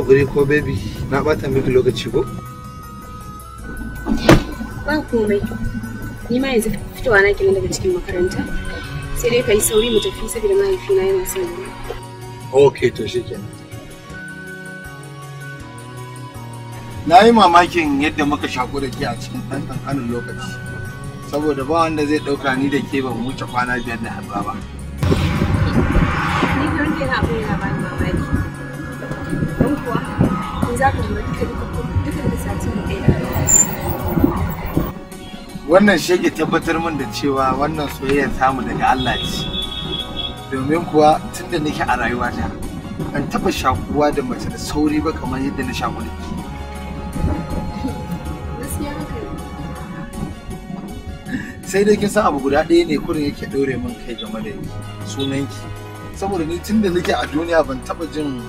haƙuri ko baby na bata miki lokaci ko? Ba komai. Ni ma yanzu fitowa na kenan daga cikin makaranta. Sai dai ka yi sauri mu tafi saboda mahaifina yana son ni. Ok to shi Na yi mamakin yadda muka shaku da ke a cikin ɗan ƙanƙanin lokaci. Saboda ba wanda zai ɗauka ni da ke ban wuce kwana biyar da haɗuwa ba. Ni ke ya abin yana ba wannan shege tabbatar min da cewa wannan soyayya mu daga Allah ce domin kuwa tunda nake a rayuwata an taba shakuwa da mace da sauri ba kamar yadda na shaku da sai dai kin san abu guda ɗaya ne kurin yake ɗore min kai game da sunanki saboda ni tunda nake a duniya ban taba jin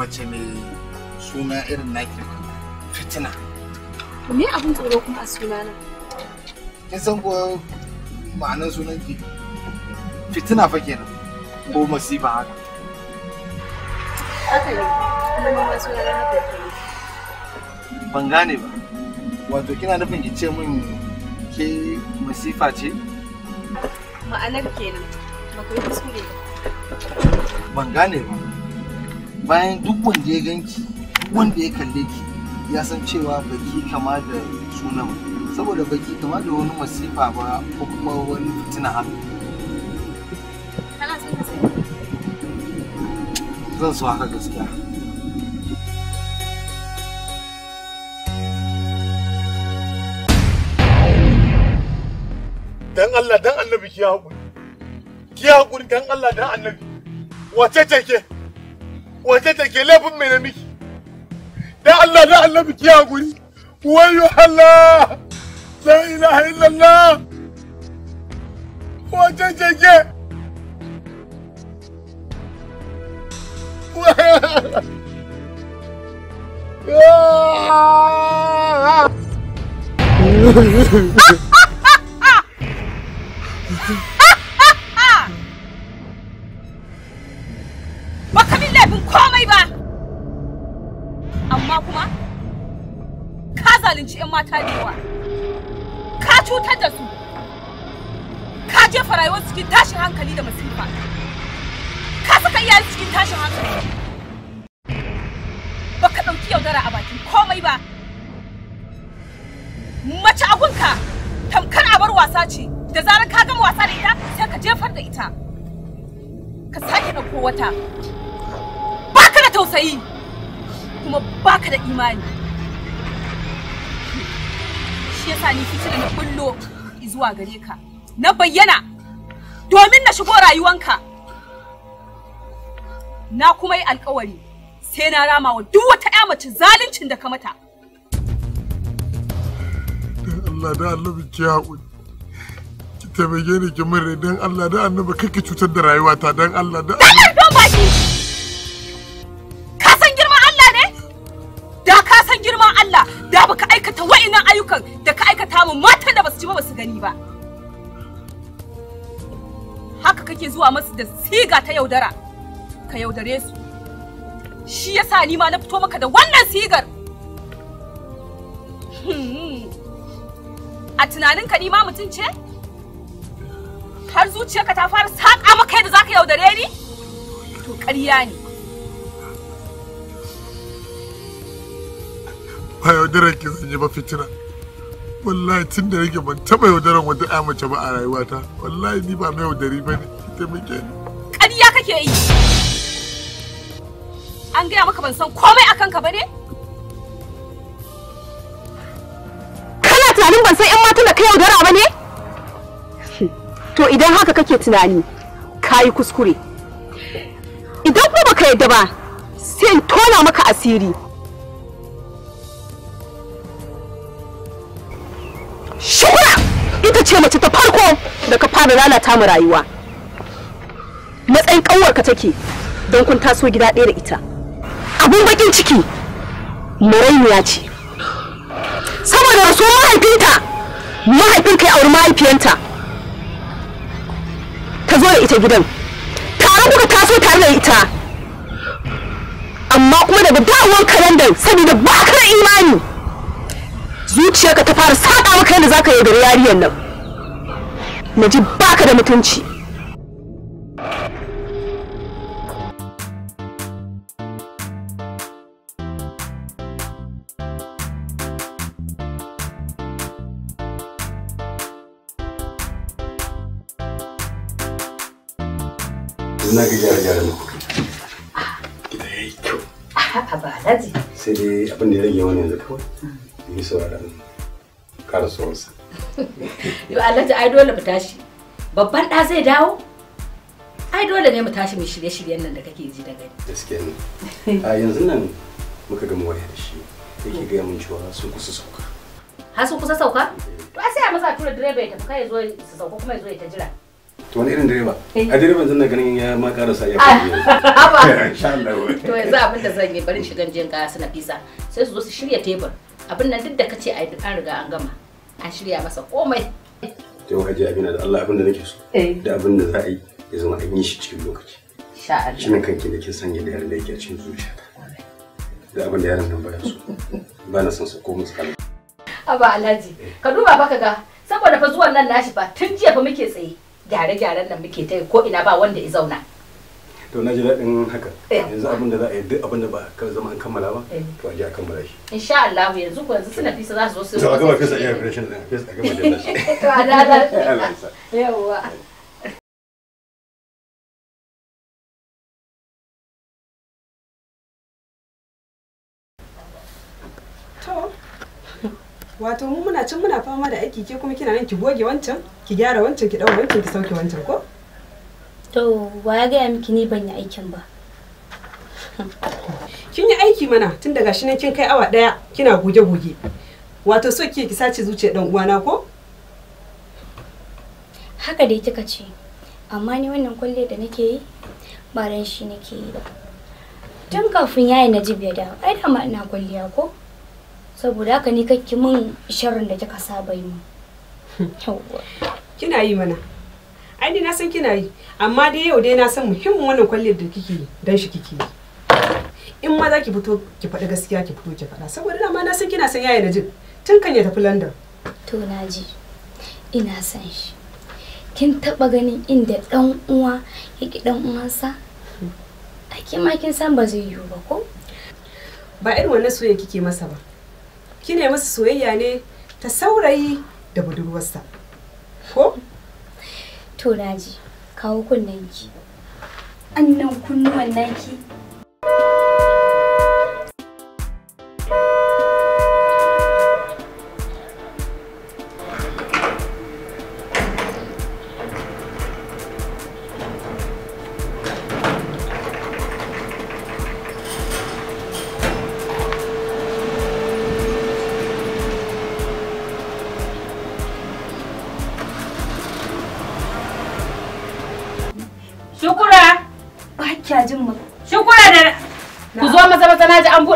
mace mai suna irin naki fitina me abin tsoro kuma a sunana kin san ko ma'anar sunan ki fitina fa kenan ko masifa haka haka ne kuma ni ma sunana haka ban gane ba wato kina nufin ki ce min ke masifa ce ma'anar kenan baka su ne. ban gane ba bayan duk wanda ya ganki wanda ya kalle ki ya san cewa baki kama da sunan saboda baki kama da wani masifa ba ko kuma wani fitina haka zan so haka gaskiya dan Allah dan annabi ki haƙuri ki haƙuri dan Allah dan annabi wace take wace take laifin mai na miki Allah da Allah biki hakuri wayo Allah la ilaha illallah wace jege Ah! amma kuma ka zalunci 'yan mata da yawa ka cutar da su ka jefa rayuwar cikin tashin hankali da masifa ka saka iyayen cikin tashin hankali ba ka ɗauki yaudara a bakin komai ba mace abunka tamkar abar wasa ce da zarar ka gama wasa da ita sai ka jefar da ita ka sake ɗauko wata ba ka da tausayi kuma baka da imani shi yasa ni kici da na kullo zuwa gare ka na bayyana domin na shigo rayuwanka na kuma yi alkawari sai na rama wa duk wata ya mace zaluncin da ka mata Allah da Allah ki haƙuri ki taimake ni ki mure dan Allah da ba kake cutar da rayuwata dan Allah da Allah basu ji ba basu gani ba haka kake zuwa masu da siga ta yaudara ka yaudare su shi yasa ni ma na fito maka da wannan sigar hmm. a ka ni ma mutum ce har zuciyarka ta fara saƙa maka yadda zaka yaudare ni to ƙarya ne ba yaudarar ki zanyi ba fitina wallahi tun da yake ban taɓa yaudaran wata ya mace ba a rayuwata wallahi ni ba mai yaudari ba ne ita muke ni ƙarya kake yi an gaya maka ban san komai akan ka ba ne kana tunanin ban san 'yan mata da ka yaudara ba ne to idan haka kake tunani ka yi kuskure idan kuma baka yadda ba sai in tona maka asiri shura ita ce mace ta farko da ka fara lalata mu rayuwa matsayin ka take don kun taso gida ɗaya da ita abun bakin ciki maraimiya ce saboda rasuwar mahaifinta mahaifin kai auri mahaifiyanta ta zo da ita gidan tare kuka taso tare da ita amma kuma daga dawowar kalandar saboda ba ka imani zuciyarka ta fara saɗa maka yadda zaka yaudari yariyar nan na ji baka da mutunci na ga gyara-gyara ah, na yi kyau. Ba, Alhaji. Sai dai abin da ya rage wani yanzu kawai. Mm. yi sauran karsuwansa yau alhaji ai dole mu tashi babban ɗa zai dawo ai dole ne mu tashi mu shirye-shiryen nan da kake ji da gani gaskiya ne a yanzu nan muka gama waya da shi yake gaya mun cewa sun kusa sauka har sun kusa sauka eh. to a sai a masa tura direba ya tafi kai zo su sauka kuma ya zo ya ta jira to wani irin direba eh. a direban zan ganin ya ma karasa ya ah, fara to yanzu abin da zan yi bari shigan jin kaya suna fisa sai su zo su shirya tebur abin nan duk da kace ai duk an riga an gama an shirya masa komai to haji abin da Allah abin da nake so eh. da abin da za a yi ya zama an yi shi cikin lokaci insha Allah shi ne kanki da kin san yadda yaran da yake cikin zuciyata da abin da yaran nan baya so ba na son su ko musu kallon aba alhaji eh. ka duba ka ga saboda fa zuwan nan nashi ba tun jiya fa muke tsaye gyare-gyaren nan muke ta ko ina ba wanda ya zauna to na ji daɗin haka eh. yanzu abin da za a yi duk abin da ba ka zama an kammala ba eh. to a ji a kammala shi insha Allah yanzu ko yanzu suna fisa za su zo su zo a gama fisa iya operation din fisa a gama da shi to a da da yawa Wato mu muna can muna fama da aiki ke kuma kina nan ki goge wancan, ki gyara wancan, ki dawo wancan, ki sauke wancan ko? To, wa ya gaya miki ni ban yi aikin ba? Kin yi aiki mana tun daga shi kin kai awa ɗaya kina goge-goge. Wato so ki ki sace zuciya ɗan uwana ko? Haka dai kika ce, amma ni wannan kwalliyar da nake yi ba ran shi nake yi ba. Tun kafin yayi na jibi da ai da ma ina kwalliya ko? Saboda haka ni kakki mun sharrin da kika saba yi mu. Kina yi mana. ai dai na san kina yi amma dai yau dai na san muhimmin wannan kwalliyar da kike dan shi kike in ma za ki fito ki faɗi gaskiya ki fito ki faɗa saboda dama na san kina san yaya na jin tun kan ya tafi London to na ji ina san shi kin taba ganin inda dan uwa yake dan uwansa a kima kin san ba zai yiwu ba ko ba irin wannan soyayya kike masa ba kina masa soyayya ne ta saurayi da budurwarsa ko To naji, kawo kunnen ki. Annan kunnuwan naki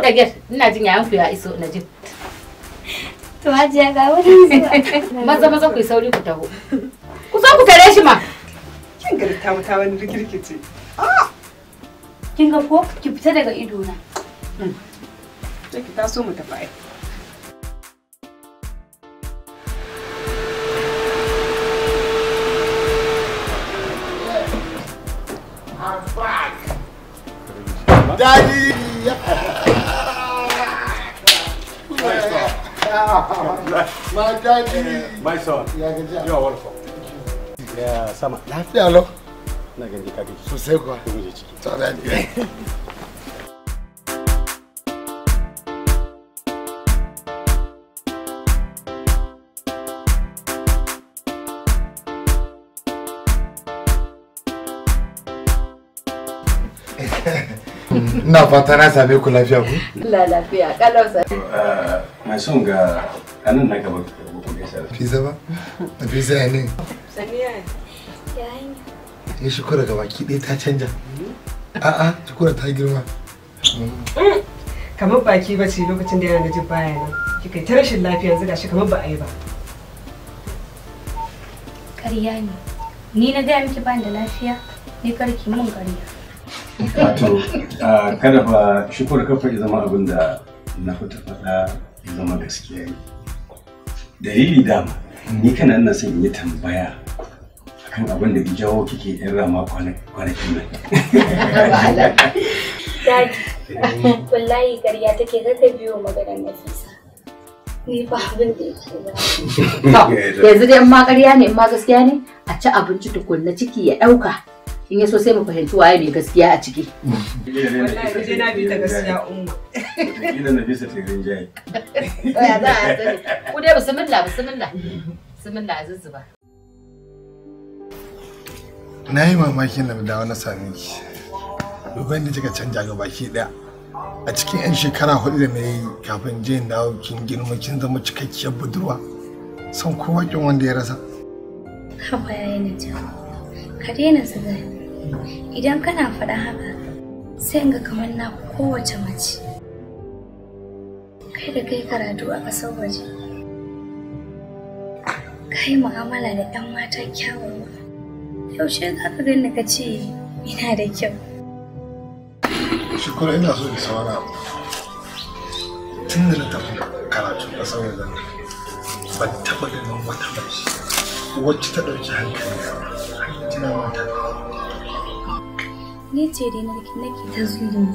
Ka gate ina jin yayan ku ya iso na jin to hajiya ga zuwa maza maza ku yi sauri ku taho ku zo ku shi ma kin mata wani rikirkice ah! kin ga ko ki fita daga hmm. ki taso mu tafi My daddy. My son. You are wonderful. Ya sama. Lafiya lau. Na ganji kage. Sosai kuwa. Ku guje ciki. Tsada ne. o que na same ku lafiya ku? Lafiya, kalau sai. a nan na gaba ku gaisa Fiza ba? a Fiza ya ne? samiya ya hanya. Ya shukura ga baki ɗaya ta canja. A'a, shukura ta girma. Kamar baki ba ce lokacin da yana da jin baya nan. Kika ta rashin lafiya yanzu gashi kamar ba a yi ba. Ƙarya ne. Ni na gaya miki bani da lafiya, ni karki mun ƙarya. Wato, kada ba shukura kafa zama abin da na fita faɗa ya zama gaskiya ne. dalili dama hmm. ni kana ina son in yi tambaya akan abin da jawo kike yan rama kwanakin nan daji wallahi ƙarya take kaka biyo ni fa abin da yake yanzu dai ma ƙarya ne ma gaskiya ne a ci abinci tukunna ciki ya ɗauka in so sai mu fahimci waye mai gaskiya a ciki wallahi na bi ta gaskiya a na yi mamakin na da na sami ki dubai da kika canja ga baki ɗaya, a cikin 'yan shekara hudu da na yi kafin jin dawo kin girma kin zama cikakkiyar budurwa san kowa kin wanda ya rasa haba yayin da ka daina sigari idan kana faɗa haka sai ga kamar na kowace mace kai da kai karatu a ƙasar waje ka yi mu'amala da 'yan mata kyawawa yaushe za ka gani ka ce ina da kyau shukura ina so da saura tun da na tafi karatu a sauran zan ban taɓa ganin wata mace wacce ta ɗauki hankali ba tana mata ni ce dai nake ta zulun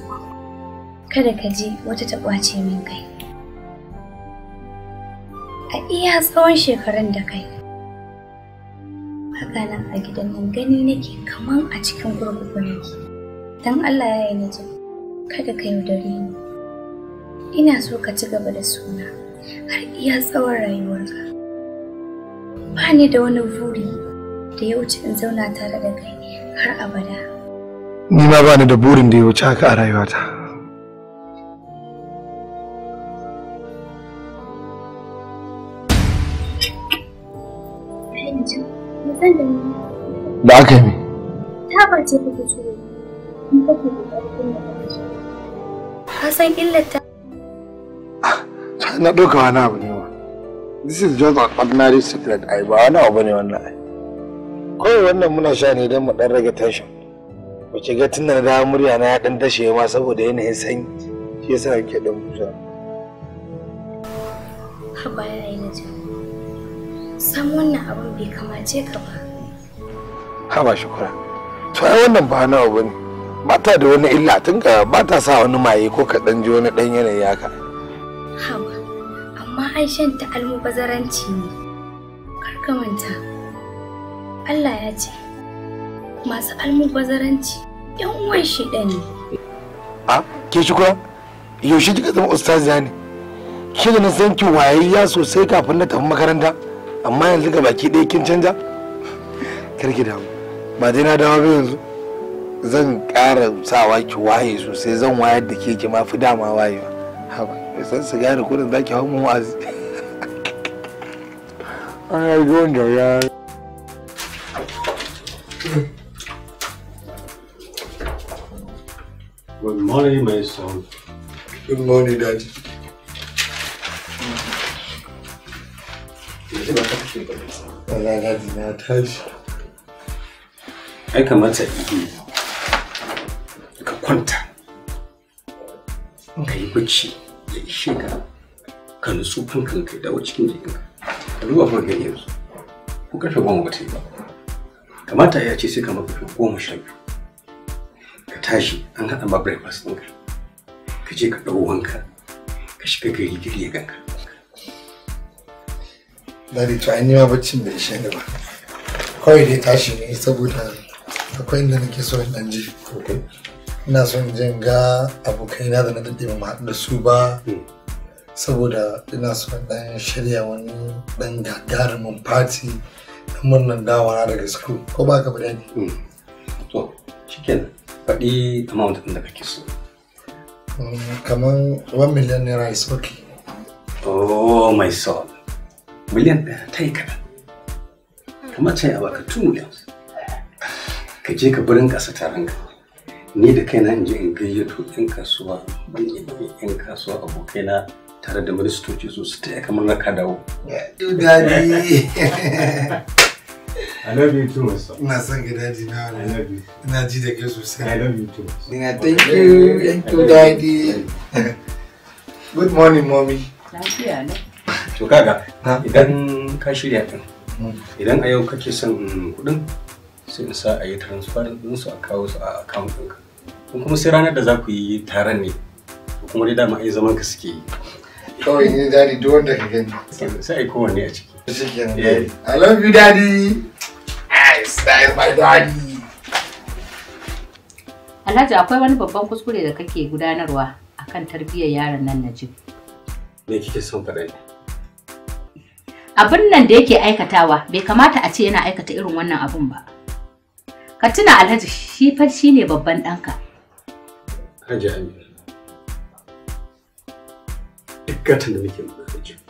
kada ka ji wata ta ƙwace min kai a iya tsawon shekarun da kai haka nan a gidan nan gani nake kaman a cikin gurguku nake dan allah ya yi naji kada ka yaudare ni ina so ka ci gaba da suna har iya tsawon rayuwarka ba ni da wani buri da ya wuce in zauna tare da kai har abada ni ma bani da burin da ya wuce haka a rayuwata da aka yi ta ba ce kake so in da ƙarfin da ka san Ta ah, na ɗauka wani abu ne wa this is just an ordinary secret ai ba wani abu ne wannan ai kawai wannan muna sha ne don mu ɗan rage tension wace ga tun da na dawo murya na ya dan dashe ma saboda yanayin sanyi shi yasa kake dan kusa. Haba ya yi na san wannan abin bai kamace ka ba haba shukura to ai wannan ba na abu ne ba ta da wani illa tun ka ba ta sa wani maye ko ka dan ji wani dan yanayi haka Haba, amma ai shan ta almubazaranci ne kar ka manta Allah ya ce masu almubazzaranci yan uwan shaidan ne a ke shi kuma yaushe kika zama ustaziya ne ke da na san ki wayayya sosai kafin na tafi makaranta amma yanzu ga baki ɗaya kin canja Kar ki damu ba dai na dawo ba yanzu zan ƙara sawa ki waye sosai zan wayar da ke ki ma fi dama wayewa haba san sigari kurin ki hau mu wa'azi an yi wanda ya Good morning, my son. Good morning, Daddy. Allah Daddy na tashi. Ai kamata ka kwanta. Ka yi bacci ya ishe ka. Ka nutsu kankan ka dawo cikin jikinka. Ka duba fa gani yanzu. Ko karfe goma ba ta yi ba. Kamata ya ce sai ka mafi goma sha biyu. tashi an haɗa ma breakfast ɗinka ka je ka ɗau wanka ka shiga gari gari ya ganka Dadi to an yi ma baccin bai ishe ba kawai dai tashi ne saboda akwai inda nake so in ɗan je ina so in je ga abokaina da na daɗe ba haɗu da su ba hmm. saboda ina so in ɗan shirya wani ɗan gagarumin party na murnar dawara daga school ko ba ka ba dadi hmm. to cikin Faɗi amount ɗin da kake so. Mm, kamar 1 million naira is okay. Oh my soul. Miliyan ɗaya ta yi kaɗan. Kamar can ya baka 2 million. Ka je ka burin ƙasa taron ka. Ni da kaina in je in gayyato 'yan kasuwa, manyan 'yan kasuwa abokaina tare da ministoci su su taya kamar na ka dawo. Dadi. I love you too, Ina son ka daddy na. I love you. Ina ji da ke sosai. I love you too. Ina thank you, thank you daddy. Good morning mommy. Lafiya ne. To kaga idan ka shirya din. Hmm. Idan a yau kake son kuɗin sai in sa a yi transfer din su a kawo su a account ɗinka. Kun kuma sai ranar da za ku yi taron ne. Kuma dai dama ai zaman ka suke yi. Kawai ni daddy duk wanda ka gani. Sai ai kowanne a ciki. Yeah. Eh. I love you, daddy. Yes, that is my daddy. Alhaji akwai wani babban kuskure da kake gudanarwa akan tarbiyyar yaron nan Najib. Me kike son faɗa ne? Abin nan da yake aikatawa bai kamata a ce yana aikata irin wannan abun ba. Ka tuna Alhaji shi fa shi ne babban ɗanka. Hajji Amina. Dukkan da muke magana da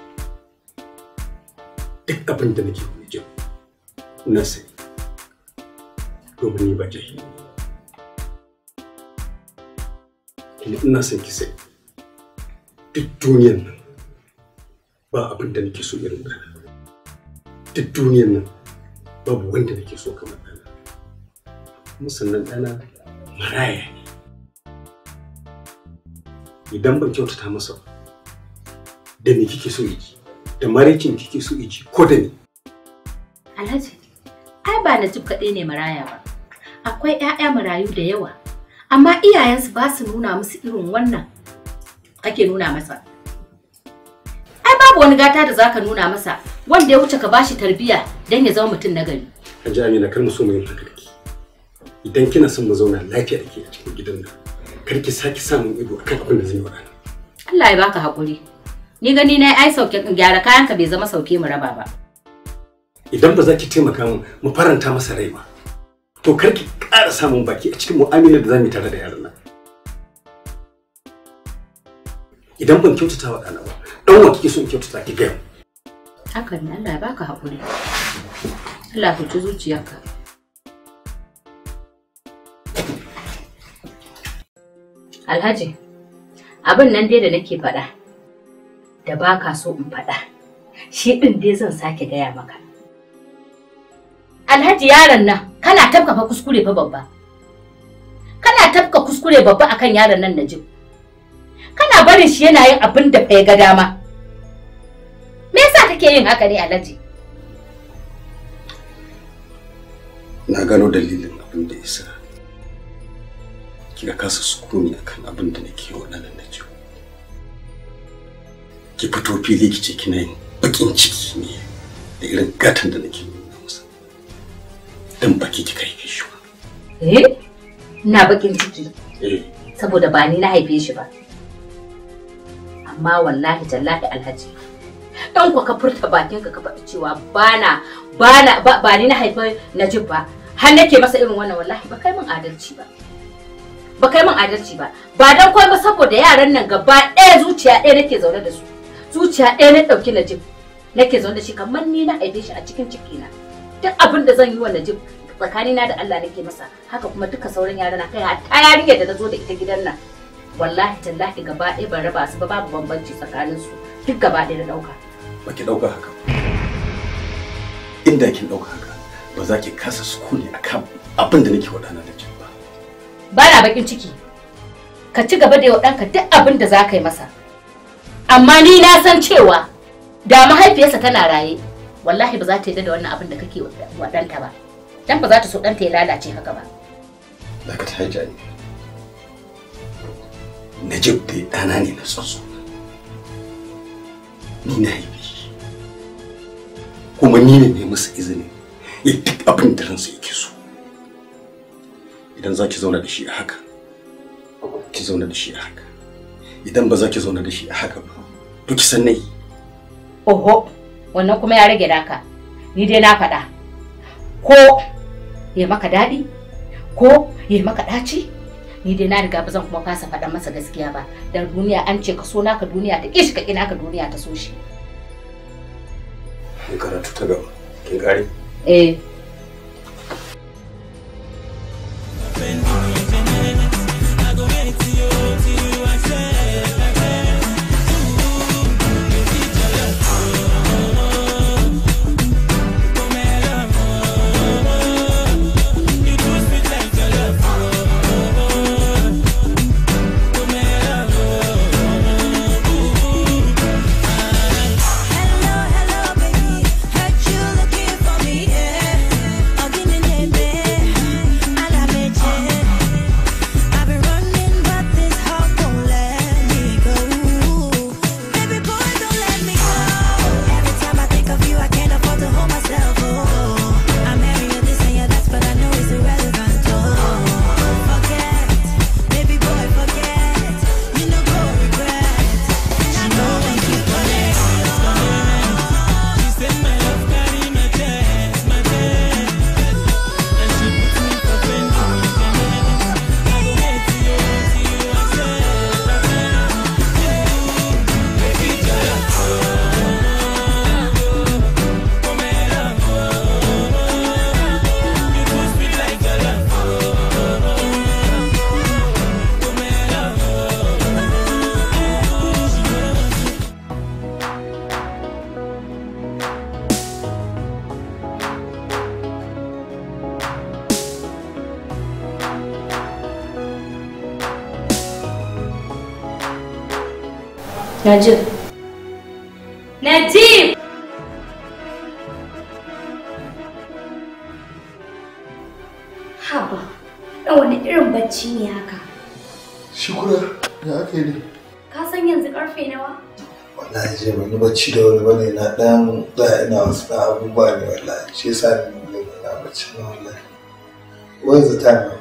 duk abin da nake koyi jin na sani domin ni ba jahili kuma ina son ki sani duk duniyan nan ba abin da nake so irin ɗana duk duniyan nan babu wanda nake so kamar ɗana kuma sannan ɗana maraya ne idan ban kyautata masa da me kike so yake da maraicin kike so ici ko da ni. Alhaji, ai ba Najib kaɗai ne maraya ba. Akwai 'ya'ya marayu da yawa, amma iyayensu ba su nuna musu irin wannan ake nuna masa. Ai babu wani gata da zaka nuna masa wanda ya wuce ka bashi tarbiyya don ya zama mutum na gari. Hajji Amina kar mu so mu yin haka da Idan kina son mu zauna lafiya da ke a cikin gidan nan, kar ki sake samun ido kan abin da zai yi wa Allah ya baka haƙuri. Ni gani na ai sauke gyara kayan ka bai zama sauke mu raba ba. Idan ba za ki taimaka mu mu faranta masa rai ba. To kar ki ƙara samun baki a cikin mu'amalar da zamu mu tare da yaron nan. Idan ban kyautata wa ɗana ba, ɗan wa kike so in kyautata ki gaya haka ne Allah ya baka haƙuri. Allah ya zuciyarka. Alhaji, abin nan dai da nake faɗa da ba ka so in faɗa shi ɗin dai zan sake gaya maka alhaji yaron nan kana tafka fa kuskure fa babba kana tafka kuskure babba akan yaron nan najib kana barin shi yana yin abin da bai ga dama me yasa kake yin haka ne alhaji na gano dalilin abin da isa kika kasa sukuni akan abin da nake wannan najib ki fito fili ki ce kina yin bakin ciki ne da irin gatan da nake nuna masa dan baki kai kai shi eh ina bakin ciki eh saboda ba ni na haife shi ba amma wallahi tallahi alhaji dan ku ka furta bakin ka ka faɗi cewa bana bana ba ni na haife Najib ba har nake masa irin wannan wallahi ba kai min adalci ba ba kai min adalci ba ba dan komai ba saboda yaran nan gaba ɗaya zuciya ɗaya nake zaune da su zuciya ɗaya na ɗauki Najib nake zaune da shi kamar ni na aide shi a cikin cikina duk abin da zan yi wa Najib tsakanina da Allah nake masa haka kuma duka sauran yara na kai hatta yarinyar da na zo da ita gidan nan wallahi tallahi gaba ɗaya ban raba su ba babu bambanci tsakanin su duk gaba ɗaya na ɗauka ba ki ɗauka haka inda kin ɗauka haka ba za ki kasa sukuni akan abin da nake wadana da ba ba na bakin ciki ka ci gaba da yau ɗanka duk abin da za ka yi masa amma ni na san cewa da mahaifiyarsa tana raye wallahi ba za ta yi da wannan abin da kake wa ɗanta ba dan ba za ta so ɗanta ya lalace haka ba daga ta haja ne najib dai ɗana ne na tsotso ni na haife shi kuma ni ne ne masa izini ya duk abin da ransa yake so idan za ki zauna da shi a haka ki zauna da shi a haka idan ba za ki zauna da shi a haka ba to ki san nai oho wannan kuma ya rage daka ni dai na faɗa ko ya maka daɗi ko ya maka ɗaci ni dai na riga ba zan kuma fasa faɗa masa gaskiya ba dan duniya an ce ka so naka duniya ta ishi ka ina ka duniya ta so shi ni karatu ta gaba kin kare eh Najib. Najib! Haba, ɗan wani irin bacci ne haka? Shukura, ya ake ne. Ka san yanzu ƙarfe nawa? Wallahi je wani bacci da wani bane na ɗan da ina wasu ɗan abubuwa ne wallahi shi yasa ni ne na bacci na wallahi. Wai za ta now?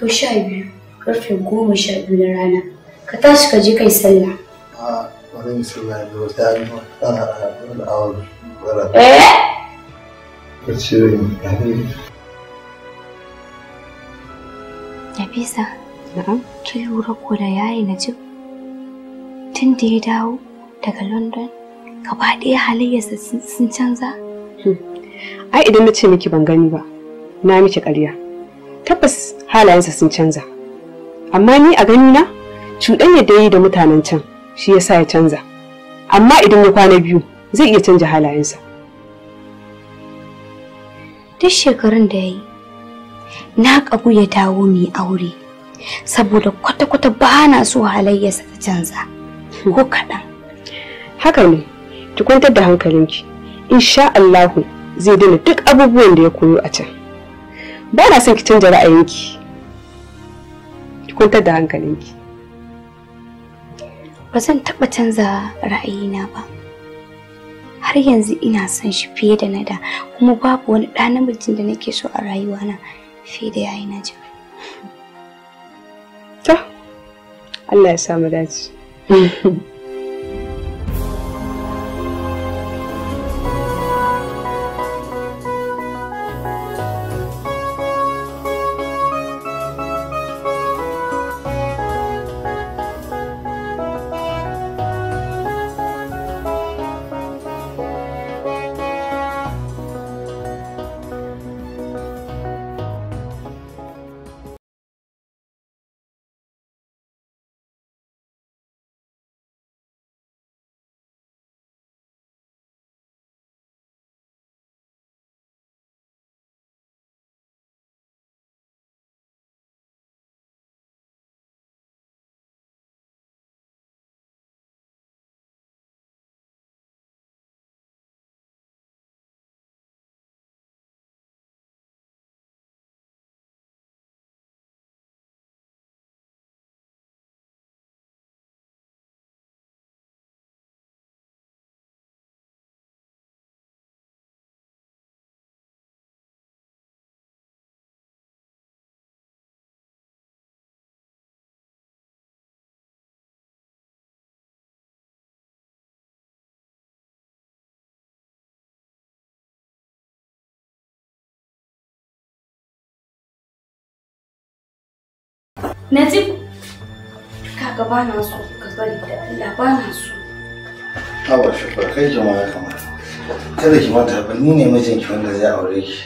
To sha biyu, ƙarfe goma sha biyu na rana. Ka tashi ka je kai sallah. Wadda yi sai ya biyo ta yi wani awon bara. Eh? Ka ce yin Nafisa. Na'am. Kin lura ko da yayi Najib? Tun da ya dawo daga London, gaba ɗaya halayyarsa sun canza? Ai idan na ce miki ban gani ba, na miki ƙarya. Tabbas halayensa sun canza. Amma ni a ganina, cuɗanya da yi da mutanen can. shi yasa ya canza amma idan ya kwana biyu zai iya canja halayensa duk shekarun da ya yi na ƙagu ya dawo mai aure saboda kwata-kwata ba na so halayyarsa ta canza ko kaɗan haka ne ki kwantar da hankalinki insha Allahu zai daina duk abubuwan da ya koyo a can ba na son ki canja ra'ayinki ki kwantar da hankalinki ba zan taɓa canza ra'ayina ba har yanzu ina son shi fiye da na da kuma babu wani ɗa namijin da nake so a rayuwana fiye da yayi na ji ta Allah ya samu dace Najib kaga ba na so ka bari da Allah ba na so. Awa shukar kai jama'a kamata. Kada ki mata ba ni ne mijinki wanda zai aure ki.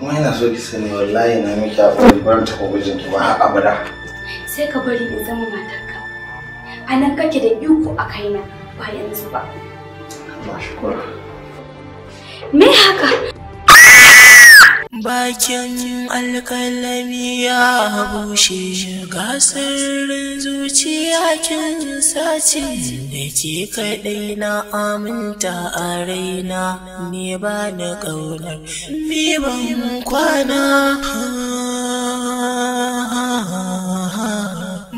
Kuma yana so ki sani wallahi na miki aure bar ta ko mijinki ba har abada. Sai ka bari in zama matarka. A nan kake da iko a kaina ba yanzu ba. Ba shukar. Me haka? Bakin alƙalami ya bushe shiga zuciya kin sace da ke kaɗai na aminta a raina ne ba na ƙaunar ni ban kwana.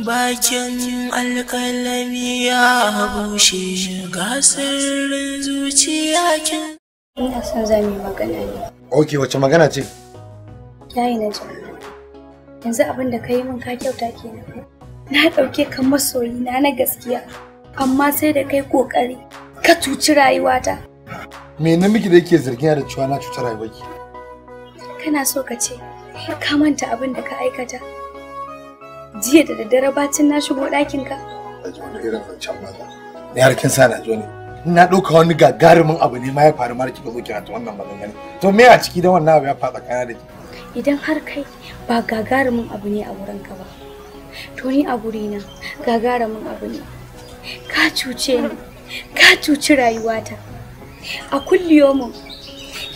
bakin alkalami ya bushe shiga zuciya kin ina son yi magana ne ok wace magana ce yi na yanzu abin da ka yi min ka kyauta nan. na ɗauke ka masoyina na gaskiya amma sai da kai ƙoƙari ka cuci rayuwata me namiji da yake zargin da cewa na cuta ki? kana so ka ce ka manta abin da ka aikata jiya da daddare bacin na shigo ɗakinka. ka wani irin zancen maza ni. har kin sa na ne na ɗauka wani gagarumin abu ne ma ya faru mara kika zo kira ta wannan maganganu to me a ciki da wannan abu ya faɗa kana da ki idan har kai ba gagarumin abu ne a wurin ka ba to ni a na gagarumin abu ne ka cuce ni ka cuci rayuwata a kulliyomin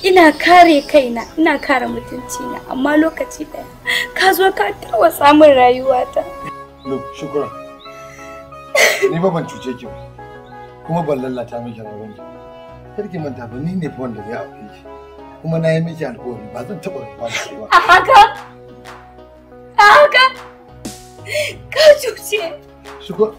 ina kare kaina ina kare na amma lokaci ɗaya ka zo ka tawa samun rayuwata shukran ni ba ban cuce ki ba kuma ban lallata miki rayuwar ki sarki manta ba ni ne fa wanda zai aure ki kuma na yi miki alƙawari ba zan taɓa ba ki ba a haka a haka ka cuce shigo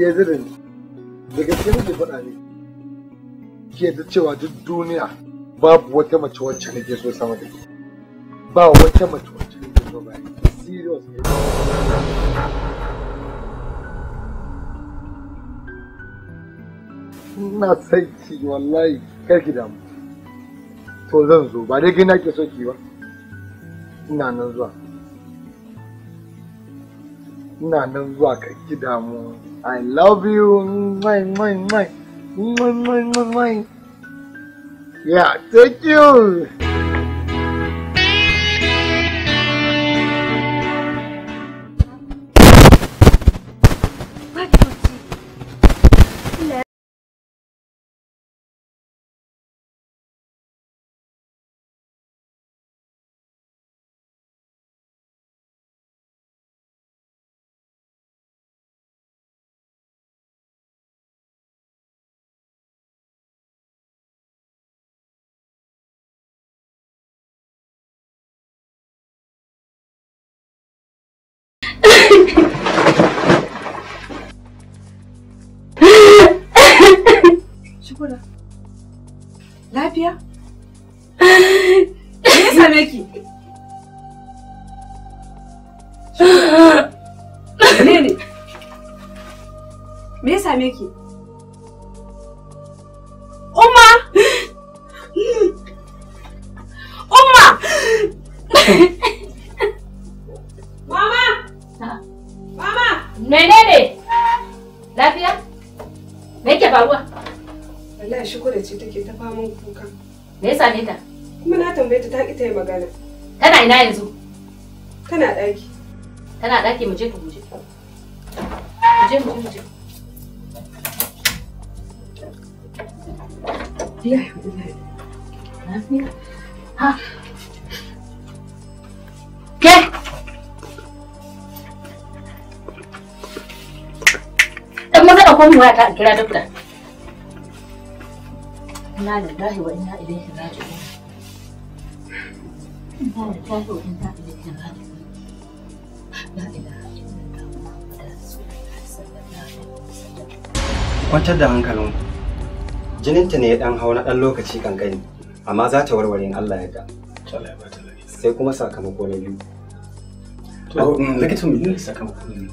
ya zirin da gaske nake faɗa ne ke ta cewa duk duniya babu wata mace wacce nake so sama da kai ba wata mace wacce nake so ba serious ne ina sai ki wallahi kar ki damu to zan zo ba dai na ke so ki ba ina nan zuwa ina nan zuwa kar ki damu i love you mai mai mai mai mai mai mai Yeah, thank you. hakura. Lafiya? Me ya same ki? Ne ne? Me ya same ki? gashi kuda ce take ta Kuma na tambaye ta ta ta yi magana. Tana ina yanzu? Tana ɗaki. Tana ɗaki mu je ka guje. Mu je mu je mu je. Ke? maza kira dokta. inna lillahi wa inna ilaihi raji'un da jininta ne ya dan hau na dan lokaci kankani amma za ta warware in Allah ya ga sai kuma sakamako na biyu to mm, likita ne sakamako ne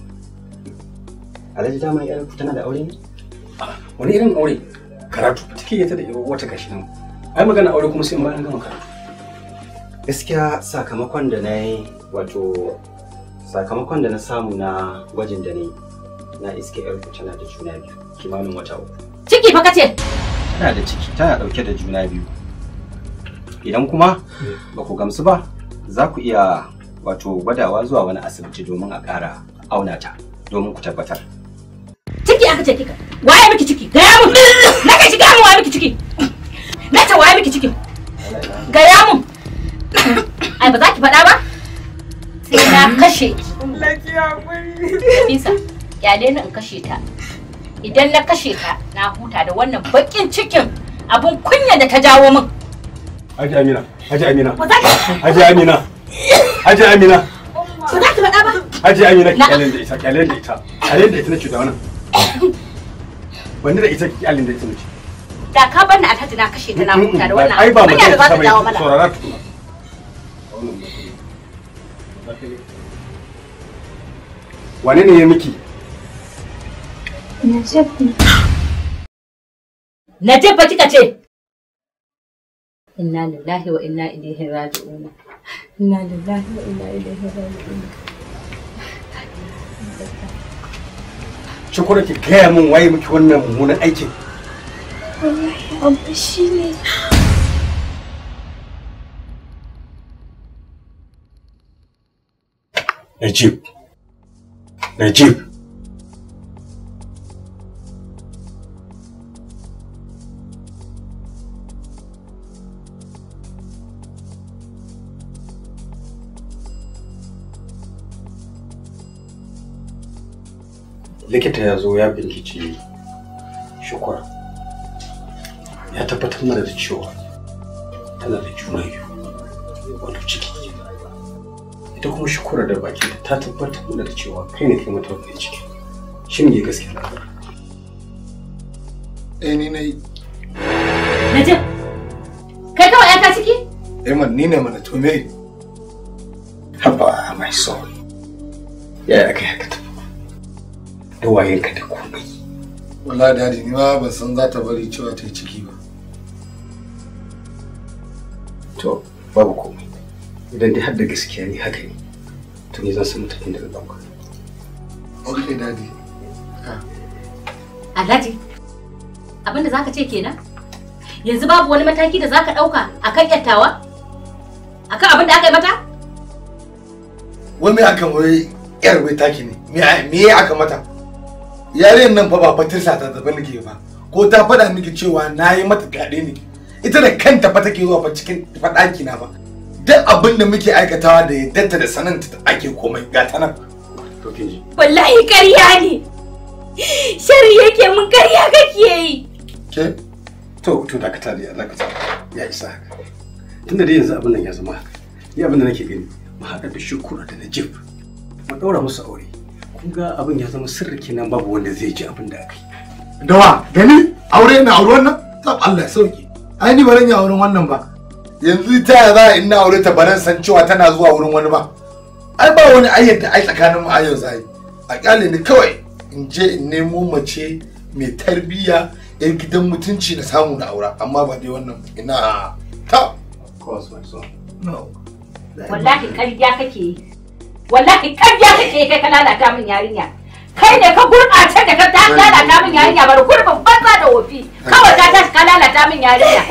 alhaji dama ya tana da aure ne ah, wani irin aure karatu take yata da wata kashi nan ai magana aure kuma sai in bayan gama karatu gaskiya sakamakon da na yi wato sakamakon da na samu na gwajin da ne na iske yar tana da juna biyu kimanin wata uku ciki fa kace tana da ciki tana dauke da juna biyu idan kuma ba ku gamsu ba za ku iya wato gwadawa zuwa wani asibiti domin a ƙara auna ta domin ku tabbatar ciki aka ce kika waye miki ciki gaya mun mun waye miki ciki na ce waye miki ciki gaya mun ai ba za ki faɗa ba sai na kashe ki Nisa, ya daina in kashe ta idan na kashe ta na huta da wannan bakin cikin abun kunya da ta jawo min Haji Amina, Haji Amina, Haji Amina, Haji Amina. Ba za ki faɗa ba. Haji Amina ki kyalen da ita, kyalen da ita, kyalen da ita nake da wannan. Wani da ita ki kyalen da ita nake. da ka bar ni alhaji na kashe ta na huta da wannan ai ba mu da za ta dawo mana saurara tukuna wane ne ya miki na ce ba kika ce Inna lillahi wa inna ilaihi raji'un Inna lillahi wa inna ilaihi raji'un Shi kuma ki gaya min waye miki wannan mummunan aikin Najib Najib likita ya zo ya bincike tabbatar mana da cewa tana da juna biyu wato ciki ita kuma shukura da baki ta tabbatar mana da cewa kai ne kai mata wannan ciki shi ne gaskiya lamarin eh ni na yi najib kai kawai yata ciki eh man ni ne mana to me haba my son ya kai haka ta da ka da komai Wala dadi ni ma ban san za ta bari cewa ta yi ciki ba babu komai idan dai har da gaskiya ne haka ne to ni zan san matakin da zan dauka okay daddy alhaji abin da zaka ce kenan yanzu babu wani mataki da zaka dauka akan yattawa akan abin da aka yi mata wai me akan wai yar wai taki ne me ya aka mata yarin nan fa ba fatirsa ta zaban nake ba ko ta faɗa miki cewa na yi mata fyaɗe ne ita da kanta fa take zuwa fa cikin fa ɗaki na fa duk abin da muke aikatawa da yaddata da sananta da ake komai ga ta nan to ji wallahi ƙarya ne shari yake mun ƙarya kake yi ke to to da ka tare Allah ka ya isa haka tunda dai yanzu abin nan ya zama haka ni abin da nake gani mu haɗa da shukura da najib mu ɗaura musu aure kun ga abin ya zama sirri kenan babu wanda zai ji abin da aka yi dawa gani aure na aure wannan Allah ya sauke ai ni baran ya wurin wannan ba yanzu ta ya za in na aure ta baran san cewa tana zuwa wurin wani ba ai ba wani ayyanta ai tsakanin mu ayyau zai a kyale ni kawai in je in nemo mace mai tarbiyya yan gidan mutunci na samu na aura amma ba dai wannan ina ta wallahi karya kake wallahi karya kake kai ka lalata min yarinya kai ne ka gurɓace da ka lalata min yarinya bari gurbin banza da wofi kawai ta tashi ka lalata min yarinya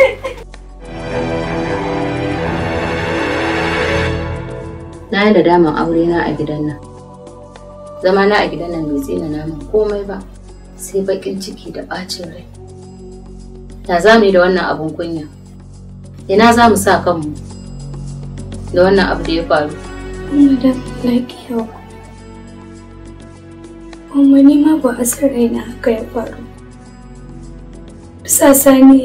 na yi nadaman aure na a gidan nan zama na a gidan nan bai tsina naman komai ba sai baƙin ciki da ɓacin rai Na za mu yi da wannan abin kunya ina za mu sa kanmu da wannan abu da ya faru da madam lafiya kuma ni ma ba a san raina haka ya faru bisa sani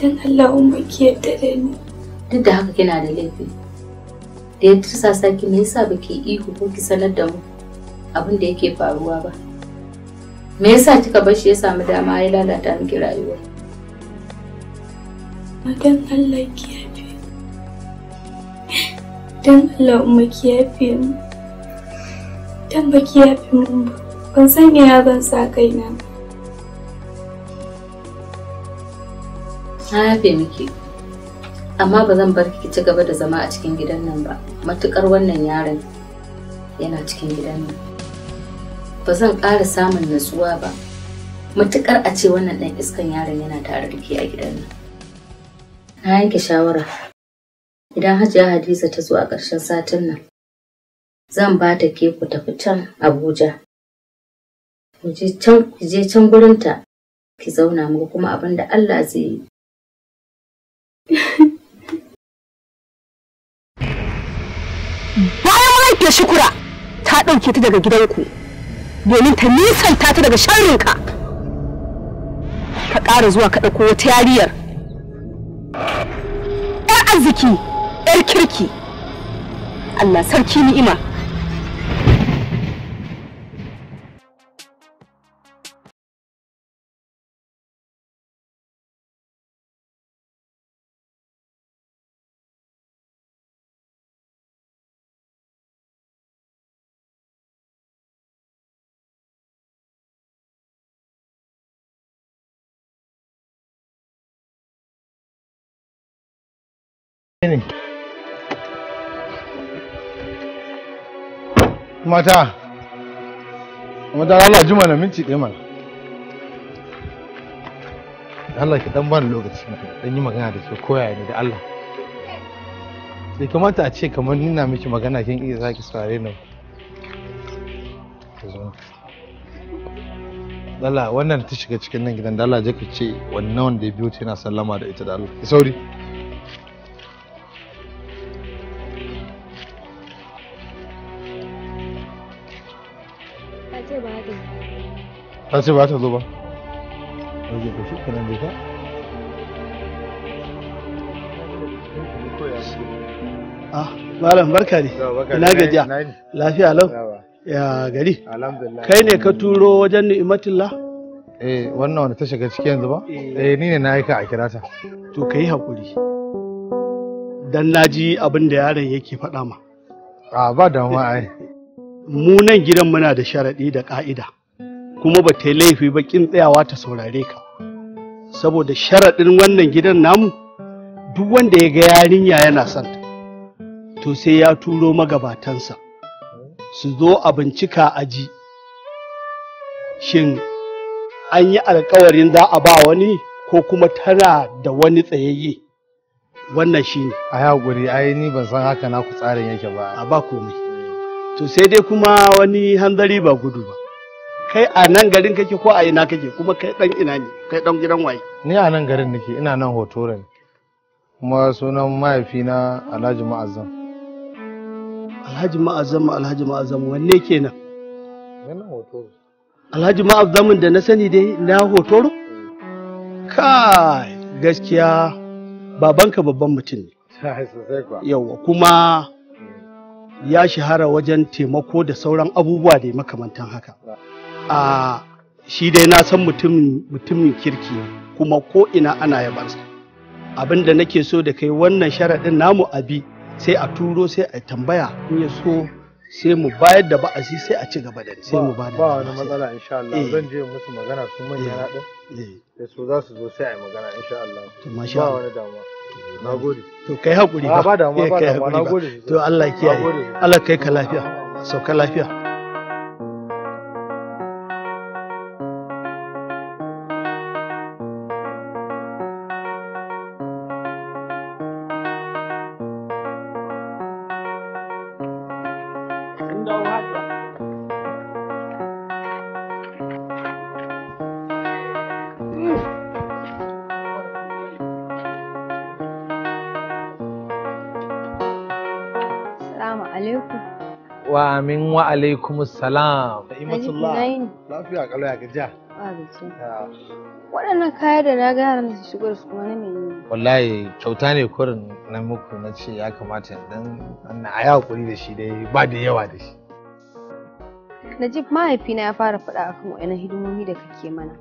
don Allah umar ki yadda da ni duk da haka kina da laifi da ya tursa saki me yasa baki ihu ko ki sanar da mu abin da yake faruwa ba me yasa kika bar shi ya samu dama ya lalata miki rayuwa madan Allah ki yafe dan Allah umma ki yafe mu dan baki ya fi min ba ban san ya zan sa kaina ba na yafe miki amma ba zan bar ki ci gaba da zama a cikin gidan nan ba matuƙar wannan yaron yana cikin gidan nan ba zan ƙara samun natsuwa ba Matuƙar a ce wannan ɗan iskan yaron yana tare da ke a gidan nan na yanke shawara idan hajiya hadiza ta zo a ƙarshen satin nan zan ba ta ke ku tafi can Abuja. Ku je can gurinta ki zauna muku kuma abinda Allah zai yi. Bayan mahaifiyar shukura ta ɗauke ta daga gidanku domin ta nisanta ta daga sharrinka. Ka ƙara zuwa ka ɗauko wata yariyar. ‘Yar arziki, ‘yar kirki, Allah sarki ni'ima. ne mata mata Allah juma mana minti ɗaya mana Allah ki dan ba ni lokaci dan yi magana da ke koya ni da Allah bai kamata a ce kamar nuna miki magana kin iya zaki sare nan Allah wannan ta shiga cikin nan gidan da Allah je ka ce wannan wanda ya biyo ta yana sallama da ita da Allah ki sauri an ah malam barka ne ina gajiya lafiya lau ya gari kai ne ka turo wajen ni'imatillah eh wannan wanda ta shiga ciki yanzu ba eh, eh ni ne na aika a kirata to kai hakuri dan naji abin da yaron yake faɗa ma a ah, ba damuwa ai mu nan gidan muna da sharaɗi da ƙa'ida kuma ba ta laifi ba kin tsayawa ta saurare ka saboda sharaɗin wannan gidan namu duk wanda ya ga yarinya yana son ta to sai ya turo magabatansa su zo a bincika a ji shin an yi alkawarin za a ba wani ko kuma tana da wani tsayayye wannan shi ne a haƙuri ni ban san haka na ku tsarin yake ba a ba komai to sai dai kuma wani hanzari ba gudu ba kai a nan garin kake ko a ina kake kuma kai dan ina ne kai dan gidan waye ni a nan garin nake ina nan hotore ne kuma sunan mahaifina alhaji ma'azam alhaji ma'azam alhaji ma'azam wanne kenan yana hotoro alhaji ma'azamin da na sani dai na hotoro kai gaskiya babanka babban mutum ne yawa kuma ya shahara wajen taimako da sauran abubuwa da makamantan haka a shi dai na san mutumin kirki kuma ko ina ana yabansa abin da nake so da kai wannan sharaɗin namu abi sai a turo sai a tambaya in ya so sai mu bayar da ba'azi sai a ci gaba da sai mu bada ba wani matsala insha Allah eh. zan je musu magana su manya na din eh. Eh. da su za su zo sai a yi magana insha Allah to masha Allah ba wani damuwa nagode to kai hakuri ba ba damuwa ba damuwa nagode to Allah kiyaye Allah kai ka lafiya sauka lafiya wa alaikum salam. Lafiya ya Waɗannan kaya da na gaya na shigar su kuma na Wallahi kyauta ne kurin na muku na ce ya kamata dan wannan a yi hakuri da shi dai ba da yawa da shi. Najib mahaifina ya fara faɗa akan wa'ina hidimomi da kake mana.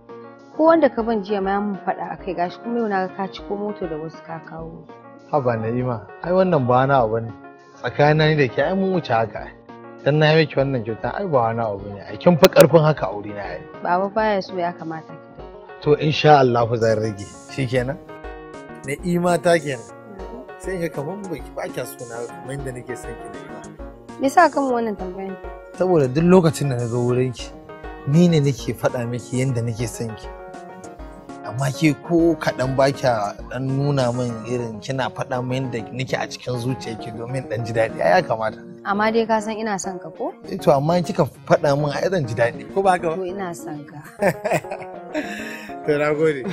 Ko wanda ka ban jiya ma ya mun faɗa akai gashi kuma yau na ga ka ko moto da wasu ka kawo. Haba Na'ima, ai wannan ba na abu ne. Tsakanina da ke ai mun wuce haka ai. dan na miki wannan kyauta ai ba wani abu ne ai kin fi karfin haka aure na yi baba baya so ya kamata ki to insha Allah zan rage shikenan ne ima ta kenan sai ka kaman ba ki baki na kamar da nake son ki ne ba me yasa kan wannan tambayan saboda duk lokacin da na zo wurin ki ni ne nake faɗa miki yadda nake son ki amma ke ko kaɗan ba kya ɗan nuna min irin kina faɗa min da nake a cikin zuciyarki domin ɗan ji daɗi ya kamata. Amma dai ka san ina son ka ko? Eh, to amma kika faɗa min a zan ji daɗi ko ba ka To ina son ka. To na gode.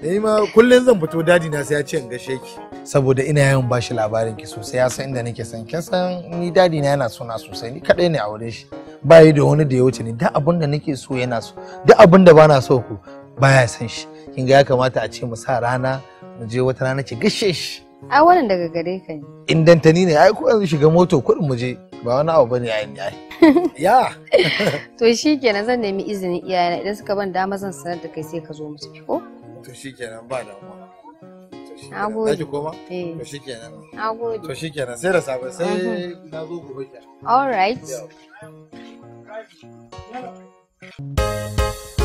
Dai ma kullum zan fito dadi na sai ya ce in gashe ki. Saboda ina yawan bashi labarin ki sosai ya san inda nake son kin san ni dadi na yana sona sosai ni kadai ne a wurin shi. Ba yi da wani da ya wuce ni duk abin da nake so yana so duk abin da bana so ku baya san shi kin ga ya kamata a ce mu sa rana mu je wata rana ki gashe shi ai wannan daga gare ka ne in dantani ne ai ko yanzu shiga moto kudin mu je ba wani abu bane ai ai ya to shikenan zan nemi izinin iyayena idan suka ban dama zan sanar da kai sai ka zo musu tafi ko to shikenan ba da Nagode. Zaki koma? Eh. To shikenan. Nagode. To shikenan sai da safe sai na zo gobe. All right. Yeah.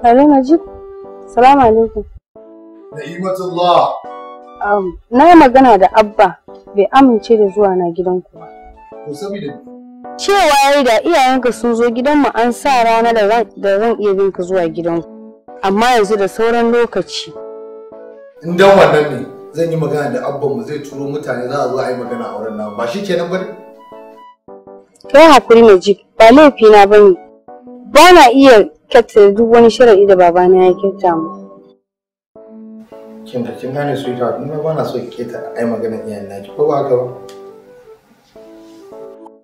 Hello Najib. Salamu alaikum. Na'imatullah. Um, na yi magana da Abba bai amince da zuwa na gidanku ba. To saboda Cewa yayi da iyayenka sun zo gidanmu an sa rana da zan iya bin ka zuwa gidanku. Amma yanzu da sauran lokaci. In dan wannan ne zan yi magana da Abba mu zai turo mutane za a zo a yi magana a wurin nan ba shi kenan ba ne? Kai hakuri Najib ba laifina bane. Ba na iya kyautar duk wani sharaɗi da babana ya kyauta mu. Kin da kin gane sweetheart, kuma ba na so ki keta ai maganar iyayen naki ko ba haka ba?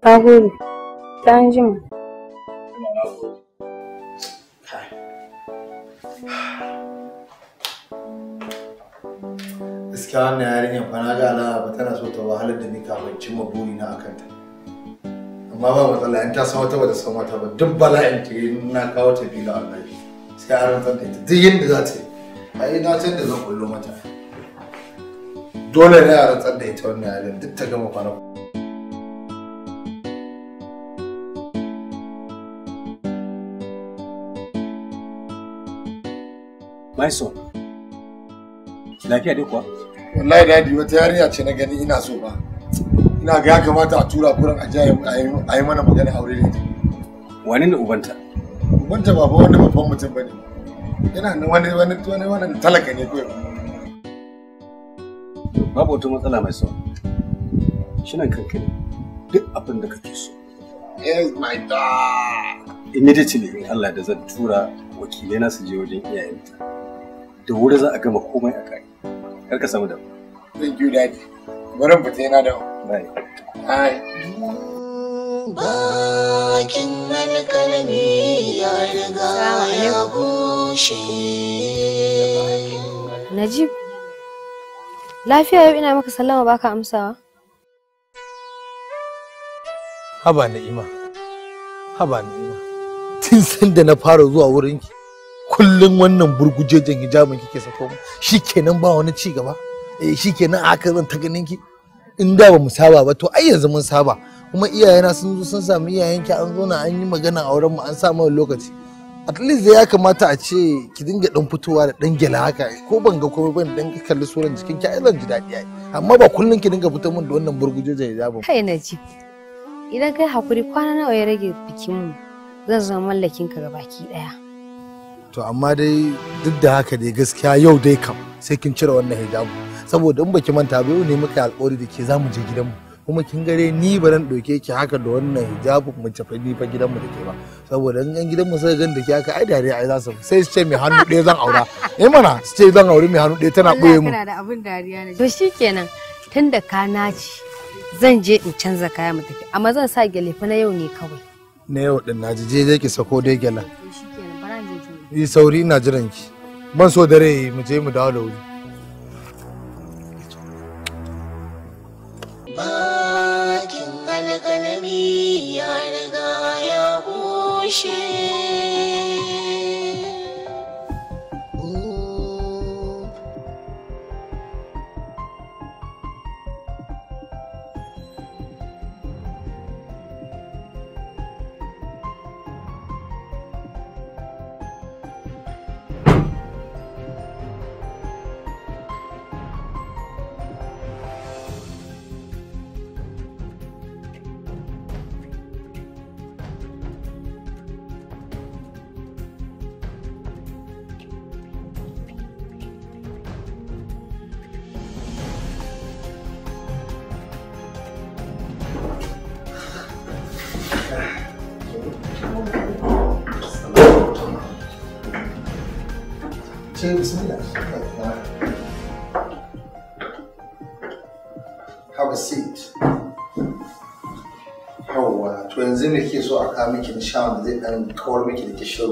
Ka gode. Ta an jima. Gaskiya wannan yarinyar fa na ga alama ba tana so ta wahalar da ni kafin cimma burina a kanta. amma ba matsala in ta san wata ta san wata ba duk bala'in ta yi na kawo ta da annabi sai a rantsar da ita duk yadda za ta yi a yi na san da zan kullo mata dole ne a rantsar da ita wannan yaren duk ta gama kwana My son, lafiya dai kuwa? Wallahi dadi wata yarinya ce na gani ina so ba. ina ga ya kamata a tura kuran a yi mana magana aure ne ta wani ne ubanta ubanta ba wanda babban mutum ba ne yana nan wani wani wani wani talaka ne kawai babu wata matsala mai sauki shinan kanka ne duk abin da kake so yes my dog immediately in Allah da zan tura wakilai na su je wajen iyayenta da wuri za a gama komai a kai kar ka samu da thank you daddy bari fita yana da bakin alkalami ya riga ya bushe najib lafiya yau ina maka sallama baka amsawa haba na'ima haba na'ima tun sanda na fara zuwa wurinki kullum wannan burgujejen hijabin kike sako mu shikenan ba wani ci gaba eh shikenan a haka zan ta ganin ki in da ba mu saba ba to ai yanzu mun saba kuma iyayena sun zo sun sami iyayenki an zo na an yi magana a wurin mu an sa lokaci at least ya kamata a ce ki dinga dan fitowa da dan gela haka ko ban ga komai ban dan kalli suran jikin ki ai zan ji dadi ai amma ba kullun ki dinga fito min da wannan burgujo da ya ba kai na ji idan kai hakuri kwana nawa ya rage bikin mu zan zama mallakin ka baki daya to amma dai duk da haka dai gaskiya yau dai kam sai kin cire wannan hijabu saboda in baki manta ba yau ne muka alƙawari da ke zamu je gidanmu kuma kin gare ni ba nan ɗauke ki haka da wannan hijabu mu tafi ni fa gidanmu da ke ba saboda in gidanmu suka gan da ke haka ai dare ai za su sai su ce mai hannu ɗaya zan aura eh mana su ce zan aure mai hannu ɗaya tana ɓoye mu. da abin dariya ne. to shikenan tun da ka naci zan je in canza kaya mu tafi amma zan sa gele fa na yau ne kawai. na yau din naji je je ki sako dai gyalen. shikenan bara je. yi eh, sauri ina jiran ki. Ban so dare mu je mu dawo da wuri. bakin alƙalami ya riga ya bushe sa miki na sha wanda zai dan kawar miki da kishin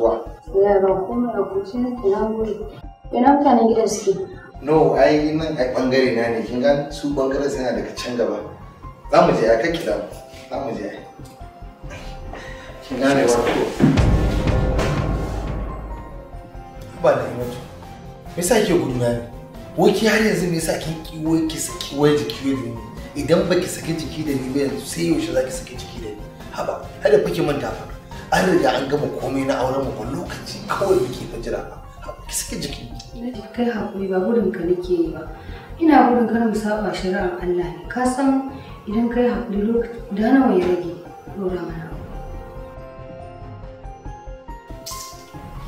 Ya ba komai a kuce na kina gode. na mutanen gidan suke? No, ai nan ai bangare na ne kin gan su bangaren suna daga can gaba. Za mu je a kai kira. Za mu je. Kin gane wato. Ba da mutu. Me yasa kike gudu na ne? Wai har yanzu me yasa kin kiwo ki saki wai jiki da ni? Idan baki saki jiki da ni ba yanzu sai yaushe zaki saki jiki da ni? haba hada kuke manta fa an riga an gama komai na auren mu kun lokaci kawai muke ta jira ba ki saki jiki ladi kai hakuri ba gudun ka nake yi ba ina gudun kar mu saba shari'ar Allah ne ka san idan kai hakuri lokaci da nawa ya rage dora mana a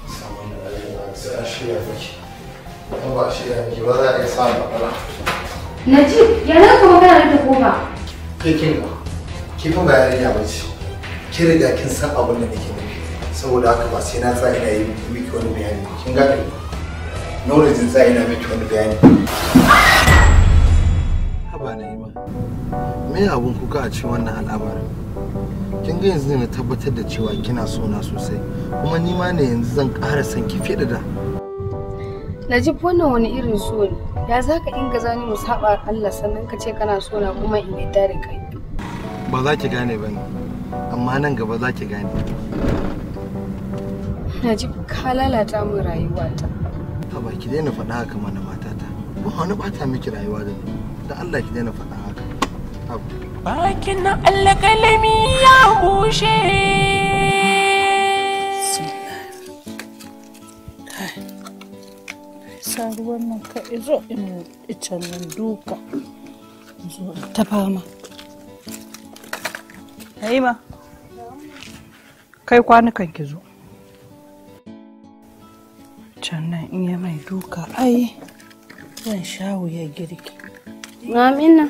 kuma ba ba za a iya Najib, ya na kuma kana da kofa. Kai kin ba. Ki fa bayani ya bace. ki riga kin san abin da nake nufi saboda haka ba sai na tsaya ina yi miki wani bayani kin gane knowledge din tsaya ina miki wani bayani haba na ima me abun kuka a cikin wannan al'amarin kin ga yanzu ne na tabbatar da cewa kina so na sosai kuma ni ma ne yanzu zan ƙara son ki fiye da da Najib wannan wani irin so ne ya za ka inga zani mu saba Allah sannan ka ce kana so na kuma in yi dare kai ba za ki gane ba ne amma nan gaba za ki gane najib ka lalata min rayuwata ta ba ki daina faɗa haka mana matata ba wani bata miki rayuwa da ni da Allah ki daina faɗa haka bakin na kalami ya bushe ruwan nan ka izo in icen nan duka zo ta fama Haima. kai kwanukan ki zo can nan in ya mai duka ai zan sha wuya girki amina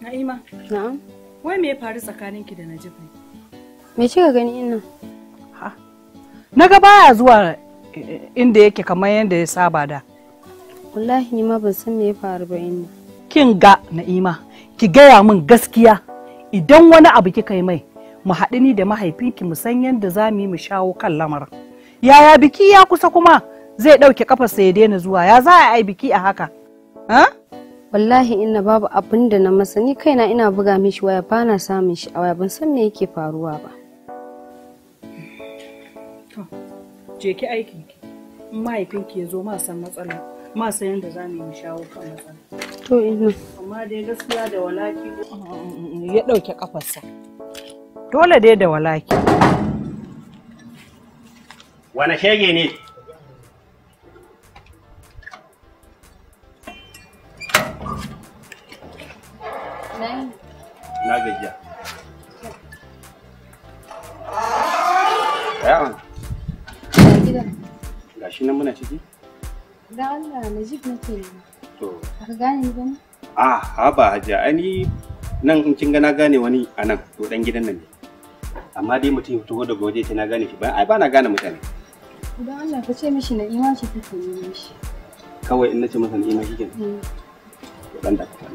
na'ima na'am wai me ya faru tsakaninki da najib ne me kika gani ina ha na ga baya zuwa eh, inda yake kamar yadda ya saba da wallahi ni ma ban san me ya faru ba ina kin ga na'ima ki gaya min gaskiya idan wani abu kika yi mai mu haɗu ni da mahaifinki mu san yadda za mu yi mu shawo kan lamarin yaya biki ya kusa kuma zai ɗauke kafarsa ya daina zuwa ya za a yi biki a haka wallahi inna babu abin da na masa ni kaina ina buga mishi waya ba na samun shi a waya ban san me yake faruwa ba je ki in mahaifinki ya zo ma san matsala ma san yadda za mu yi mu shawo kan matsala To ina. Amma dai gaskiya da walaki ya ɗauke kafarsa. Dole dai da walaki. Wane shege ne? Na gajiya. Ga shi nan muna ciki? Allah, nake to a ha ba hajiya ani nan in kin ga na gane wani a nan to dan gidan nan ne amma dai mutum ya fito daga waje ce na gane shi ba ai ba na gane mutane idan Allah ka ce mishi na ima shi kike yi mishi kawai in nace masa hmm. na ima kike dan da ka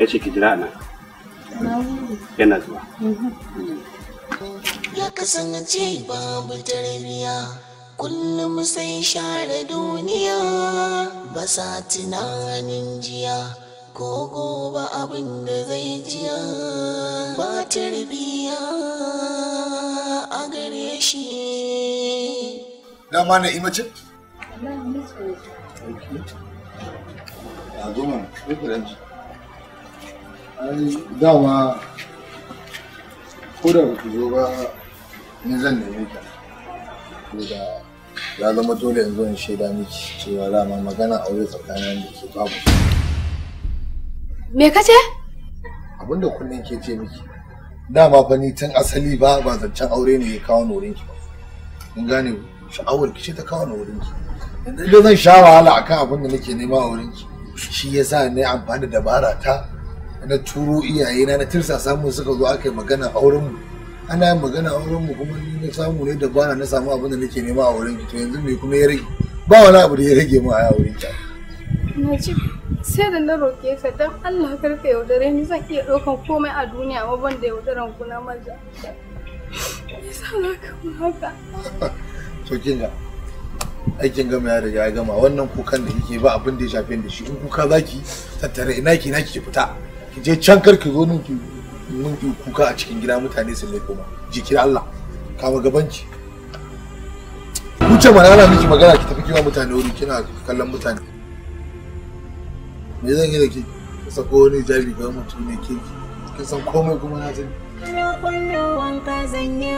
ya ce ki jira nan yana zuwa ya kasance babu tarbiya kullum sai share duniya ba sa tunanin jiya ko gobe abin da zai jiya ba tarbiya a gare shi dama na imacin? Dama na imacin. ai dama ko da ba ku zo ba ni zan nemi ka da ya zama dole yanzu in shaida miki cewa dama magana aure tsakanin da ke babu me kace abinda kullum ke ce miki dama fa ni tun asali ba ba zancen aure ne ya kawo norin ki ba mun gane sha'awar ki ce ta kawo norin ki yanzu zan sha wahala akan abin da nake nema a wurin ki shi yasa ne amfani da dabara ta na turo iyayena na tirsa samu suka zo aka yi magana auren mu ana yin magana auren mu kuma ni na samu ne da bana na samu abin da nake nema a wurin ki to yanzu me kuma ya rage ba wani abu da ya rage mu a wurin ki ji. sai da na roƙe ka dan Allah karfe yaudare ni zan iya ɗaukan komai a duniya ma ban da yaudaran ku na maza Yasa na kama haka aikin gama ya riga ya gama wannan kukan da kike ba abin da ya shafe da shi in kuka zaki tattare ina ki na ki fita ki je can kar ki zo min ki mun ki kuka a cikin gida mutane su laifo ma jikin Allah kama gabanci wuce magana miki magana ki tafi kiwa mutane wuri kina kallon mutane me zan yi da ke sako wani jari ga mutum ne ke ka san komai kuma na sani wanka zan yi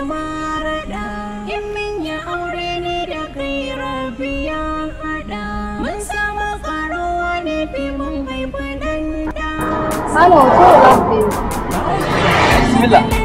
in min ya aure ne da kai rabiya I also love Bismillah.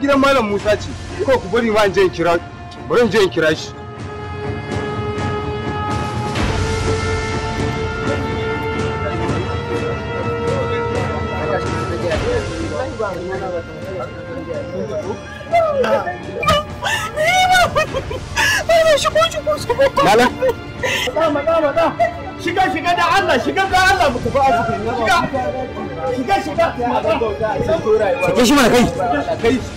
gidan Malam Musa ce. Ko ku bari ma je kira bari je kira shi. shiga shiga da Allah shiga da Allah shiga shiga shiga shiga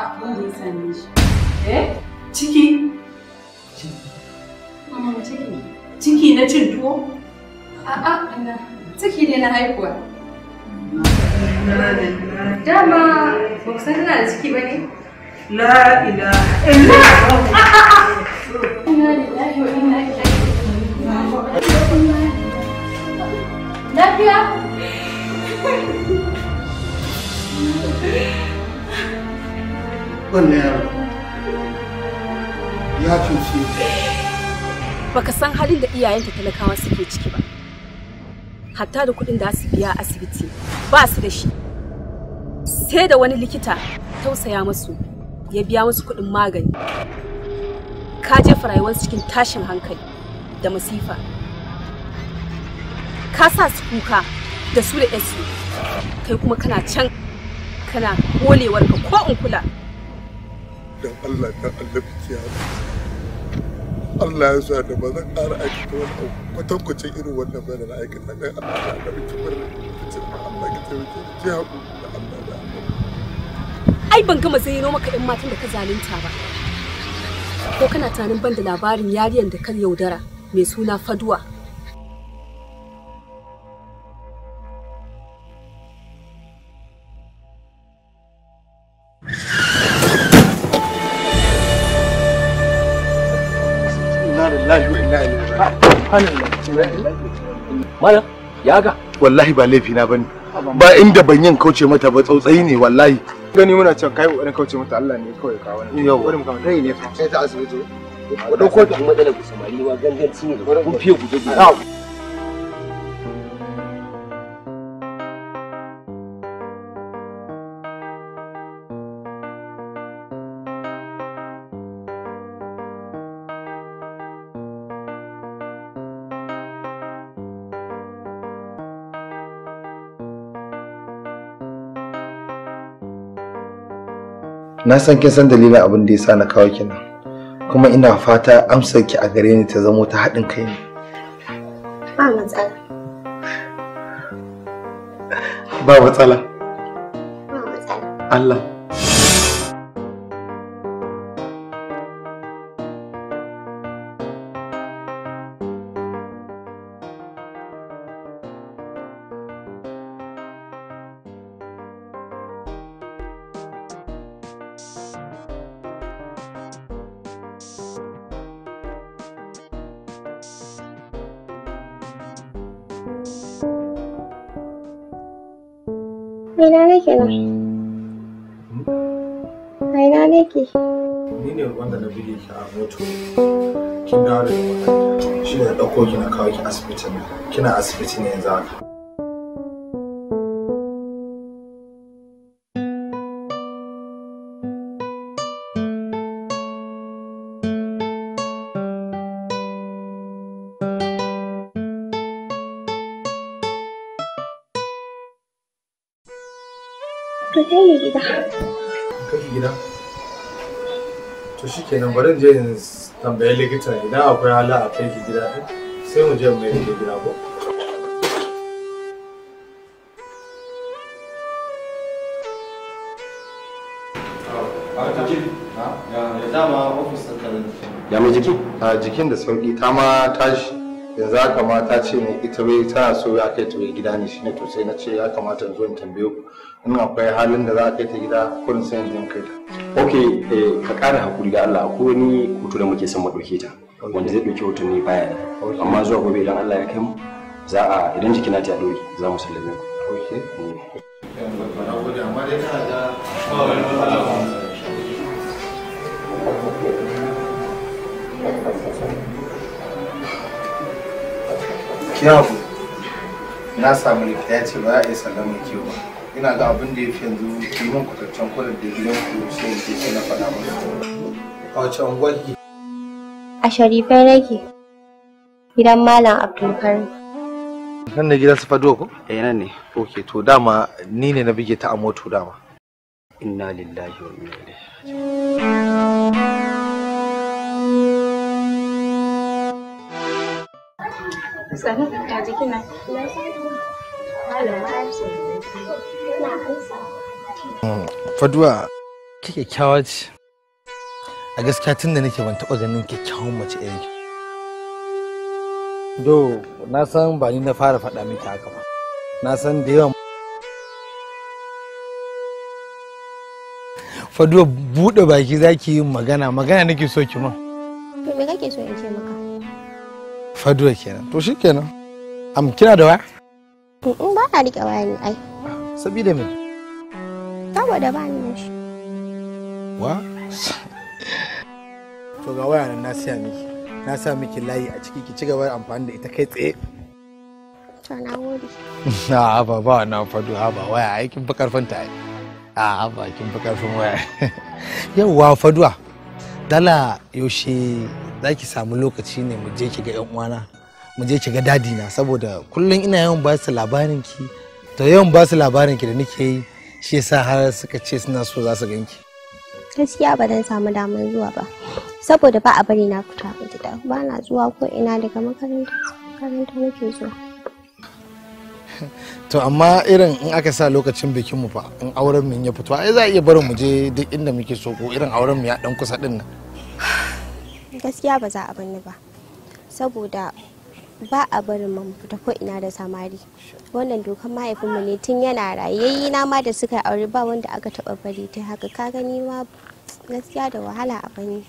abin da shi. Eh? Ciki? Mama ciki. Ciki na cin tuwo? A'a, Ciki ne na haihuwa. Dama, ba ku san tana da ciki ba ne? La Lafiya? wannan ya cuce baka san halin da iyayenta talakawa suke ciki ba hatta da kuɗin da su biya asibiti ba su da shi sai da wani likita tausaya masu ya biya musu kuɗin magani ka jefa rayuwarsu cikin tashin hankali da masifa ka sa su kuka da su da yasu kai kuma kana can kana kolewar ka ko in kula don Allah ta Allah kiyama Allah ya sa da ba zan ƙara aikata wani abu kwatankwacin irin wannan bane na aikata dan Allah da Allah ki bar ki Allah ki taimake ki ki haƙu da Allah da Allah ai ban gama zayyano maka ɗin matan da ka zalunta ba ko kana tanin ban da labarin yariyan da kan yaudara mai suna faduwa Mala, ya ga? Wallahi ba laifi na bane. Ba inda ban yin kauce mata ba tsautsayi ne wallahi. Gani muna can kai kokarin kauce mata Allah ne kawai ka wani. Yau. Wani mukamman kai ne fa. sai ta asibiti. Wadau ko ta matsalar ku samari wa gangan cinye da kun fiye guje guje. na san kin san dalilin abin da ya sa na kawo ki nan kuma ina fata amsar ki a gare ni ta zamo ta haɗin kai ne ba matsala ba matsala Allah ko kina kawo ki asibitin kina asibiti ne yanzu haka ka kai ni gida. gida? To shi kenan bari je tambayi likitan idan akwai hala a kai gida ɗin. sai mu je mu mai da gida ya mai jiki a jikin da sauki ta ma tashi yanzu ya kamata ce ne ita bai tana so ya kai ta bai gida ne shine to sai na ce ya kamata in zo in tambaye ku in akwai halin da za a kai ta gida kurin sai in kai ta ok eh, ka kara hakuri ga Allah ko wani hutu da muke son mu dauke ta wanda zai ɗauki ni baya amma zuwa gobe idan Allah ya kai mu za a idan jikina ta ɗauki za mu sallame ku. Kiyafu na samu likita ya ce ba za sallama kiwo ba. Ina ga abin da ya fi yanzu kimin kutaccen kwanar da gidan ku sai yake na faɗa musu. A wacce unguwar a sharifai nake gidan malam abdulkarim nan ne gidan su faduwa ko eh nan ne ok to dama ni ne na bige ta a moto dama inna lillahi wa inna ilaihi Sanu, ta hmm, Faduwa, kike kyawaci. a gaskiya tun da nake ban taɓa ganin kyakkyawan mace irin ki do na san ba ni na fara faɗa miki haka ba na san da yawan faduwa buɗe baki za ki yi magana magana nake so ki man to me kake so in ce maka faduwa kenan to shi kenan am kina da waya in mm, mm, ba na riƙe waya ne ai sabida me saboda ba ni shi wa to ga waya nan na siya miki na sa miki layi a ciki ki ci gaba da amfani da ita kai tsaye to na gode ah, a ba na fadu a ba waya ai kin fi karfin ta a ah, ba kin fi karfin waya faduwa dala yaushe za ki samu lokaci ne mu je ki ga yan uwana mu je ki ga dadi na saboda kullum ina yawan ba su labarin ki to yawan ba su labarin ki da nake yi shi yasa har suka ce suna so za su ganki gaskiya ba zan samu damar zuwa ba saboda ba a bari na fita gida ba na zuwa ko ina daga makaranta makaranta nake zuwa to amma irin in aka sa lokacin bikin mu fa in auren mu ya fito ai za a iya barin mu je duk inda muke so ko irin auren mu ya dan kusa din nan gaskiya ba za a bani ba saboda ba a barin mu fita ko ina da samari wannan dokan mahaifinmu ne tun yana rayayyi na ma da suka aure ba wanda aka taba bari ta haka ka gani ma gaskiya da wahala a bane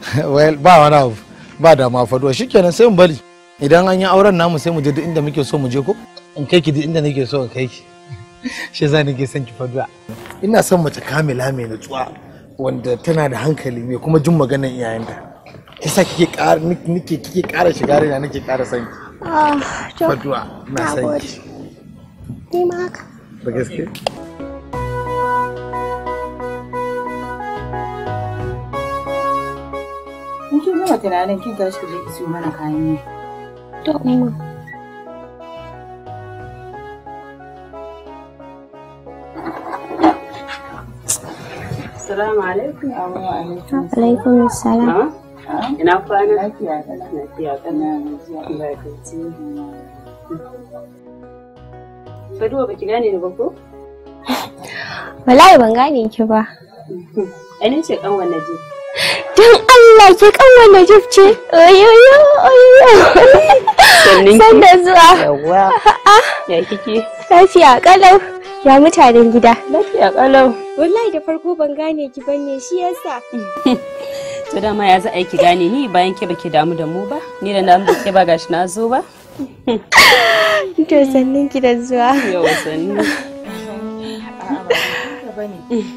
well ba wani abu ba da ma faduwa shikenan sai mu bari idan an yi auren namu sai mu je duk inda muke so mu je ko in kai ki duk inda nake so in kai ki shi yasa nake son ki faduwa ina son mace kamila mai nutsuwa wanda tana da hankali mai kuma jin maganar iyayenta yasa kike ƙara nike kike ƙara shiga rina nake ƙara san ki ah, faduwa na san ki ni ma haka da gaske in kin gama tunanin kin tashi ki je ki siyo mana kayan ne to umma Assalamu alaikum. Alaikum assalam. Ina kwana? Lafiya da lafiya kana lafiya. ba baki gane ni ba ko? Wallahi ban gane ki ba. Ani ce kan wannan je. Dan Allah ke kan wannan jif ce. Oyoyo oyoyo. Sanda zuwa. Yawwa. Ah, ah. Ya kike? Lafiya kalau. Ya mutanen gida. Lafiya kalau. Wallahi da farko ban gane ki bane shi yasa. to dama ya za a ki gane ni bayan ke baki damu da mu ba ni da namu da ke ba gashi na zo ba to sannin ki da zuwa yau sannin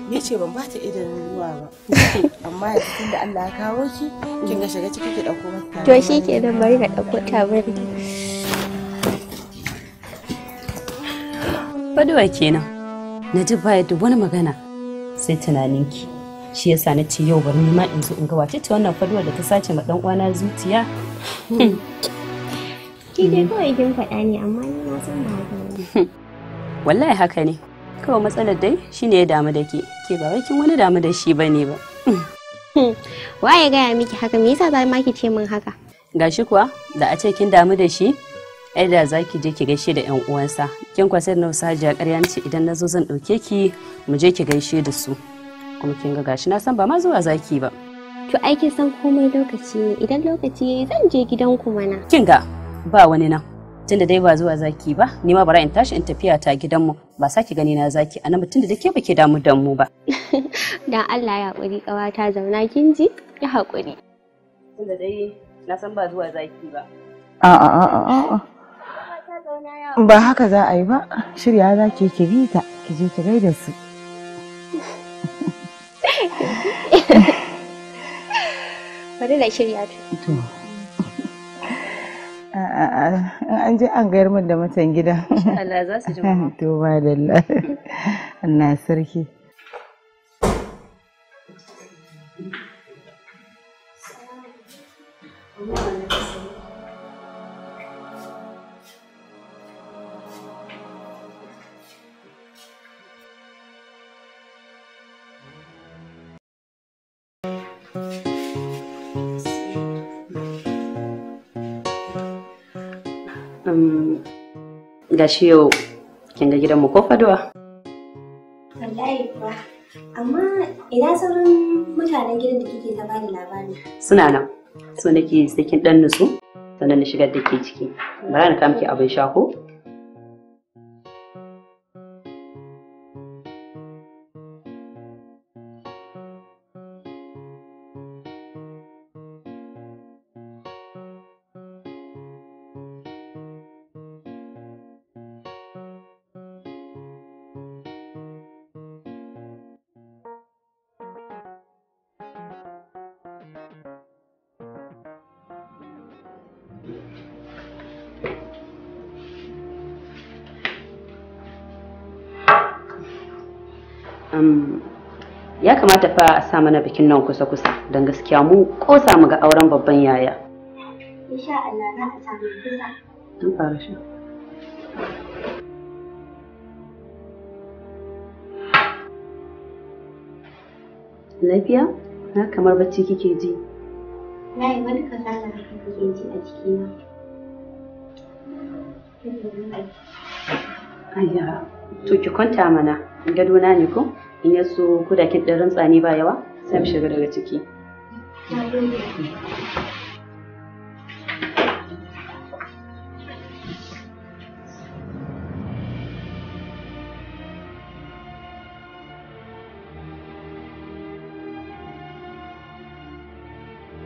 ni ce ban bata idan ruwa ba amma yanzu tun da Allah ya kawo ki kin ga shiga ciki ki dauko mata to shi ke nan bari na dauko ta bari faduwa kenan na ji ba da wani magana sai tunaninki shi yasa na ce yau bari ma in zo in ga wace ce wannan faduwa da ta sace ma dan uwana zuciya ki dai kawai kin faɗa ne amma ni na san ba haka wallahi haka ne kawai matsalar dai shine ya damu da ke ke ba wai kin wani damu da shi bane ba waye gaya miki haka me yasa za ma ki ce min haka gashi kuwa da a ce kin damu da shi ai da za ki je ki gaishe da yan uwansa kin kwasar na jakar hajiya ƙaryanci idan na zo zan ɗauke ki mu je ki gaishe da su kuma kin ga gashi na san ba ma zuwa zaki ba to ai kin san komai lokaci ne idan lokaci yayi zan je gidanku mana kin ga ba wani nan tunda dai ba zuwa zaki ba ni ma bara in tashi in tafiya ta gidanmu ba saki gani na zaki a mutun da ke bake damu dan mu ba dan Allah ya hakuri ta zauna kin ji ya hakuri tunda dai na san ba zuwa zaki ba a a a a ba haka za a yi ba shirya za ki ki bi ta ki je ki gaida su bari na shirya ta to an je an gayar min da matan gida Allah za su ji mu. to ba dalla Allah sarki Yeah. ga shi yau kin ga gidanmu ko faduwa wallahi ba. amma ina sauran mutanen gidan da kike ta bani labari suna nan so nake sakin dan nusu sannan na shigar da ke ciki Bara na kamki abin sha ko kamata fa a sa mana bikin nan kusa kusa don gaskiya mu ko mu ga auren babban yaya insha Allah za a samu kusa tun fara shi lafiya na kamar bacci kike ji na yi wani kasala da kike ji a jikina Aya, to ki kwanta mana, gadona ne ko? in ya so ko da kin ba yawa sai mu shiga daga ciki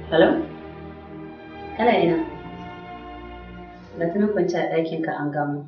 Hello? Kana ina? Batunan kwanci a ɗakinka an gamo.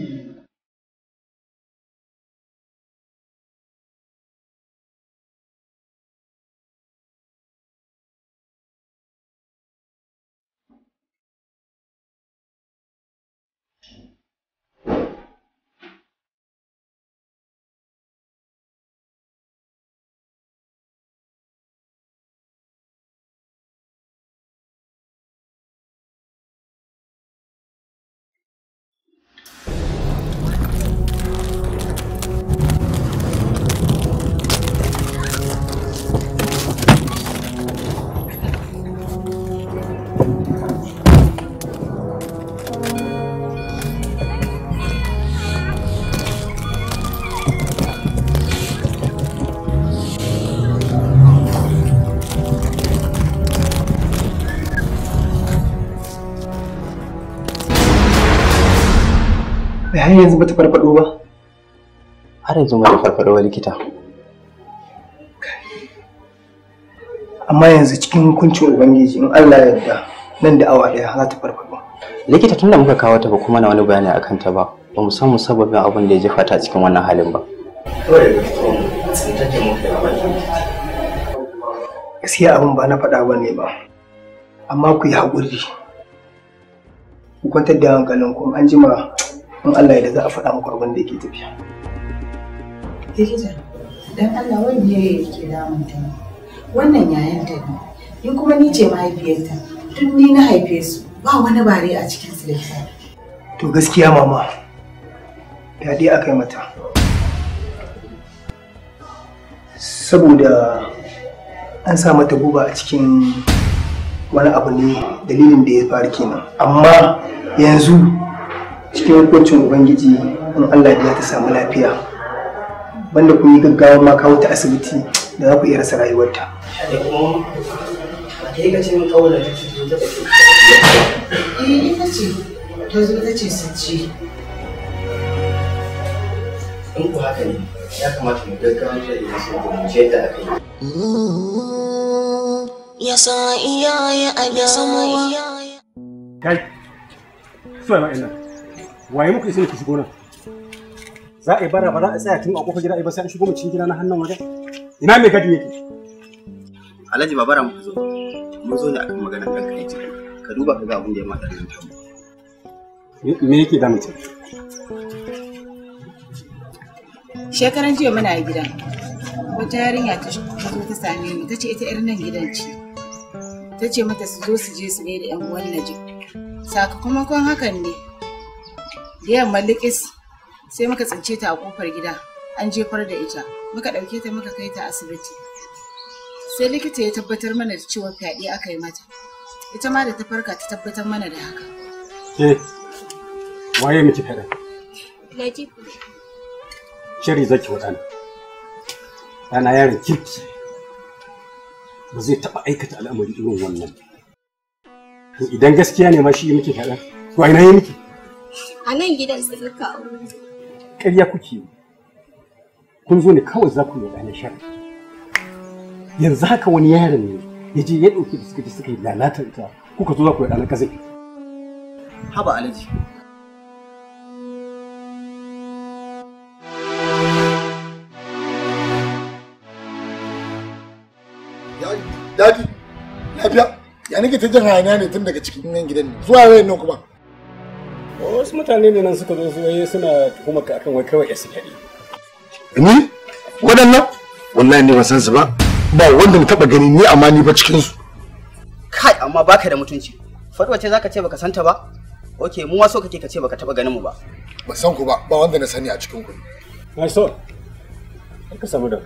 da har yanzu bata farfado ba har yanzu bata farfado ba likita amma yanzu cikin hukuncin ubangiji in Allah ya yarda nan da awa daya za ta farfado likita tunda muka kawo ta ba kuma na wani bayani akan ta ba ba mu san musabbabin abin da ya jefa ta cikin wannan halin ba gaskiya abin ba na faɗa ba ne ba amma ku yi haƙuri ku kwantar da hankalin kuma an jima in Allah ya da za a faɗa maka abin da yake tafiya. Likita, don Allah wai biye yake damun ta wannan yayan ta ne, in kuma ni ce mahaifiyarta tun ni na haife su ba wani bare a cikin su To gaskiya mama, daɗi a kai mata. Saboda an sa mata guba a cikin wani abu ne dalilin da ya faru kenan amma yanzu cikin hukuncin ubangiji in allah ya ta samu lafiya banda ku yi gaggawa ma kawo ta asibiti da za ku iya rasa rayuwarta ta ce eh, in ku haka ne ya kamata mu gaggawa da yin sun da aka yi mm-hmm. ya sa iyaye a ya sama iyaye kai suwa ina waye muku isa ki shigo nan za a yi bara ba za a tsaya tun a kofar gida ba sai an shigo mu cikin gida na hannun waje. ina mai gadi yake alhaji ba bara zo mun zo ne akan maganar kanka ne ka duba ka ga abin da ya mata nan me yake da mutum shekaran jiya muna gidan wata yarinya ta zo ta same ni ta ce ita irin nan gidan ce ta ce mata su zo su je su ne da yan uwan najib sakamakon hakan ne da yamma likis sai muka tsince ta a kofar gida an jefar da ita muka ɗauke ta muka kai ta asibiti sai likita ya tabbatar mana da cewa fyaɗe aka yi mata ita ma da ta farka ta tabbatar mana da haka ke waye miki fyaɗe lajibu shari zaki wa ɗana ɗana yaron kirki ba zai taɓa aikata al'amari irin wannan idan gaskiya ne ma shi yi miki fyaɗe to ai ina yi miki A nan gidan sun suka aure. Ƙarya kuke kun zo ne kawai za ku yi ɗanin shari. Yanzu haka wani yaron ne ya je ya ɗauki da suka je suka yi lalata ita kuka zo za ku yi ɗanin kazai. Haba Alhaji, Dadi, lafiya. Ya nake ta jin hayaniya ne tun daga cikin nan gidan ne. Zuwa wayan nan kuma. wasu mutane ne nan suka zo su waye suna kuma ka akan wai kawai ya sigari ni waɗannan wallahi ni ba san su ba ba wanda na taba gani ni amma ni ba cikin su kai amma baka da mutunci fadwa ce zaka ce baka santa ba ok mu waso kake ka ce baka taba ganin mu ba ba san ku ba ba wanda na sani a cikin ku Mai so. ka samu da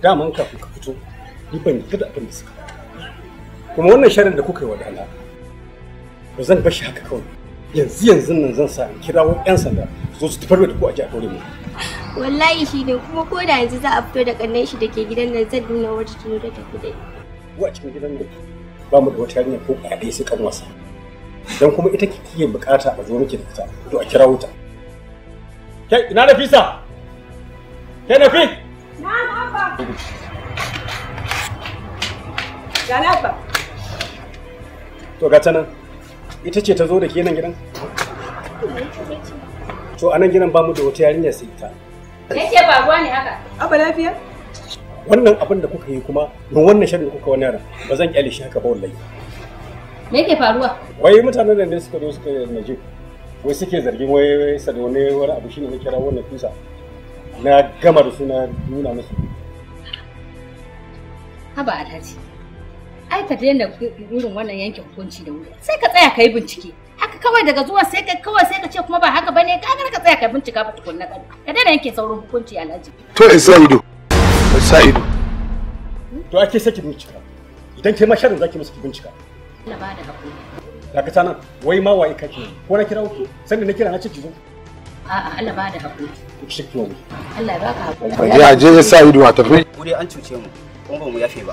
daman kafin ka fito ni ban yi da abin da suka kuma wannan sharin da kuka yi wa dana ba zan bar shi haka kawai yanzu yanzu nan zan sa kirawo yan sanda su zo su tafar da ku a ji a dore mu wallahi shi ne kuma ko da yanzu za a fito da kannan shi da ke gidan nan zan nuna wata tuno da tafi da Ko a cikin gidan nan ba mu da wata yarinya ko a ɗaya sai kan wasa dan kuma ita kike bukata a zo miki da ita to a kirawo ta kai ina Nafisa kai Na na'am abba ga abba to ga ta nan ita ce ta zo da ke nan gidan to anan gidan ba mu da wata yarinya sai ita Yake ke faruwa ne haka aba lafiya wannan abin da kuka yi kuma don wannan shirin kuka wani yaran ba zan kyale shi haka ba wallahi me yake faruwa wai mutanen da suka zo suka naje wai suke zargin wai wai sadone wani abu shine na kira wannan kusa na gama da suna nuna musu haba alhaji ai ka daina irin wannan yanke hukunci da wuri sai ka tsaya ka yi bincike haka kawai daga zuwa sai ka kawai sai ka ce kuma ba haka bane ka ka tsaya ka bincika ba na ka ka daina yanke saurin hukunci alhaji to sa ido isa ido hmm? to ake saki bincika idan ke ma sharin zaki musu bincika Allah ba da hakuri daga tana wai ma wai kake ko na kira ku sanda na kira na ce ki zo a'a Allah ba da hakuri shi Allah ya baka hakuri ya je ya sa ido a tafi wuri an cuce mu kuma ba mu yafe ba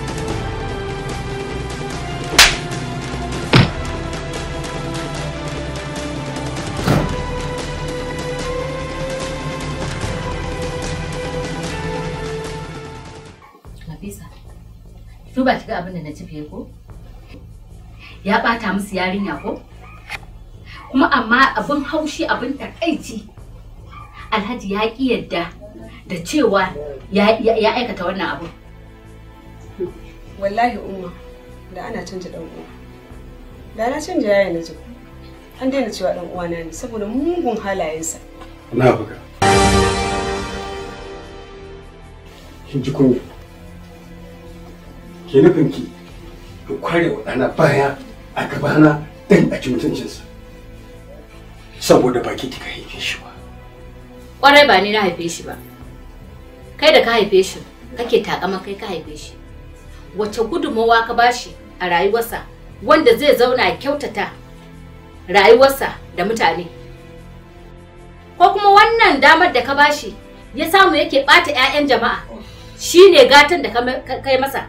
Su ba shiga abin da na cife ko ya bata musu yarinya ko kuma amma abin haushi abin takaici alhaji ya ki yadda da cewa ya aikata wannan abu wallahi umma da ana canja dan uwa da na canja yaya na ji an daina cewa dan uwa na ne saboda mugun halayensa na buga. kin ji kunya ke nufin ki ku kware wa ɗana baya a gabana dan a ci mutuncinsa saboda baki kika haife shi ba Ƙwarai ba ni na haife shi ba kai da ka haife shi kake takama kai ka haife shi wace gudunmawa ka bashi a rayuwarsa wanda zai zauna ya kyautata rayuwarsa da mutane ko kuma wannan damar da ka bashi ya samu yake ɓata 'ya'yan jama'a shine gatan da kai masa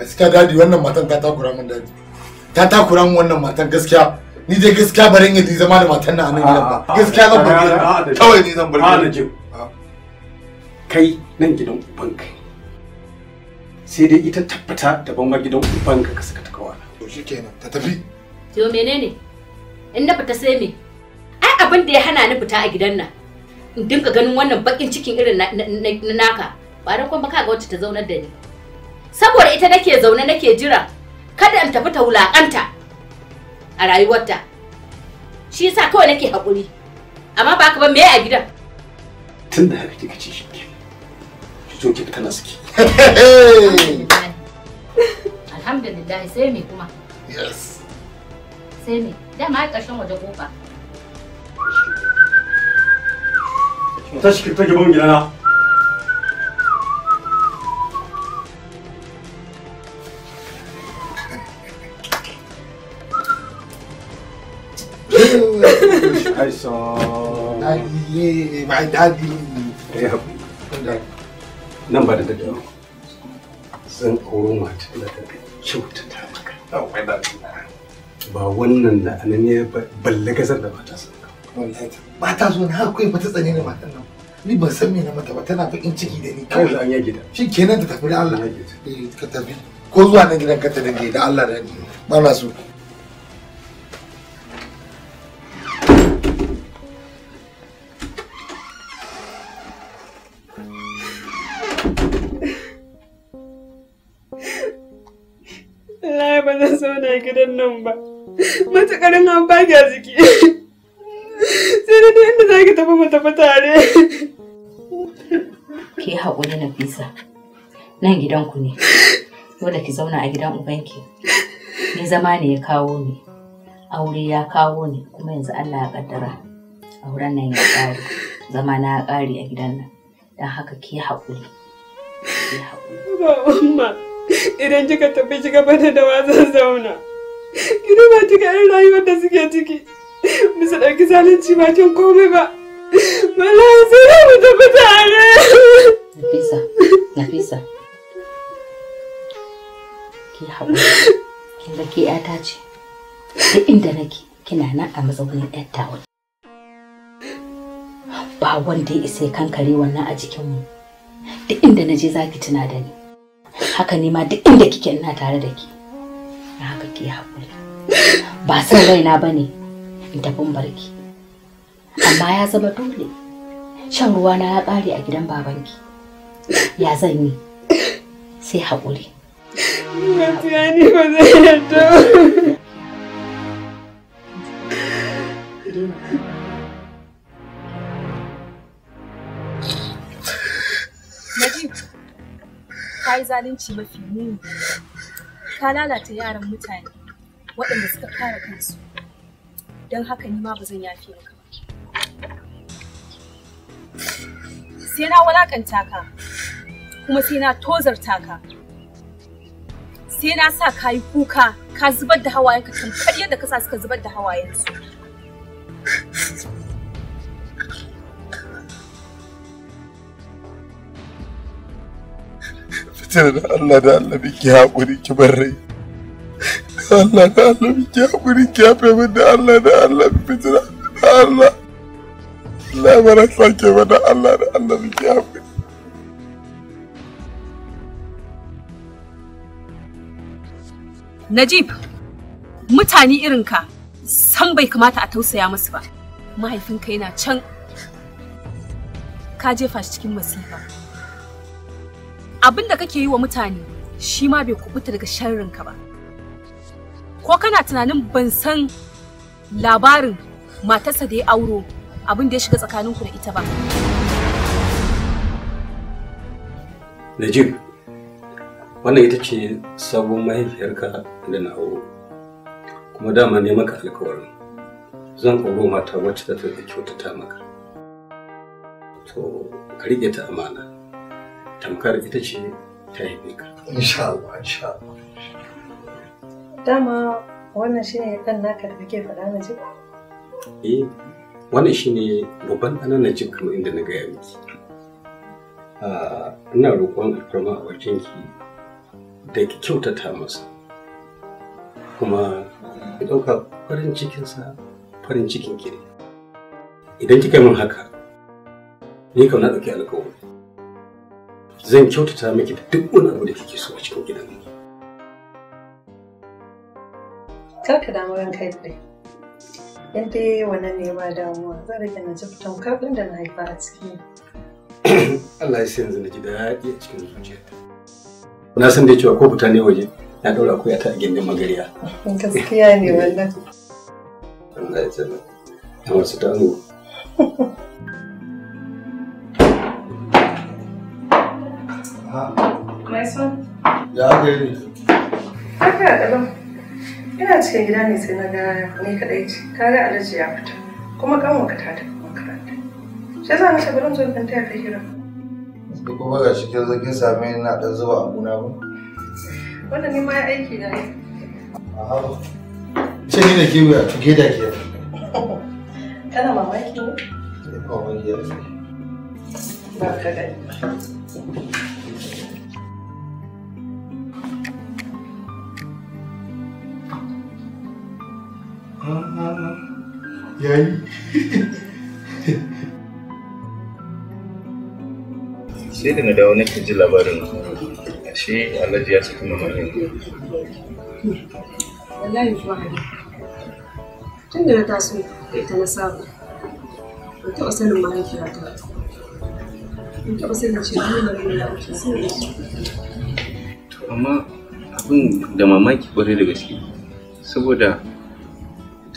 gaskiya dadi wannan matan ta takura min dadi ta takura min wannan matan gaskiya ni dai gaskiya barin yi zama da matan nan a gidan ba gaskiya zan bar gidan kawai ni zan bar gidan kai nan gidan uban kai sai dai ita tabbata da banwa gidan uban ka ka saka ta kawala to shikenan ta tafi to menene in na fita sai me ai abin da ya hana ni fita a gidan nan in dinka ganin wannan bakin cikin irin na naka ba dan kuma ka ga wacce ta zaunar da ni saboda ita nake zaune nake jira kada in tafi ta wulakanta a rayuwarta shi yasa kawai nake haƙuri amma ba ka ba me a gidan tun da haka kika ci shi ki zo ki fita na alhamdulillah sai me kuma yes sai me dama a ƙarshen waje kofa tashi ki fita gaban gidana Kaison. Daɗi ne, mai daɗi ne. Ya haƙuri. Nan ba da daɗewa. Zan auro mata da ta kyautata maka. Akwai daɗi. Ba wannan da anan ya balle gazar da ba ta son ka. ba ta so na akwai ba ta tsane ni matan nan. Ni ban san me na mata ba tana bakin ciki da ni. Kawai an yi gida. Shi kenan ta tafi da Allah. Eh, ka tafi. Ko zuwa nan gidan ka ta dange da Allah da ni. Ba na so. gidan nan ba matuƙarin an baki a jiki sai da duk inda zaki ki tafi mu tafi tare ki haƙuri na fisa nan gidanku ne dole ki zauna a gidan ubanki ni zama ne ya kawo ni aure ya kawo ni kuma yanzu Allah ya kaddara auren nan ya ƙare zama na ƙare a gidan nan don haka ki haƙuri ki haƙuri idan kika tafi kika bada da wazan zauna ki duba ki ga irin rayuwar da suke ciki musu ɗauki zalunci ba kin komai ba bala sai da mu tafi tare nafisa nafisa ki haƙuri kin ga ki ƴata ce duk inda nake kina nan a matsayin ƴar tawa ba wanda ya isa kankare wannan a jikinmu duk inda na je za ki tuna da ni haka ne ma duk inda kike ina tare da ki na haka ki haƙuri ba san raina ba ne in tafi barki amma ya zama dole shan ruwa na ya ƙare a gidan babanki ya zan yi sai haƙuri gaskiya ni ba zai yarda ka yi zalunci mafi muni ka lalata yaran mutane waɗanda suka kare kansu don haka ni ma ba zan yafe maka ba sai na walakanta ka kuma sai na tozarta ka sai na sa ka yi kuka ka zubar da hawaye ka tamkar yadda ka sa suka zubar da hawayensu fitar da Allah da Allah ki haƙuri ki bar rai da Allah da Allah ki haƙuri ki hafe min da Allah da Allah annabi fitar da Allah Allah ya mara sake ba da Allah da Allah ki haƙuri Najib, mutane irinka san bai kamata a tausaya musu ba. Mahaifinka yana can ka jefa shi cikin masifa. abin da kake yi wa mutane shi ma bai kubuta daga sharrinka ba ko kana tunanin ban san labarin matarsa da ya auro abin da ya shiga tsakaninku da ita ba Najib wannan ita ce sabon mahaifiyarka da na auro kuma dama ne maka alkawarin zan auro mata wacce ta kyautata maka to ka rike ta amana tamkar ita ce ta yi ka insha Allah insha Allah dama wannan shine dan naka da kake faɗa na ji eh wannan shine babban ɗan na jin kamar inda na gaya miki ah, ina roƙon alfarma a wajen ki da ki kyautata masa kuma ki ɗauka farin cikinsa farin cikin ki idan kika min haka ni kam na ɗauki alƙawari zan kyautata miki da duk wani abu da kike so a cikin gidan nan kar ka damu ran kai dai in dai wannan ne ba damuwa zan rage na jiftan karɗin da na haifa a ciki Allah ya sa yanzu na ji daɗi a cikin zuciyarta na san da cewa ko fita ne waje na ɗaura ya ta a gindin magariya gaskiya ne wannan Allah ya tsare ta wasu ta Nice one. Ya aka yi Haka ya ɗaga. Ina cikin gida ne sai na ga ni kaɗai ce. Ka ga alaji ya fita. Kuma kanwa ka ta tafi makaranta. Shi za na ce bari zo in taya ka hira. Sai kuma ga shi kin zo kin same ni na ɗan zuba a gona ba. Wannan ni ma ya aiki na ne. A'a. Ce ni da ke wuya tuge da ke. Kana mamaki ne? Ba mamaki ya ce. Ba ka gani. aí? sai da dawo nake ji labarin ashe alhaji ya saki mamakin wallahi fahari tun da na taso da ita na saba ban taɓa sanin ta. ban taɓa sanin cewa nuna nuna ake sanin amma abin da mamaki kwarai da gaske saboda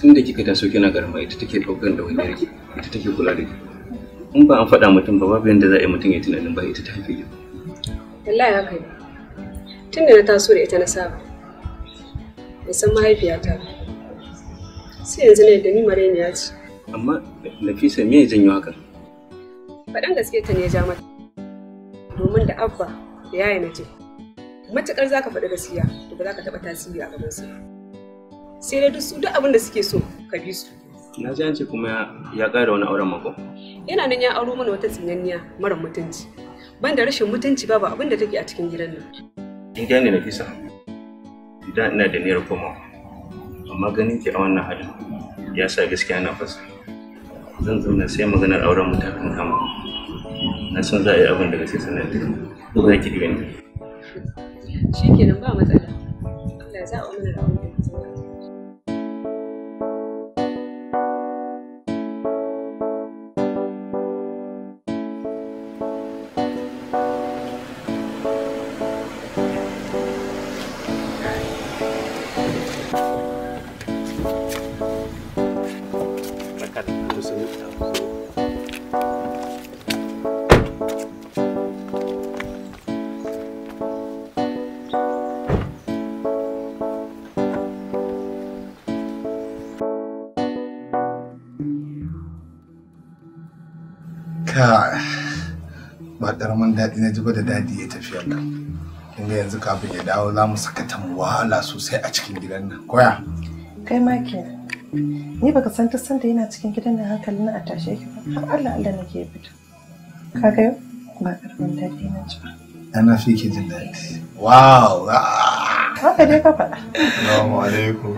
tun da kika taso kina garma ita take ɗaukar da wani yarki ita take kula da ki in ba an faɗa mutum ba babu yadda za a yi mutum ya tunanin ba ita ta haife ki wallahi haka ne tun da na taso da ita na saba ban san mahaifiyata sai yanzu ne da ni ya ce amma nafisa me ya janyo haka faɗan gaske ta ne ya ja mata domin da abba da yaya na je matuƙar za ka faɗi gaskiya to ba za ka taɓa tasiri a gabansu ba sai da duk su duk abin da suke so ka bi su na ji an ce kuma ya ƙara wani auren mako yana nan ya aro mana wata tsinanniya mara mutunci ban da rashin mutunci babu abin da take a cikin gidan nan in gane na fisa idan ina da niyyar komawa amma ganin ki a wannan halin ya sa gaskiya na fasa zan zauna sai maganar auren mu ta kama na san za a yi abin da gaske sanar da ku za ki ni. shi kenan ba matsala Allah ya za a mana da abin da daɗi na ji gwada daɗi ya tafi Kin ga yanzu kafin ya dawo za mu saka mu wahala sosai a cikin gidan nan koya kai ma ke ni baka san ta san da yana cikin gidan nan na a tashe ki ba har Allah Allah nake fita ka ga ba karfin daɗi na ji ba ana fi ke jin daɗi wow ah! haka dai ka faɗa assalamu alaikum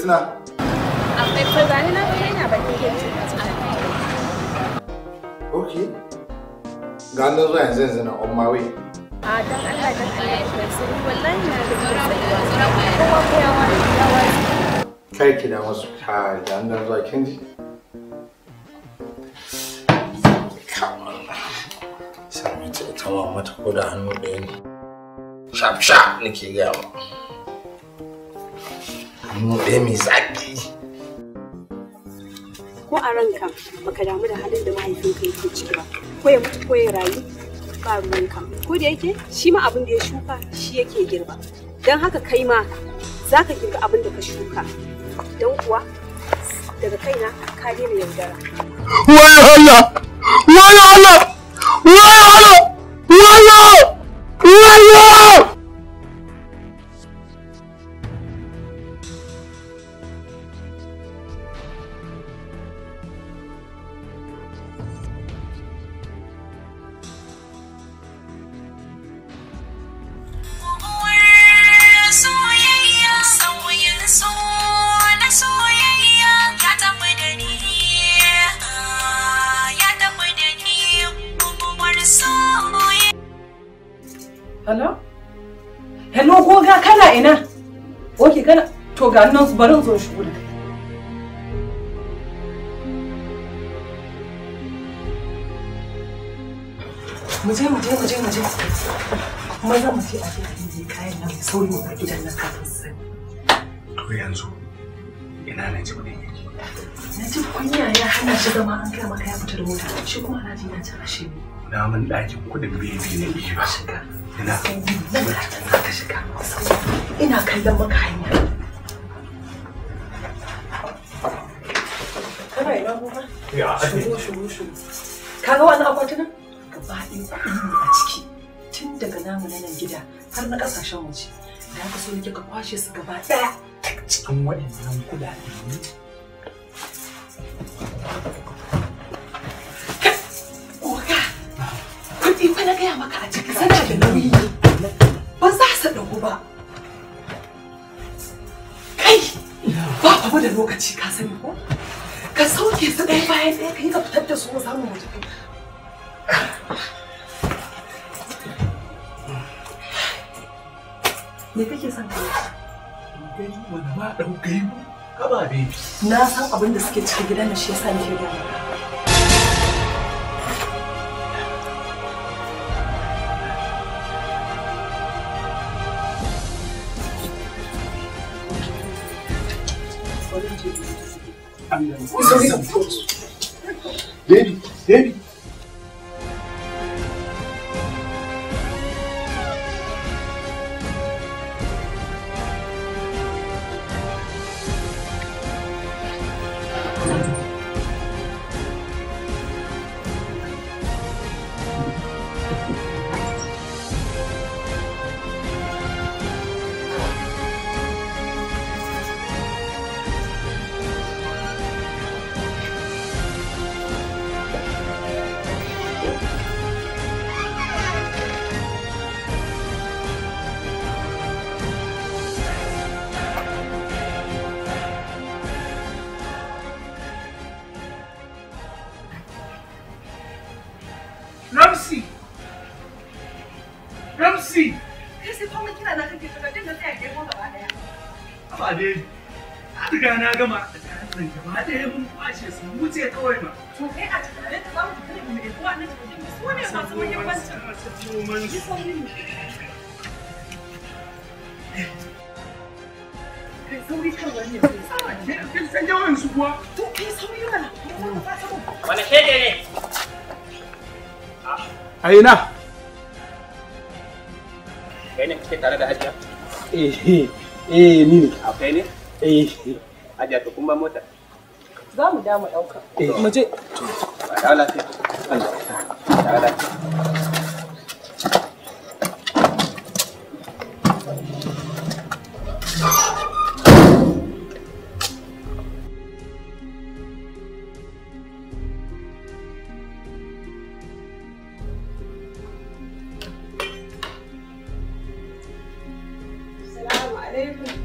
tuna? Akwai fa gani na bayan yana bakin kirki. Okay. Ga nan zuwa yanzu yanzu na on my way. A dan Allah dan Allah ya wallahi na da tsari. Kowa ko ya wani ya wani. Kai ki da masu kai da nan zuwa kin ji? Sami ta ita ko da hannu ɗaya ne. Shaf shaf nake gaya ma. hannu mai zaƙi ko a ranka baka damu da halin da mahaifinka yake ciki ba ko ya mutu ko ya rayu ba ruwanka ko da yake shi ma abin da ya shuka shi yake girba don haka kai ma za ka girba abin da ka shuka don kuwa daga kaina ka daina yaudara wai Allah wai Allah wai Allah wai Allah wai Allah barin zo shigo da kai mu je mu je ce je mu je a kayan nan mai sauri mu bar gidan nan kafin to yanzu ina na ji wani yake na ji kunya ya hana shi zama an kai maka ya fita da mota shi kuma alhaji ya ci ashe ne na mun ɗakin kuɗin bebi na iya ba ina kallon maka hanya Ya shigo shigo shigo. Ka ga wannan akwatunan? Gaba ɗaya ne a ciki. Tun daga namu na nan gida har na ƙasashen waje. Da haka so nake ka kwashe su gaba ɗaya. Cikin waɗannan kuɗaɗe ne. Oga, kuɗi fa na gaya maka a ciki sana da nauyi. Ba za su ɗagu ba. Kai, ba abu da lokaci ka sani ko? Ka sauke su ɗaya bayan ɗaya ka yi ka fitar da su mu samu mu tafi. Me kake son ka yi? Gani wani ma ɗaukai mu. Kaba baby. Na san abin da suke cikin gidan na shi yasa nake gani. Thank you. Baby, baby. eh ni ne a kai ne eh a ja to kun ba mota za mu da mu dauka eh. mu je to ba lafiya alaikum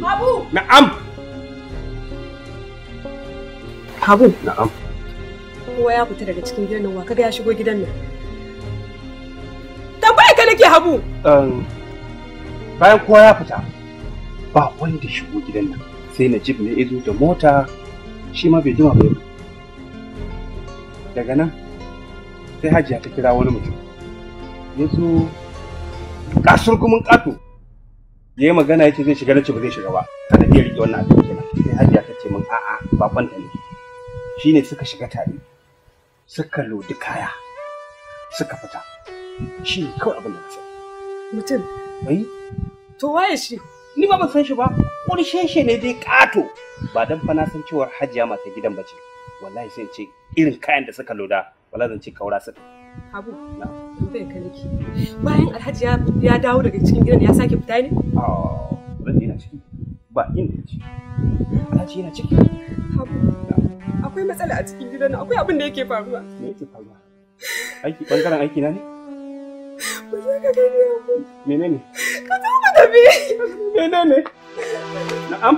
Habu! Na'am! Habu! Na'am. Kowa ya fita daga cikin nan wa kaga ya shigo gidan nan. Tambaya ka nake Habu! Um, bayan kowa ya fita ba wanda shigo gidan nan sai na jib ne izo da mota shi ma bai jima bai daga nan sai hajiya ta kira wani mutum ya zo kasur kuma kato ya yi magana ya ce zai shiga na ba zai shiga ba iya rike wannan abin kenan sai hajiya ta ce min a'a ba kwanta ne shine suka shiga tare suka lodi kaya suka fita shi ne kawai abin da na sani mutum ai to waye shi ni ba ban san shi ba wani sheshe ne dai ƙato. ba dan fa na san cewar hajiya mata gidan bace wallahi sai ce irin kayan da suka loda wallahi zan ce kaura suka abu zai ka niki bayan alhaji ya dawo daga cikin gidan ya sake fita ne a ah, ban ina ciki ba inda ciki alhaji yana ciki abu akwai matsala a cikin gidan akwai abin da yake faruwa me yake faruwa aiki bangaren aiki na ne ka Menene? Ka zo mu tafi. Menene? Na'am.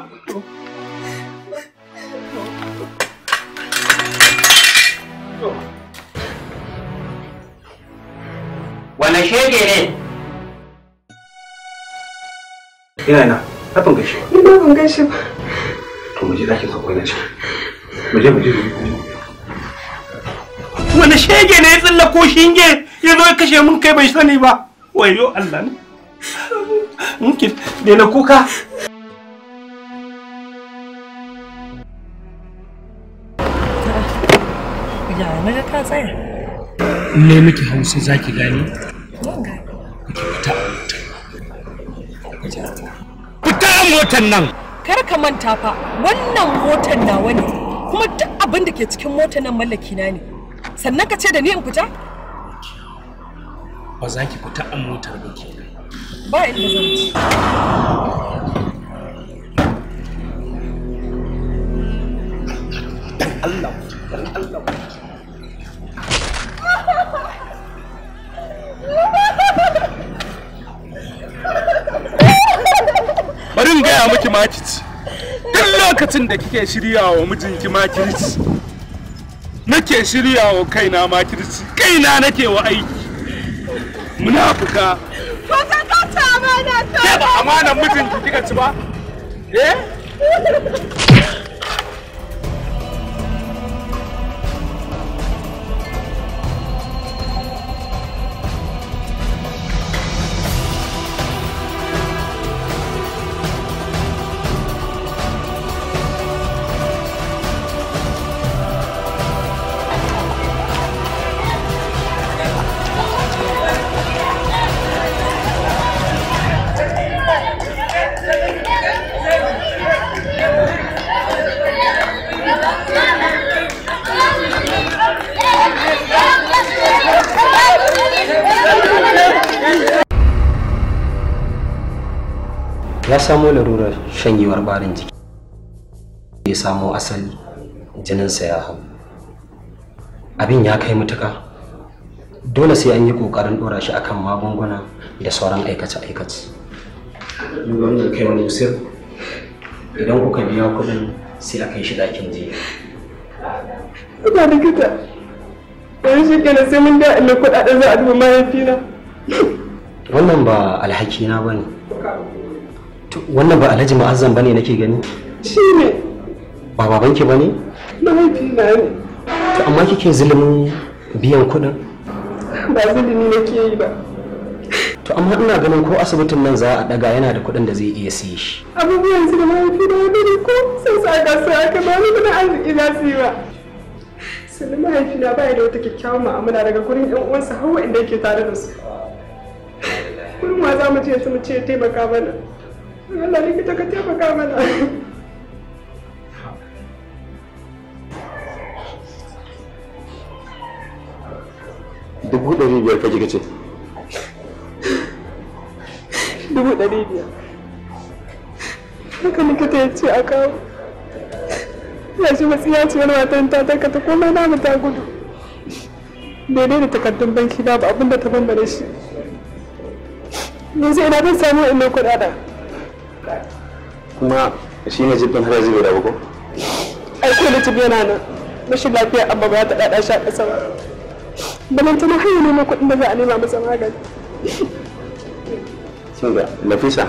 Wane shege ne? Ina na, na ban gaishe. Ni ba ban gaishe ba. To mu je ɗakin ka na Mu je mu je mu je. wani shege ne ya tsallako shinge ya zo ya kashe mun kai bai sani ba wayo Allah ne mungkin na kuka ya na ka tsaya ne miki hausa zaki gani fita fita motar nan kar ka manta fa wannan motar nawa ne kuma duk abin da ke cikin motar nan mallaki na ne sannan ka ce da ni in fita ba za ki fita a motar ba ke ba inda zan ci Allah Allah bari in gaya miki makici duk lokacin da kike shirya wa mijinki makirci nake shirya wa kaina makirci kaina nake wa aiki munafuka ba ka kanta amana ta ba amanan mijinki kika ci ba eh ya samo larurar shanyewar barin jiki ya samo asali jininsa ya hau abin ya kai mutuka dole sai an yi ƙoƙarin dora shi akan magunguna da sauran aikace-aikace wannan kai wani idan kuka biya kuɗin sai aka yi shi ɗakin jiya ina kita wani shi kenan sai mun da ina kuɗaɗen za a duba mahaifina wannan ba alhaki na bane wannan ba alhaji ma'azzan bane nake gani shi ne ba ki bane na haifi na ne to amma kike zulumin biyan kuɗin ba zulumi nake yi ba to amma ina ganin ko asibitin nan za a daga yana da kuɗin da zai iya siye shi abubuwan su da mahaifi na wani ko sai sa ga su aka ba ni da arziki na su yi ba sannan mahaifi na ba da wata kyakkyawan mu'amala daga gurin ɗan uwansa hawa inda yake tare da su gurin wa za mu ce su mu ce taimaka mana Allah likita ka taimaka Dubu ɗari biyar fa kika ce. Dubu ɗari biyar. Haka likita ya ce a kawo. Ya ce matsiya ce wani ta komai namu ta gudu. Daidai da takardun banki babu ta shi. ina kuma shi ne jibin har yanzu bai dawo ko aiko da jibin yana nan shi lafiya amma ba ta dada sha kasa ba tana hanyar neman kuɗin da za a nema masa magani kin ga nafisa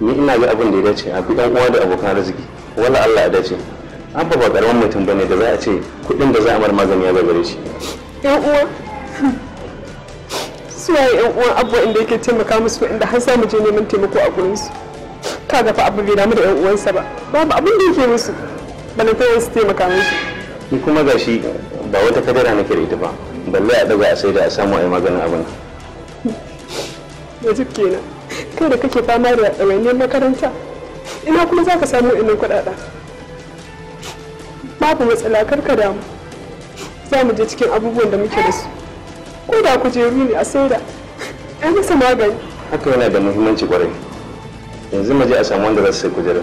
ni ina ga abin da ya dace a bi ɗan uwa da abokan arziki wala Allah ya dace abba ba karamin mutum bane da za a ce kuɗin da za a mar magani ya gagare shi yan uwa suwaye yan uwa abuwa inda yake taimaka musu inda har samu je neman taimako a gurinsu ka gafa abin bai damu da yan uwansa ba babu abin da yake musu bana ta wasu taimaka musu ni kuma gashi ba wata kadara nake da ita ba balle a daga a sai da a samu a yi maganin abin yanzu kenan kai da kake fama da ɗawainiyar makaranta ina kuma za ka samu inin kuɗaɗa babu matsala kar ka damu za mu je cikin abubuwan da muke da su ko da kujeru ne a saida ai masa magani haka yana da muhimmanci kwarai yanzu maje a samu wanda za su sai kujerar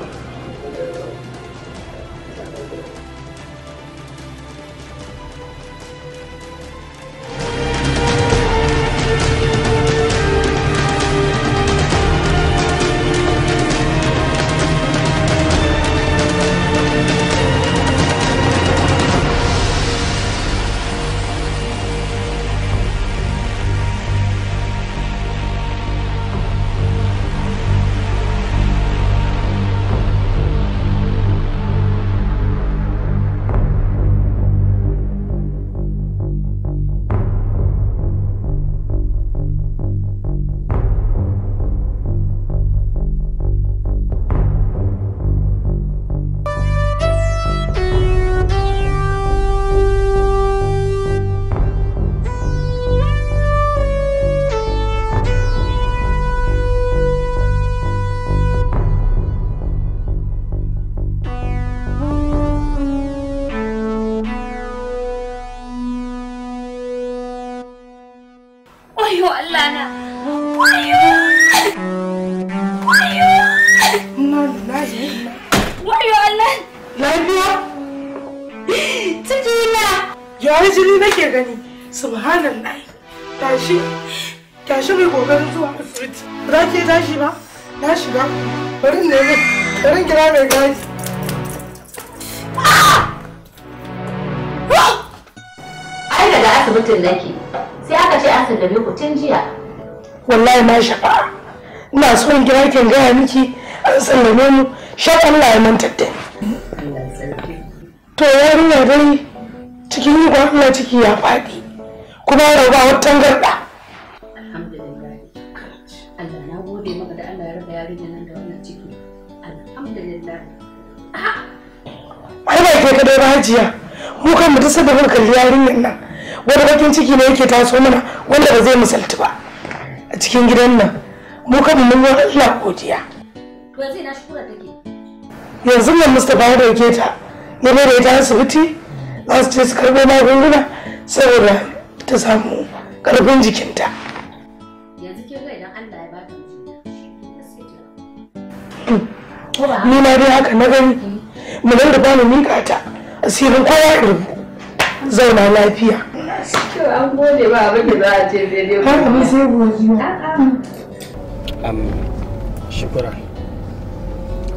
kan gaya miki an sallame mu shan Allah ya mantar da to yarinya dai cikin yi Allah ciki ya faɗi kuma ya raba wata garɗa alhamdulillah Allah na gode maka da Allah ya yarinya nan da wannan ciki alhamdulillah ai ba ke ka ba hajiya mu kan mu da sababin kalli yarinyar nan wani bakin ciki ne yake taso mana wanda ba zai misaltu ba a cikin gidan nan mu kan mun yi Allah godiya yanzu ina shukura take yanzu nan Mustapha ya dauke ta ya mai ta asibiti za su ce su karbo magunguna saboda ta samu karfin jikinta yanzu kin ga idan Allah ya ni ma dai haka na gani mu nan da bani mika ta asirin kowa irin zauna lafiya an gode ba abin da za a ce daidai sai godiya. am shukura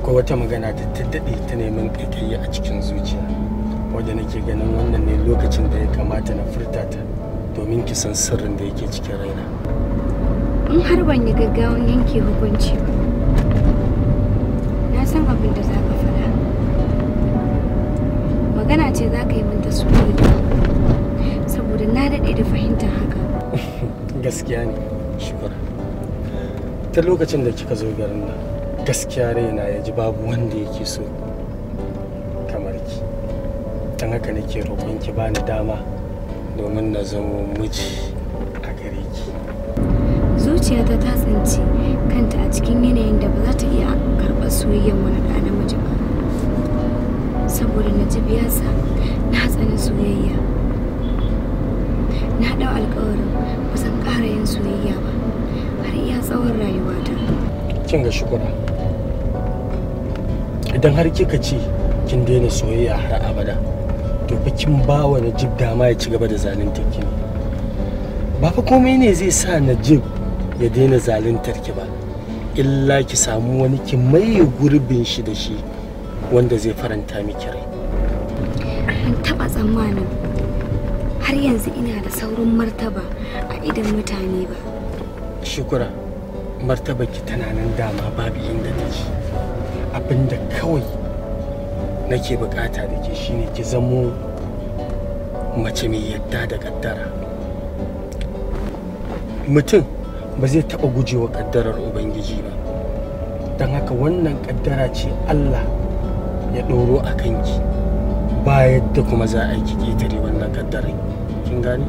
ko wata magana ta daɗe ta neman ƙirƙiri a cikin zuciya wadda nake ganin wannan ne lokacin da ya kamata na furta ta domin kisan san sirrin da yake cikin raina in har ban yi gaggawan yanke hukunci ba na san abin da za faɗa magana ce za ka yi min ta saboda na daɗe da fahimtar haka gaskiya ne shukura ta lokacin da kika zo garin nan gaskiya raina ya ji babu wanda yake so kamar ki don haka nake roƙon ki bani dama domin na zamo miji a gare ki zuciyata ta tsinci kanta a cikin yanayin da ba za ta iya karɓar soyayyar wani ɗa namiji ba saboda na ji biyarsa na tsani soyayya na ɗau alƙawarin ba zan ƙara yin soyayya ba iya tsawon rayuwata. Kin ga shukura. Idan har kika ce kin daina soyayya har abada, to fa kin ba wa Najib dama ya ci gaba da zalunta ki ne. Ba fa komai ne zai sa Najib ya daina zaluntar ki ba. Illa ki samu wani ki maye gurbin shi da shi wanda zai faranta miki rai. An taɓa tsammanin har yanzu ina da saurin martaba a idan mutane ba. shukura ki tana nan dama babu inda ta ci abinda kawai nake bukata da ke shine ki zamo mace mai yadda da kaddara mutum ba zai taɓa gujewa kaddarar ubangiji ba don haka wannan kaddara ce allah ya ɗoro a kanki ba yadda kuma za a yi ƙetare wannan kaddarar kin gane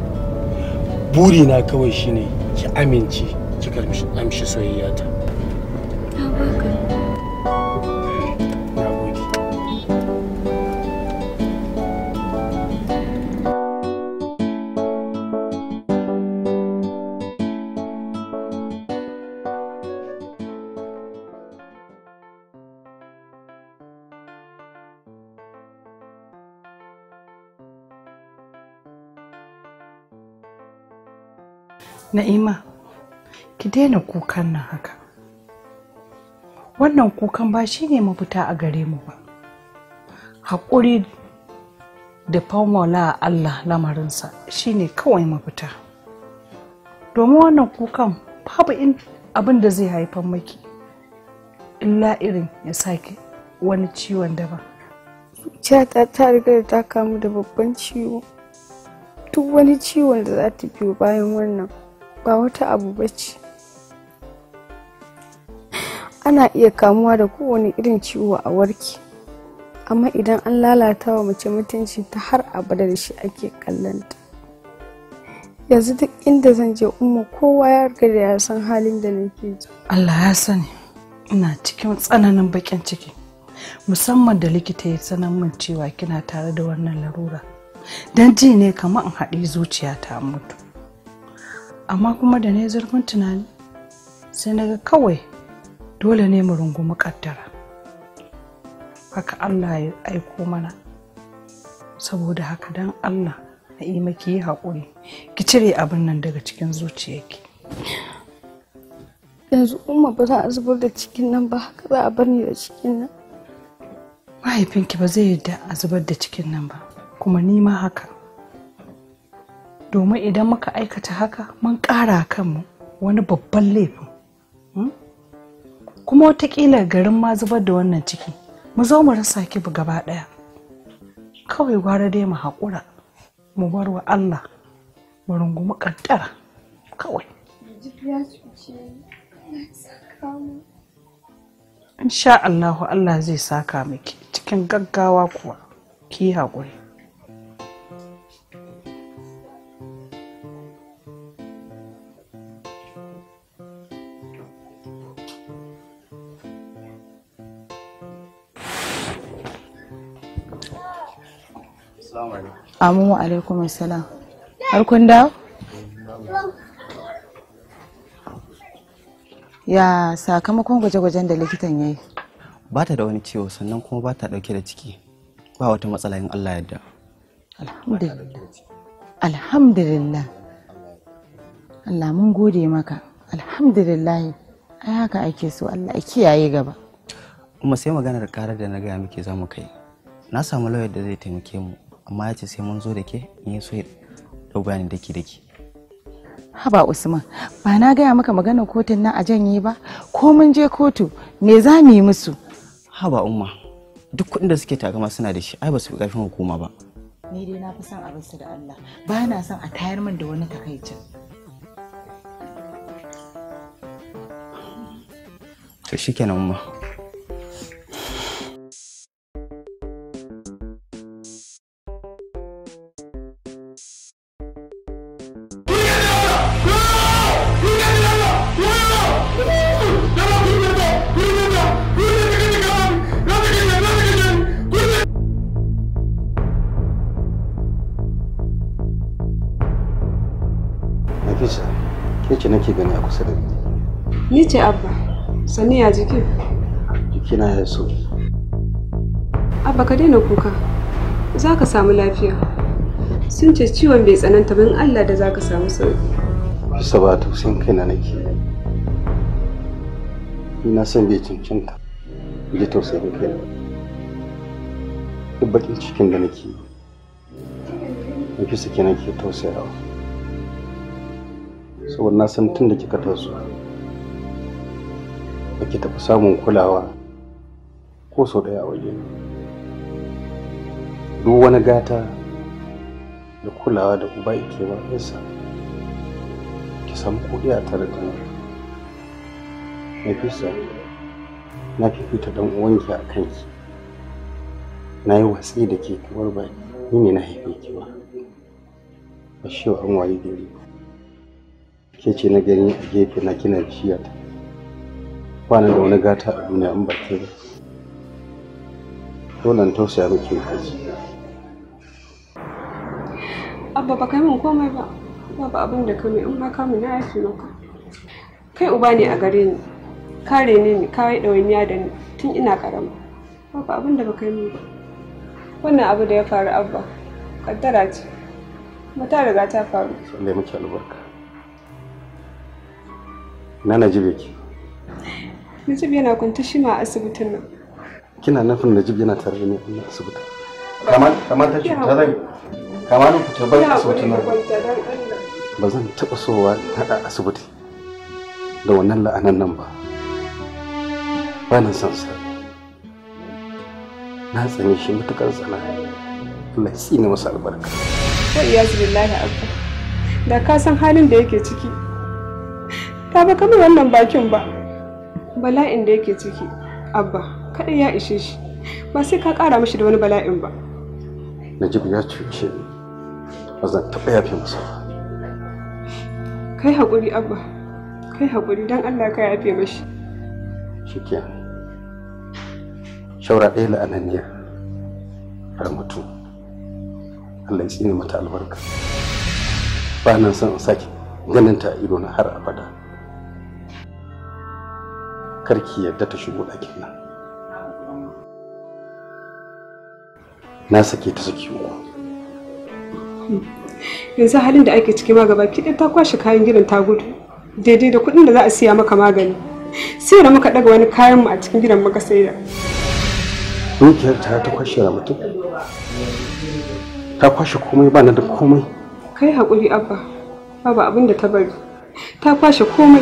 burina kawai shine ki amince شكل مش امشي سوياتها نئيمه ki daina kukan nan haka wannan kukan ba shi ne mafita a gare mu ba haƙuri da a Allah lamarinsa shi ne kawai mafita domin wannan kukan babu abin da zai haifar maki illa irin ya sake wani ciwon daban zuciyata ta riga da ta kamu da babban ciwo duk wani ciwon da za ta biyo bayan wannan ba wata abu ba ce ana iya kamuwa da kowane irin ciwo a warki amma idan an lalata wa mace mutunci ta har abada da shi ake kallanta yanzu duk inda zan je umma kowa ya riga da ya san halin da nake ji Allah ya sani ina cikin tsananin bakin ciki musamman da likita ya sanar min cewa kina tare da wannan larura don ji ne kamar in haɗi zuciya ta mutu amma kuma da ne zurfin tunani sai na ga kawai dole ne mu rungumi kaddara haka Allah ya aiko mana saboda haka dan Allah a yi maki yi haƙuri ki cire abin nan daga cikin zuciyarki yanzu umma ba za a zubar da cikin nan ba haka za a bar ni da cikin nan mahaifinki ba zai yarda a zubar da cikin nan ba kuma ni ma haka domin idan muka aikata haka mun ƙara kanmu wani babban laifin kuma watakila garin ma zubar da wannan ciki mu zo mu rasa ki gaba ɗaya kawai gwara dai mu haƙura mu bar wa Allah mu rungumi kaddara kawai insha Allahu Allah zai saka miki cikin gaggawa kuwa ki haƙuri Amin wa alaikum assalam. Har kun da? Ya sakamakon gwaje-gwajen da likitan ya yi? Ba ta da wani ciwo sannan kuma ba ta dauke da ciki. Ba wata matsala in Allah yadda. Alhamdulillah. Alhamdulillah. Allah mun gode maka. Alhamdulillah. Ai haka ake so Allah ya kiyaye gaba. Kuma sai maganar karar da na gaya muke za mu kai. Na samu lauyar da zai taimake mu amma ya ce sai mun zo da ke in yi so ya dau bayani daki daki haba usman ba na gaya maka maganar kotun nan a janye ba ko mun je kotu me za mu yi musu haba umma duk kuɗin da suke takama suna da shi ai ba su fi ƙarfin hukuma ba ni dai na fi son a basu da Allah ba na son a tayar min da wani takaicin to shikenan umma Sani ya jiki? Jikina ya so. Abba ka daina kuka. Za ka samu lafiya. Sun ce ciwon bai tsananta ban Allah da za ka samu sauki. Bisa ba tausayin kaina nake. Ina son bai cancanta. Ji tausayin kaina. Duk bakin cikin da nake yi. Nake sake nake tausayawa. Saboda na san tun da kika taso. ake ke tafi samun kulawa ko sau ɗaya a waje duk wani gata da kulawa da uba ke ba nesa ki samu kuɗi a tare da ni nafisa na fita don uwanki a kanki na yi watsi da ke kamar ba ni ne na haife ki ba ba shi an waye gari ke ce na gani a gefe na kina bishiya ba da wani gata a duniya in baki ba dole in tausaya miki kaji abba ba kai min komai ba babu abin da kame in ma kame na yafi maka kai uba ne a gare ni kare ne ni kawai ɗawainiya da ni tun ina karama babu abin da ba kai min ba wannan abu da ya faru abba kaddara ce mata ta riga ta faru Allah ya muke albarka na jibe ki. Najib yana kwanta shi ma a asibitin nan. Kina nufin Najib yana tare da ni a asibitin. Kaman kaman ta cuta zan kaman ku ta bar asibitin nan. Ba zan taɓa sowa haɗa asibiti da wannan la'anan nan ba. Ba nan san sa. Na tsane shi matuƙar tsana. Allah ya tsine masa albarka. Wa iyazu billahi abba. Da ka san halin da yake ciki. Ta ba kamar wannan bakin ba. bala'in da yake ciki abba kaɗai ya ishe shi ba sai ka ƙara mashi da wani bala'in ba Najib ya cuce ni ba zan taɓa yafe masa kai haƙuri abba kai haƙuri don allah ka yafe mashi shike shaura ɗaya la'ananniya har mutu allah ya tsine mata albarka ba nan son in sake ganin ta ido na har abada karki yadda ta shigo ɗakin nan na sake ta saki uku yanzu halin da ake ciki ma gaba ki ta kwashe kayan gidan ta gudu daidai da kuɗin da za a siya maka magani sai da muka ɗaga wani kayan mu a cikin gidan muka saida dukiyar ta ta kwashe da ta kwashe komai ba na da komai kai haƙuri abba babu abin da ta bari ta kwashe komai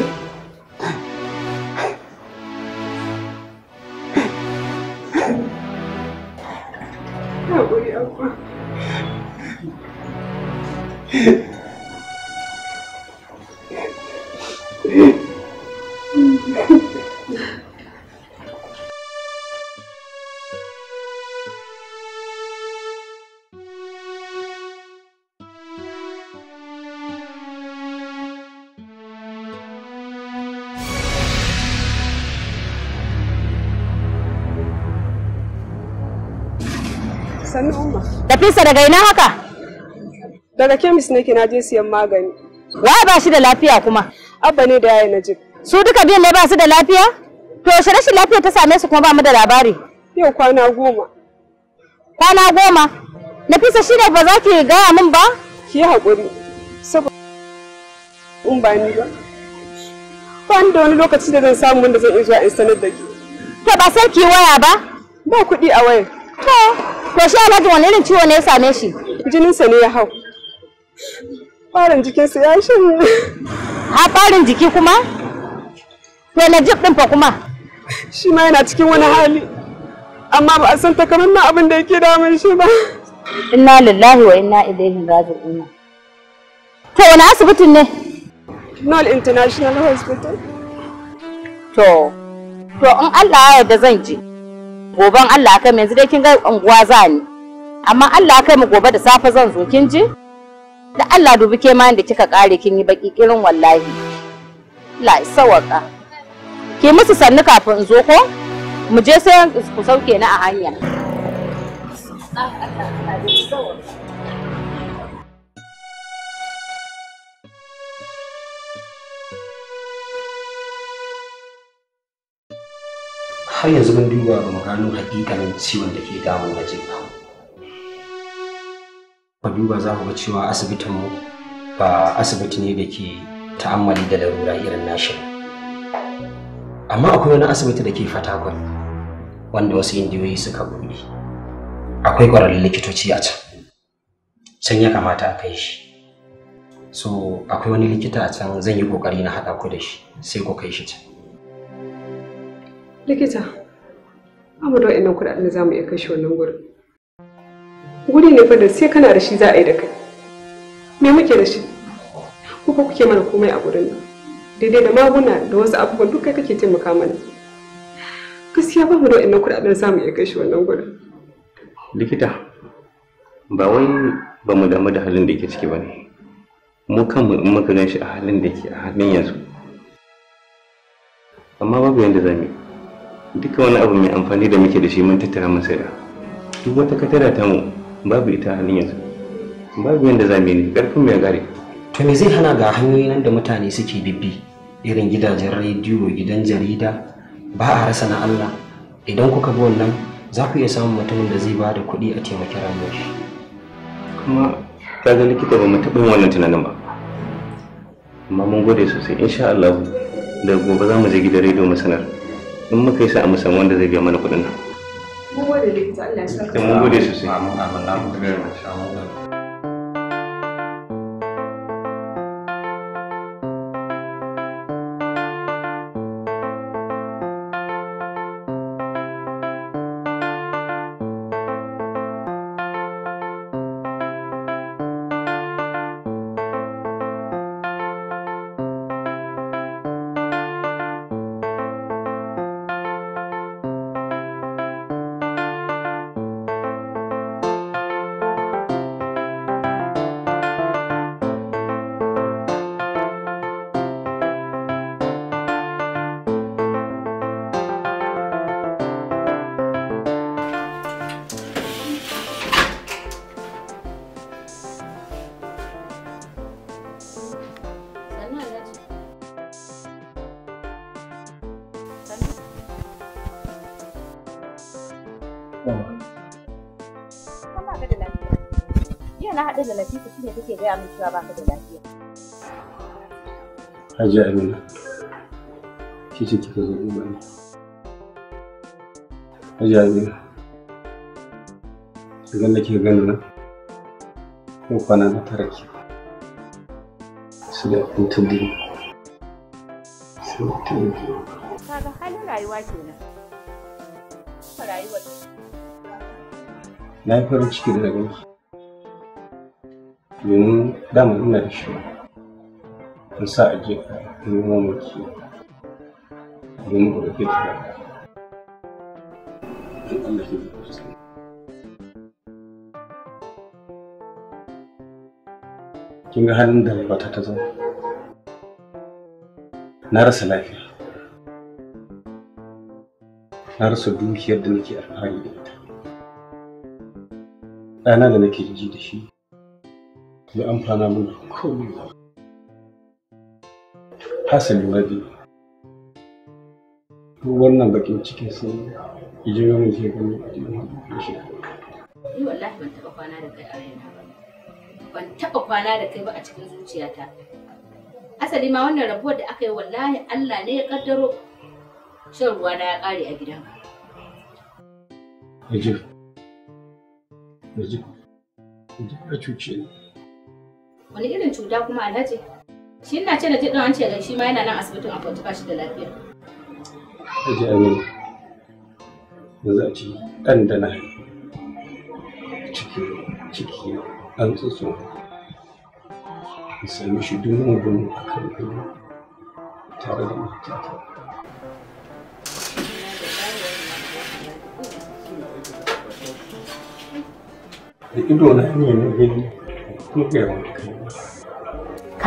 Hafsa daga ina haka? Daga kemis nake na je siyan magani. Wa ba shi da lafiya kuma? Abba ne da yaya Najib. Su duka biyan ne ba su da lafiya? To shi rashin lafiya ta same su kuma ba mu da labari. Yau kwana goma. Kwana goma? Nafisa shi ne ba za ki gaya min ba? Ki haƙuri. Saboda in ba ni ba. Ba ni da wani lokaci da zan samu wanda zan iya zuwa in sanar da ki. Ke ba sai ki waya ba? Ba kuɗi a wayar. To, to shi Alhaji wani irin ciwo ne ya same shi? Jininsa ne ya hau. Farin jikinsa ya shi A farin jiki kuma? To na jib ɗin fa kuma? Shi ma yana cikin wani hali. Amma ba a san takamaiman abin da yake damun shi ba. Inna lillahi wa inna ilaihi raji'un. To wani asibitin ne? Nol International Hospital. To, to in Allah ya yarda zan je. Gobe Allah kai yanzu dai kin ga unguwa za ni amma Allah kai mu gobe da safe zan zo kin ji da Allah dubi ke ma da kika kare kin yi baki kirin wallahi la sawaka ki musu sannu kafin in zo ko mu je sai ku sauke ni a hanya har yanzu mun duba ba mu gano hakikanin ciwon da ke damun jin namu ku duba za ku ga cewa asibitin mu ba asibiti ne da ke ta'ammali da larura irin nashi amma akwai wani asibiti da ke fatakwal wanda wasu indiyoyi suka buɗe akwai ƙwararrun likitoci a can can ya kamata a kai shi so akwai wani likita a can zan yi ƙoƙari na haɗa ku da shi sai ku kai shi can likita amma da wa'annan kuɗaɗen da za mu iya kashe wannan gurin guri ne fa da sai kana da shi za a yi da kai me muke da shi ko fa kuke mana komai a gurin nan daidai da maguna da wasu abubuwan duk kai kake taimaka mana gaskiya ba mu da wa'annan kuɗaɗen za mu iya kashe wannan gurin likita ba wai ba mu damu da halin da yake ciki ba ne mu kanmu in muka gan shi a halin da yake a halin yanzu amma babu yadda zamu yi duka wani abu mai amfani da muke da shi mun tattara masa duk wata katara ta mu babu ita halin yanzu babu yanda za mu yi karfin mai gare to me zai hana ga hanyoyin da mutane suke bibbi irin gidajen rediyo gidan jarida ba a rasa na Allah idan kuka bi wannan za ku iya samun mutumin da zai ba da kuɗi a taimaki rayuwar shi kuma ta ga likita ba mu taɓa wannan tunanin ba amma mun gode sosai insha Allah da gobe za mu je gidan rediyo mu sanar in muka yi sa'a musamman wanda zai biya mana kudin nan. Mun gode da ita Allah ya saka. Mun gode sosai. Amin amin amin. cewa ba da lafiya. Hajiya Amina, shi ce kika zo umarni. Hajiya Amina, da kika gani nan, kwana na tara ke. Su da kuntun Kaga halin rayuwa Na yi farin ciki da ganki. domin daman ina da shi in sa a jefa in yi mamaki domin ba ke ta don Allah ke zuwa sosai kin ga halin da rayuwata ta zama na rasa lafiya na rasa dukiyar da nake alfahari da ita ɗana da nake ji da shi ya amfana mana komai ba hasali na biyu duk wannan bakin cikin sun ije yau mu je gani a cikin wannan ni wallahi ban taba kwana da kai a raina ba ban taba kwana da kai ba a cikin zuciyata asali ma wannan rabuwar da aka yi wallahi Allah ne ya kaddaro shan ruwa na ya kare a gidan Najib, Najib, Najib ya cuce ni. Wani irin cuta kuma alhaji? Shi ina ce da jiɗin an ce shi ma yana nan asibitin a kwanci shi da lafiya. Haji Aminu, yanzu a ci ɗan da ciki ciki ɗan tsotso. sami shi dumin gumi a kan ido tare da matata. da ido na hanyar gani kuma ga yawan kai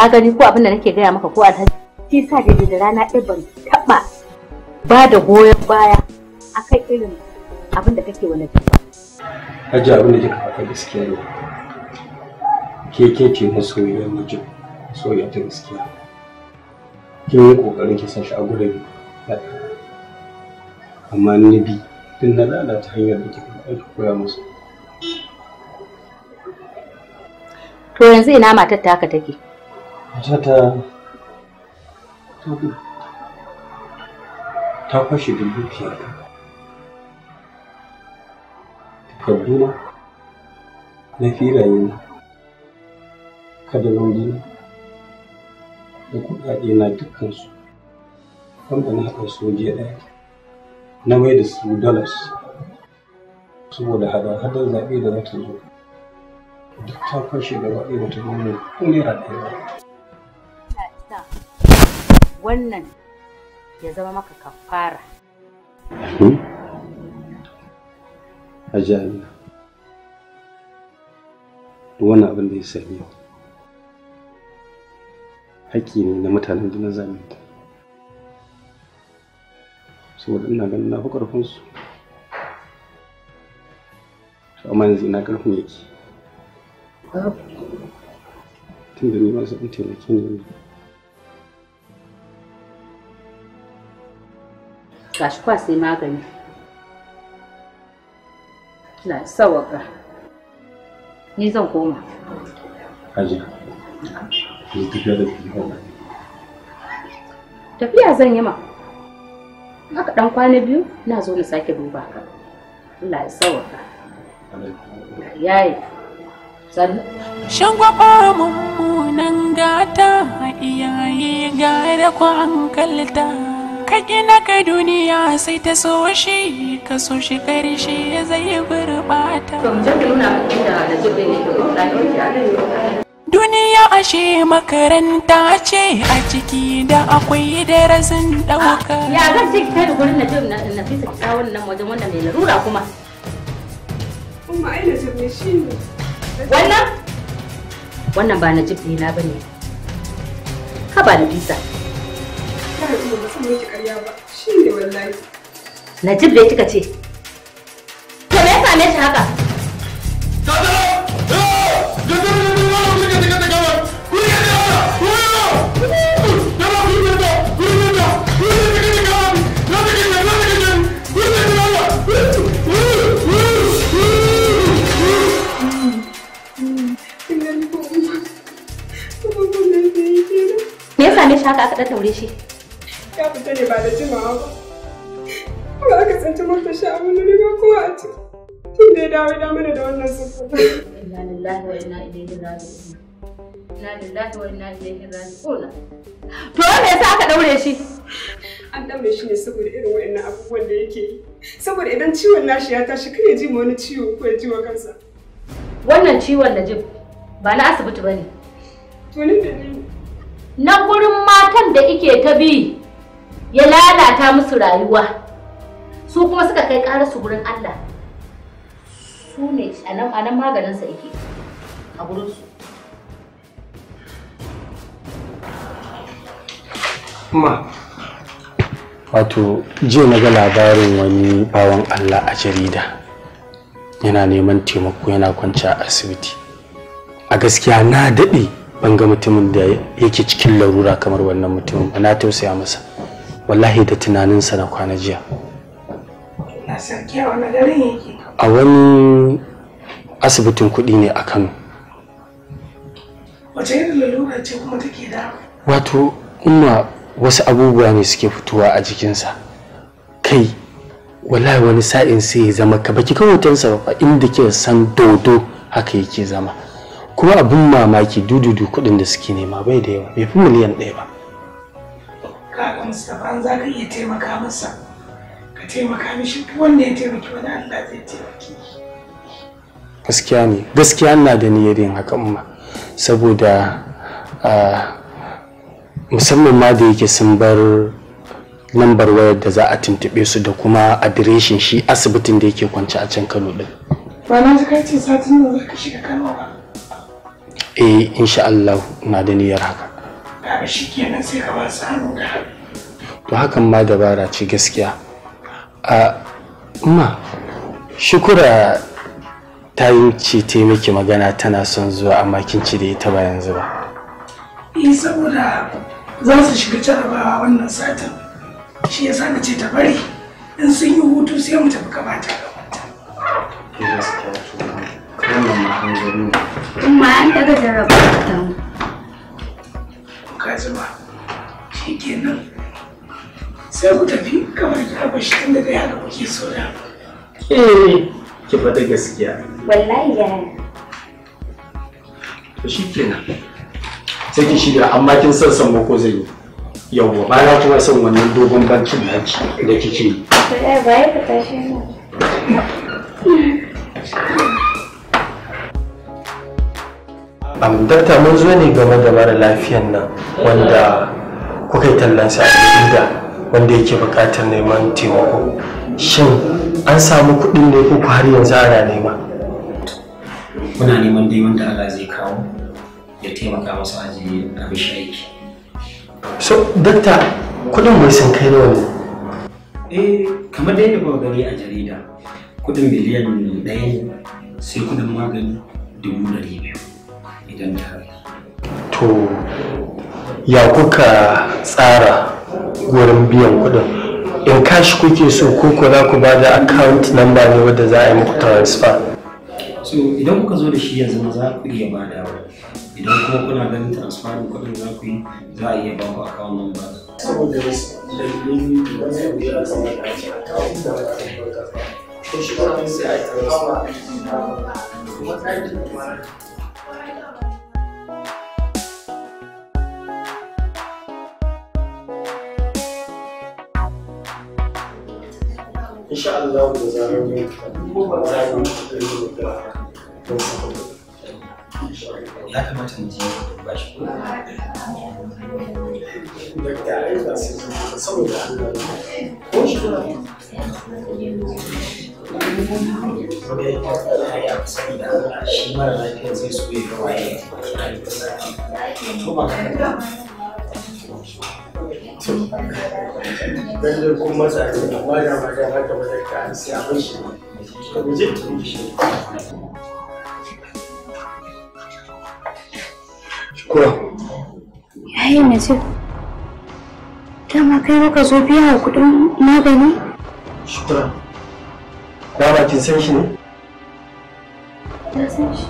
ka gani ko abin da nake gaya maka ko alhaji shi sa da da rana ɗaya ban taɓa ba da goyon baya akan irin abin da kake wani ba. Hajji abin da kika faɗa gaskiya ne. Ke ke ce soyayya mijin soyayya ta gaskiya. Kin yi ƙoƙarin ki san shi a gurin amma ni bi tun na lalata hanyar da kika aiki koya musu. To yanzu ina matar ta haka take. matata ta ta kwashe da dukiyata takarduna na filaye kadarori da kuɗaɗe na dukkansu wanda na haɗa su ɗaya na mai da su dollars saboda hada-hadar zaɓe da za ta zo duk ta kwashe gaba ɗaya wata gwamnati ko naira ɗaya wannan ya zama maka kafara hmm? Hajji Allah wannan abin da ya sami yau haƙƙi ne na mutanen da na zamanta saboda ina ganin na fi ƙarfinsu su amma yanzu ina ƙarfin yake tun da ni ba su yanzu gashi kwa sai magani na sawaka ni zan koma aji ni tafiya da kuma tafiya zan yi ma haka dan kwana biyu na zo na sake duba ka Allah ya sawaka yayi Shagwaba mummunan gata a iyaye gare ku hankalta. ka gina ka duniya sai ta so shi ka so shi karshe ya zai gurbata duniya ashe makaranta ce a ciki da akwai darasin dauka ah, ya zan ce kai da gurin najib na fisa ki kawo nan wajen wanda mai larura kuma kuma ai na ne shi ne wannan wannan ba najib na bane ka ba nafisa Kada ce ba Najib da kika ce. To me ya same shi haka? Me ya same shi haka aka ɗan daure shi? ka fita ne ba da jimawa ba. Ba ka tsinci mota shi a wani riba kuma a ciki. Tun da ya dawo ya mana da wannan sufu. Ina lillahi wa inna ilaihi raji'un. Ina lillahi wa inna ilaihi raji'un. To me yasa aka daure shi? An daure shi ne saboda irin waɗannan abubuwan da yake yi. Saboda idan ciwon nashi ya tashi kar ya ji ma wani ciwo ko ya ji wa kansa. Wannan ciwon da jin ba na asibiti ba ne. To ni da ni. Na gurin matan da ike ta bi. ya lalata musu rayuwa su kuma suka kai ƙara su gurin Allah su ne a nan maganinsa yake a gurinsu ma wato jiya na ga labarin wani bawan Allah a jarida yana neman taimako yana kwanci a asibiti a gaskiya na daɗe ban ga mutumin da yake cikin larura kamar wannan mutumin ba na tausaya masa wallahi da tunaninsa na kwana jiya a wani asibitin kuɗi ne a kano wace lalura wato ina wasu abubuwa ne suke fitowa a jikinsa kai wallahi wani sa'in sai ya zama ka baki kawatansa ba inda ke san dodo haka yake zama kuma abin mamaki dududu kuɗin da suke nema bai da yawa bai fi miliyan ɗaya ba gaskiya ne gaskiya na da niyyar yin haka umma saboda musamman ma da yake sun bar lambar wayar da za a tuntuɓe su da kuma adireshin shi asibitin da yake kwance a can Kano din eh insha Allah na da niyyar haka kaga shi kenan sai ka ba su hannu da to hakan ma dabara ce gaskiya a ma shukura ta yi ce ta yi miki magana tana son zuwa amma kin ci da ita ba yanzu ba eh saboda za su shiga jarabawa wannan satin shi yasa na ce ta bari in sun yi hutu sai mu tafi kamata da wata. Wannan Amma an daga jarabawa ta ka zuba shi kenan sai ku tafi kamar ki haɓa shi tun da dai haka kuke so da eh ki faɗi gaskiya wallahi ya to shi kenan sai ki shiga amma kin san san ko zai yi yawwa ba na kuma son wannan dogon bankin naki da kike yi ba ya fita shi ne dakta mun zo ne game da mara lafiyan nan wanda kuka yi tallansa a gida wanda yake buƙatar neman taimako shin an samu kuɗin ne ko har yanzu ana nema muna neman dai wanda Allah zai kawo ya taimaka masa aji a mishi aiki so dakta kuɗin mai sun kai nawa ne eh kamar da yadda kuka gani a jarida kuɗin miliyan ɗaya sai kuɗin magani dubu ɗari biyu idan ta to ya kuka tsara wurin biyan kuɗin in kashi kuke so ko ko za ku ba da account number ne wadda za a yi muku transfer so idan kuka zo da shi yanzu za ku iya ba da idan kuma kuna ganin transfer kuɗin za ku yi za a iya ba ku account number saboda lalun da zai wuya a sanar da ake account da ba ta ko shi kuma sai a yi transfer kuma ɗakin kuma insha Allah da zarar ne zarar ya kamata mu je ba shi ko da ta aika sai saboda ko shi da Kuma shi mara lafiya zai so ya ga waye. Kuma dan da kuma tsaro da haka shi shukura yayi na ce dama kai muka zo biya kuɗin magani shukura dama kin san shi ne san shi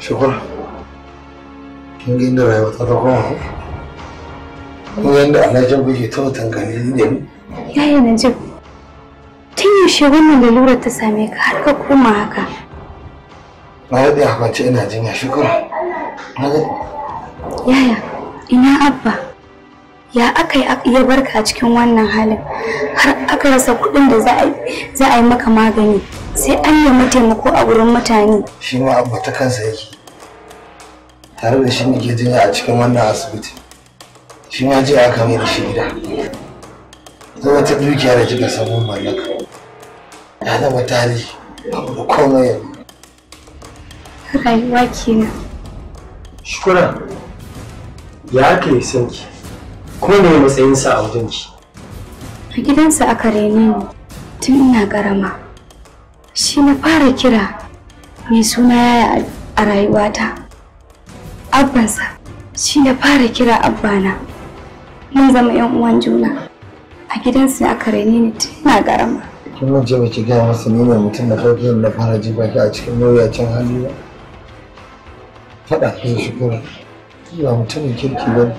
shukura kin ga inda rayuwa ta zama ko yanda alhaji bai ta watan gani ne? ni yaya najib tun yaushe wannan lalurar ta same ka har ka koma haka na daɗe a kwance ina jinya shukuru na daɗe yaya ina abba ya aka yi ya barka a cikin wannan halin har aka rasa kuɗin da za a yi maka magani sai an yi mataimako a wurin mutane shi ma abba ta kansa yake tare da shi ne ke jinya a cikin wannan asibiti shi ma ji aka mai da shi gida ita wata dukiya da jika samu mallaka ya zama tari abu da komai yanzu rayuwa kenan shukura ya aka yi son ki ko ne matsayinsa a wajen ki a gidansa aka rene ni tun ina karama shi na fara kira mai suna yaya a rayuwata abbansa shi na fara kira abbana mun zama yan uwan juna a gidan su aka raine ni tana garama kin mun je wace, ga masa ni ne mutum da farko na fara ji baki a cikin mawuyacin hali ba faɗa ki shukura ba mutumin kirki ba ne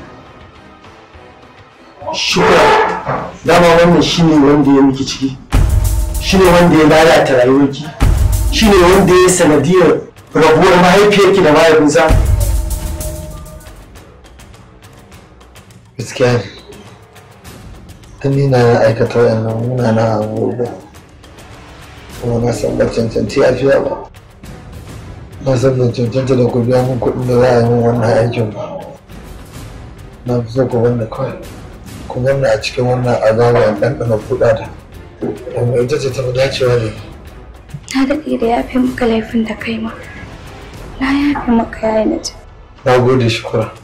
shukura dama wannan shi ne wanda ya miki ciki shi ne wanda ya lalata rayuwarki shi ne wanda ya sanadiyar rabuwar mahaifiyarki da mahaifinsa gaskiya ne amina ya aikata wayannan munana abubuwa kuma na san ba cancanci a fiya ba na san ban cancanta da ku biya min kuɗin da za a yi min wannan aikin ba na fi so ku wanda kawai ku wanda a cikin wannan azaba a ɗanɗana kuɗa da amma ita ce ta fi dacewa ne na daɗe da yafe maka laifin da kai ma na yafe maka yayi na ji na gode shukura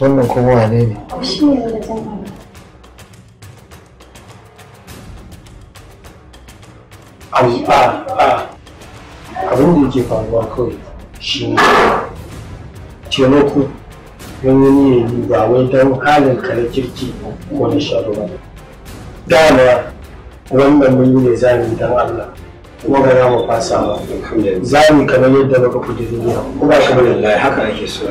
wannan kuma wane ne ne abin da ke faruwa kawai shi ne taimako don yi ne ba wai don halin kare kirki ko na sharuwa dama wannan mun yi ne zamu don Allah kuma ga namu fasawa za mu kamar yadda na muka kudi duniya kuma kamar yadda haka ake so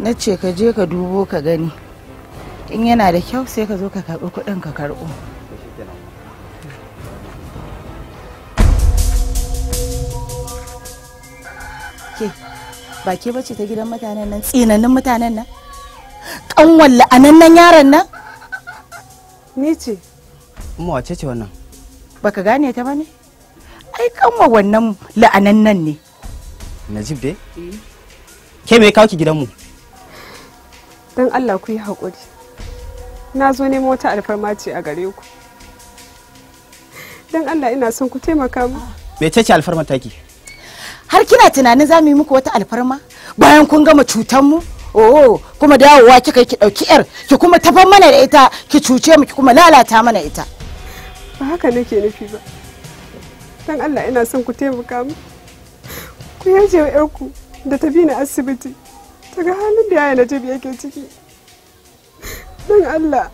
na ce ka je ka dubo ka gani in yana da kyau sai ka zo ka karɓi kuɗin ka karɓo ke ba ke bace ta gidan mutanen nan tsinanin mutanen nan kanwan la'anannen yaron nan ni ce mu wace ce wannan baka gane ta bane ai kanwa wannan la'anannen ne najib dai eh. ke me kawo ki gidanmu don allah ku yi haƙuri na zo nemo wata alfarma ce a gare ku don allah ina son ku taimaka mu me ce ce alfarma taki har kina tunanin za mu yi muku wata alfarma bayan kun gama cutar mu oh kuma dawowa kika ki dauki yar ki kuma tafan mana da ita ki cuce mu ki kuma lalata mana ita ba haka nake nufi ba dan Allah ina son ku taimaka mu ku yaje wa ku da ta bi ni asibiti ta ga halin da yaya Najib yake ciki dan Allah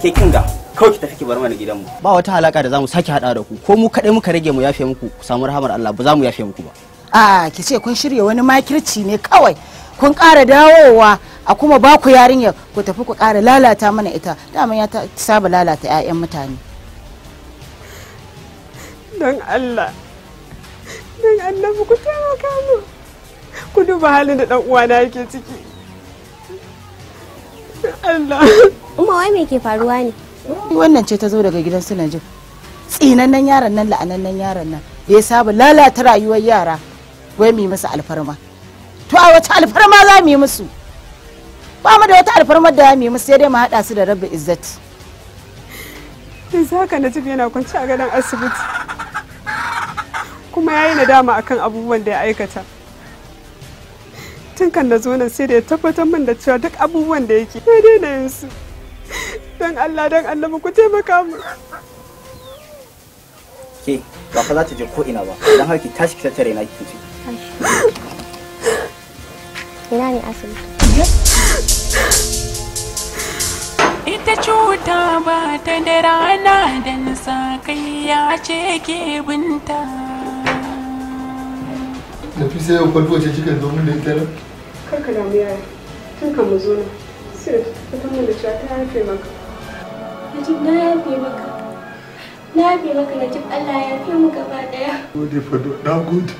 ke kinga ko ki tafi ki bar mana gidanmu ba wata halaka da zamu sake hada da ku ko mu kadai muka rage mu yafe muku ku samu rahamar Allah ba za mu yafe muku ba a ah, ki ce kun shirya wani makirci ne kawai kun ƙara dawowa a kuma ba ku yarinyar ku tafi ku ƙara lalata mana ita dama ya saba lalata 'ya'yan mutane don allah don allah ku taimaka mu ku duba halin da ɗan uwana yake ciki allah kuma wai me ke faruwa ne wannan ce ta zo daga gidan su najib tsinannen yaron nan la'anannen yaron nan da ya saba lalata rayuwar yara wai mai masa alfarma to a wata alfarma za mu yi musu ba mu da wata alfarmar da mu yi musu sai dai mu haɗa su da rabbi izzat yanzu haka na tafi yana kwanci a gadon asibiti kuma ya yi nadama akan abubuwan da ya aikata tun kan da zo nan sai da ya tabbatar min da cewa duk abubuwan da yake ya daina yin su don allah don allah ku taimaka mu ke ba fa za ta je ko ina ba don haka ki tashi ki tattare na ki ina ne asibiti ita cuta ba ta da rana da nisa kai ya ce ke binta da fi sai yau kwarto ce cikin domin da ita karka damu yaya tun kan mu zo na sir ta tamu da cewa ta haife maka najib na haife maka na haife maka najib allah ya fi mu gaba daya gode fado na gode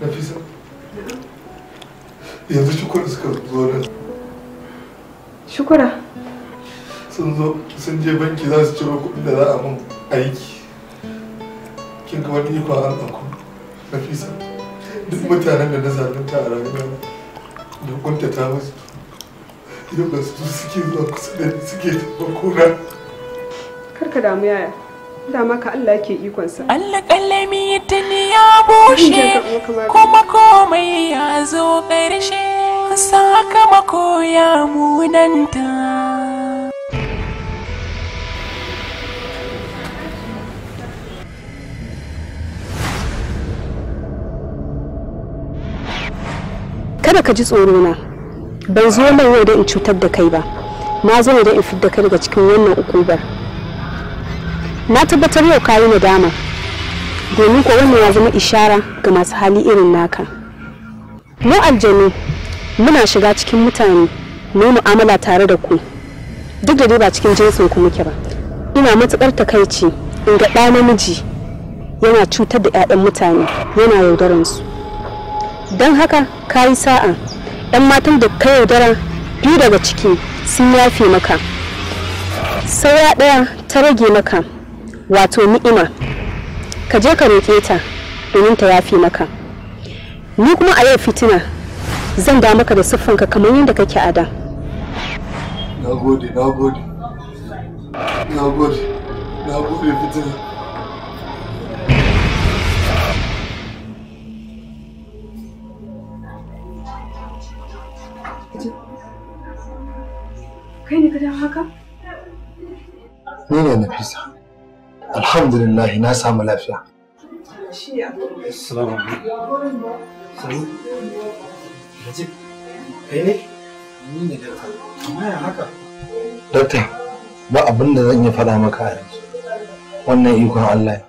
Nafisa. Yanzu shukura suka zo nan. Shukura? Sun zo sun je banki za su ciro kuɗin da za a mun aiki. Kin ga wani ikon Nafisa. duk mutanen da na ta a rayuwa da kunta ta musu yau ba su suke zuwa kusa da suke taimako Kar ka damu yaya dama ka Allah ke ikonsa Allah kallami ta ne ya bushe kuma komai ya zo ƙarshe sakamako ya munanta kada ka ji tsoro na ban zo mai yau da in cutar da kai ba na zo ne in fidda kai daga cikin wannan ukubar na tabbatar yau ka yi nadama domin ko wannan ya zama ishara ga masu hali irin naka mu aljanu muna shiga cikin mutane mu mu'amala tare da ku duk da dai ba cikin jinsin ku muke ba ina matukar takaici in ga ɗa namiji yana cutar da 'ya'yan mutane yana yaudaransu don haka ka yi sa'a yan matan da ka yaudara biyu daga ciki sun yafe maka saura ɗaya ta rage maka wato ni'ima ka je ka roƙe ta domin ta yafe maka ni kuma a yau fitina zan da maka da siffanka kamar yadda kake a da na gode na gode na gode na gode fitina Kai ne ka dawo haka? Ni ne Nafisa. Alhamdulillah na samu lafiya. Assalamu alaikum. kai ne? Ni ne haka? ba abin da zan iya faɗa maka a yanzu. Wannan ikon Allah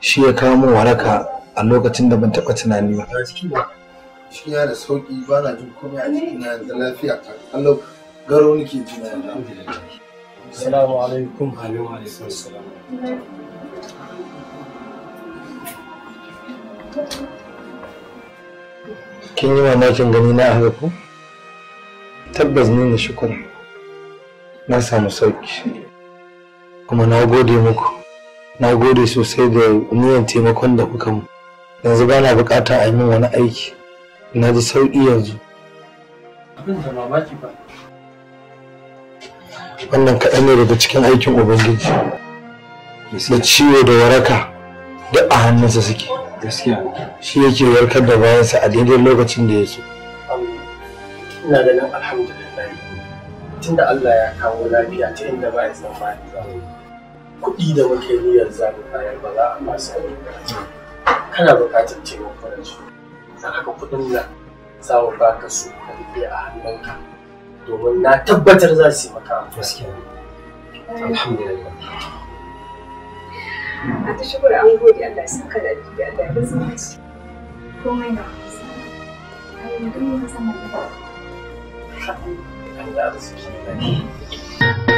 shi ya kawo min waraka a lokacin da ban taɓa tunani ba. Jiki na da sauƙi ba na jin komai a jikina yanzu lafiya garo nake ji na Assalamu alaikum. Alaikum assalam. Kin yi mamakin gani na haka ku? Tabbas ni na shukura Na samu sauki. Kuma na gode muku. Na gode sosai da niyan taimakon da kuka mu. Yanzu ba na bukata a yi min wani aiki. Na ji sauki yanzu. Abin da mamaki ba. wannan kaɗan ne daga cikin aikin ubangiji da ciwo da waraka duk a hannunsa suke shi yake warkar da bayansa a daidai lokacin da yake ina ganin alhamdulillah tunda Allah ya kawo lafiya ta inda ba ya tsammani kuɗi da muke niyyar mu bayar ba za a masu kana buƙatar taimakon su don ka kuɗin nan za mu baka su ka a hannunka domin na tabbatar za su yi maka gaskiya alhamdulillah a ta shukur an gode Allah ya saka da aljibi Allah ya komai na kusa da Allah ya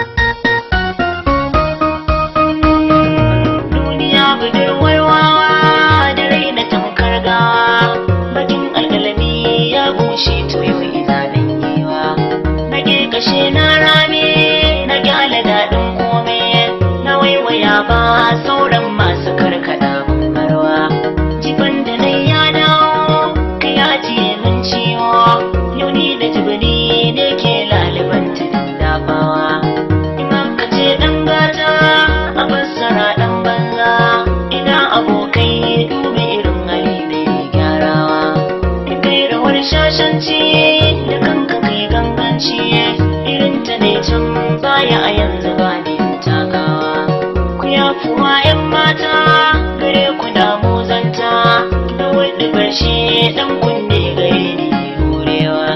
ƙarshe ɗan kunne gare ni dorewa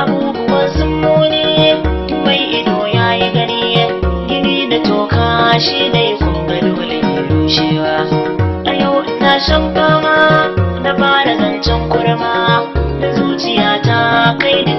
abubuwa sun muni mai ido ya yi gani gini da toka shi dai kun ga dole rushewa a yau ina shan fama na fara zancen kurma da ta kai da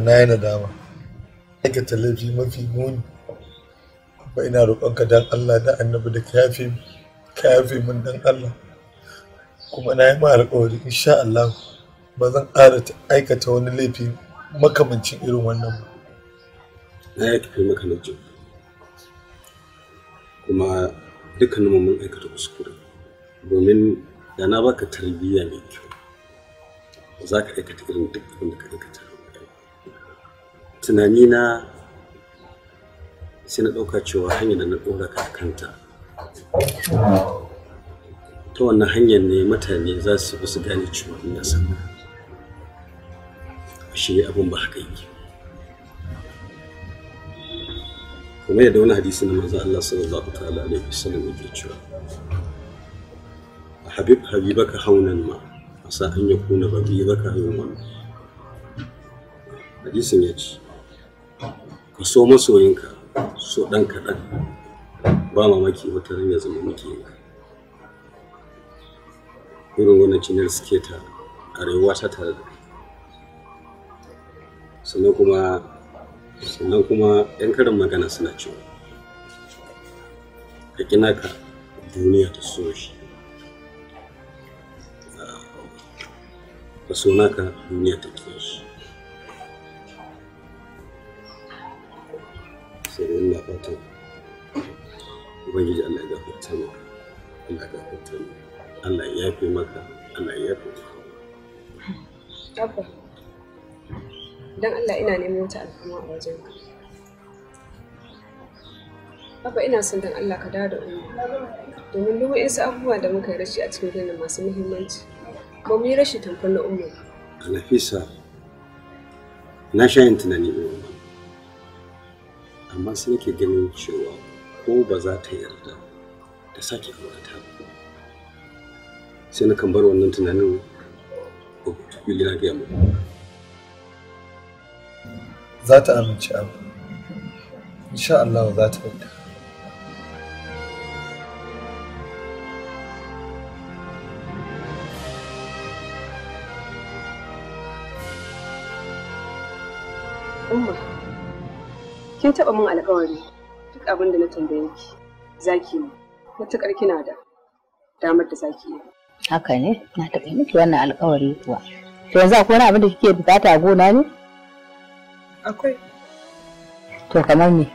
hakika na yi nadama aikata laifi mafi muni ba ina roƙonka don Allah da annabi da ka yafe min don Allah kuma na yi ma alƙawari insha Allah ba zan ƙara aikata wani laifi makamancin irin wannan ba na ya tafi maka na kuma dukkanin mun aikata kuskure domin da na baka tarbiyya mai kyau za ka aikata irin duk abin da ka aikata tunani na sai na ɗauka cewa hanyar da na ɗora ka kanta ta wannan hanyar ne mutane za su fi su gane cewa ina sana shi abin ba haka yi kuma yadda wani hadisi na manzo Allah sallallahu ta'ala alaihi wasallam yake cewa habib habibaka haunan ma asa an yakuna yi yawman hadisin ya ce ka so masoyinka so ɗan kaɗan ba mamaki wata ran ya zama makiyinka irin wannan cinar suke ta a rayuwa ta tare da sannan kuma sannan kuma yan karin magana suna cewa ka kina ka duniya ta so shi ah, ka so naka duniya ta kiyaye sai da ina fatan ubangiji Allah ya gafarta Allah ya gafarta Allah ya maka Allah ya maka dan Allah ina neman wata alfama a wajen ka ina son dan Allah ka dawo da umma domin duk wasu abubuwa da muka yi rashi a cikin ginin masu muhimmanci ba mu yi rashi tamfar na umma Nafisa na shayin tunani ne. amma sai nake ganin cewa ko ba za ta yarda ta sake aurata ba sai na kan bar wannan tunanin wili na gaya muku za ta amince abu insha Allah za ta yarda Kin taba min alƙawari duk abin da na tambaye ki zaki mu matuƙar kina da damar da zaki yi. Haka ne na taba miki wannan alƙawari kuwa. To yanzu akwai wani abin da kike bukata a gona ne? Akwai. To kamar me?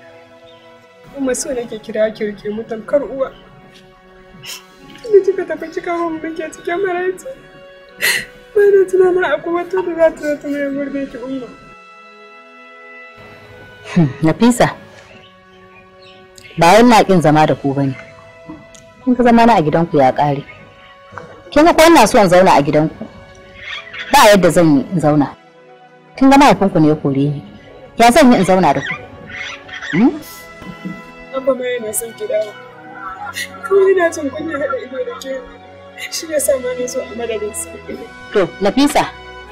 Kuma so nake kira kirke rike mu tamkar uwa. Ni kika tafi kika mun muke cikin maraici. Ba da tunanin akwai wata da za ta zata mai gurbin ki umma. Hmm, Nafisa, ba wai na ƙin zama da ku ba ne. In ka zama na a gidanku ya ƙare. Kin ga ko ina so in zauna a gidanku. Ba yadda zan yi in zauna. Kin ga mahaifinku ne ya kore ni. Ya zan yi in zauna da ku? Hmm? Abba ma yana son ki dawo. Kawai ina jin kunya haɗa ido da ke. Shi ya sa ma na so a madadin sauƙi. To, Nafisa,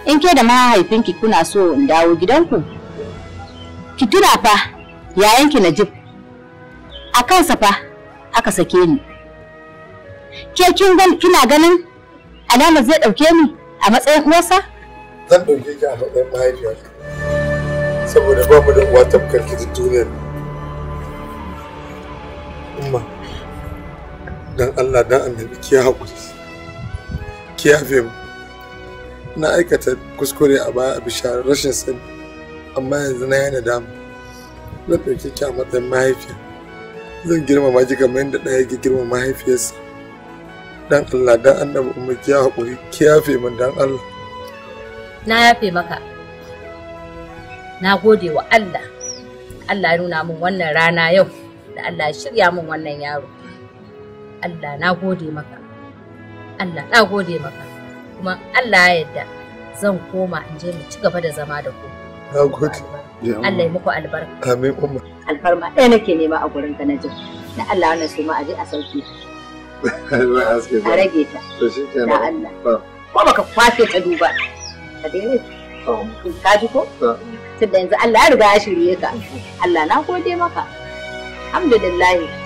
in ke da mahaifinki kuna so in dawo gidanku? ki tuna fa yayanki Najib a kansa fa aka sake ni ke kin gan kina ganin alama zai dauke ni a matsayin uwarsa zan dauke ki a matsayin mahaifiyar saboda ba mu da uwa tabkar ki duniyar umma dan Allah dan annabi ki hakuri ki yafe mu na aikata kuskure a baya a bishara rashin sani amma yanzu na yana dama na ɗauke ki a matsayin mahaifiya zan girmama ki kamar yadda ɗaya ke girmama mahaifiyarsa dan Allah dan annabi umma ki haƙuri ki yafe min dan Allah na yafe maka na gode wa Allah Allah ya nuna min wannan rana yau da Allah ya shirya min wannan yaro Allah na gode maka Allah na gode maka kuma Allah ya yarda zan koma in je mu ci gaba da zama da ku Na gode. Allah ya muku albarka. Amin umma. Alfarma ɗaya nake nema a gurin ka na jin. Na Allah wannan su ma a je a sauke. A rage ta. To shi kenan. Na Allah. Ko baka kwafe ta duba. Ka daina. Ka ji ko? Tunda yanzu Allah ya riga ya shirye ka. Allah na gode maka. Alhamdulillah.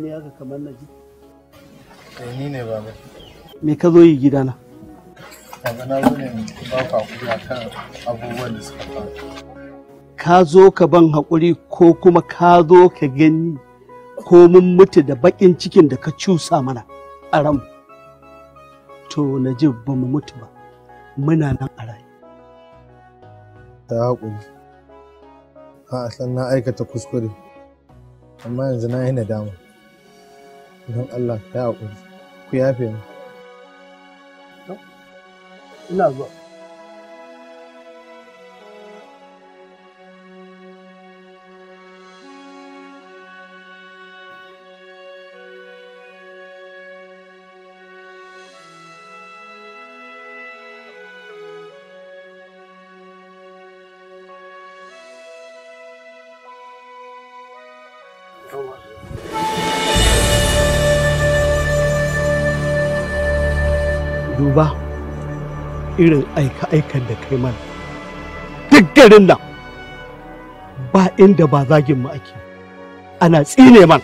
gani haka kamar na ji eh, ni ne baba me ka zo yi gidana yanzu na zo ne ba ka kula kan abubuwan da suka faru ka zo ka ban haƙuri ko kuma ka zo ka gani ko mun mutu da baƙin cikin da ka cusa mana a ran to na ji ba mu mutu ba muna nan a rayu ta haƙuri a san na aikata kuskure amma yanzu na yi nadama don Allah ka haƙuri ku yafe mu ina zuwa irin aika-aikan da kai mana duk garin nan ba inda ba zagin mu ake ana tsine man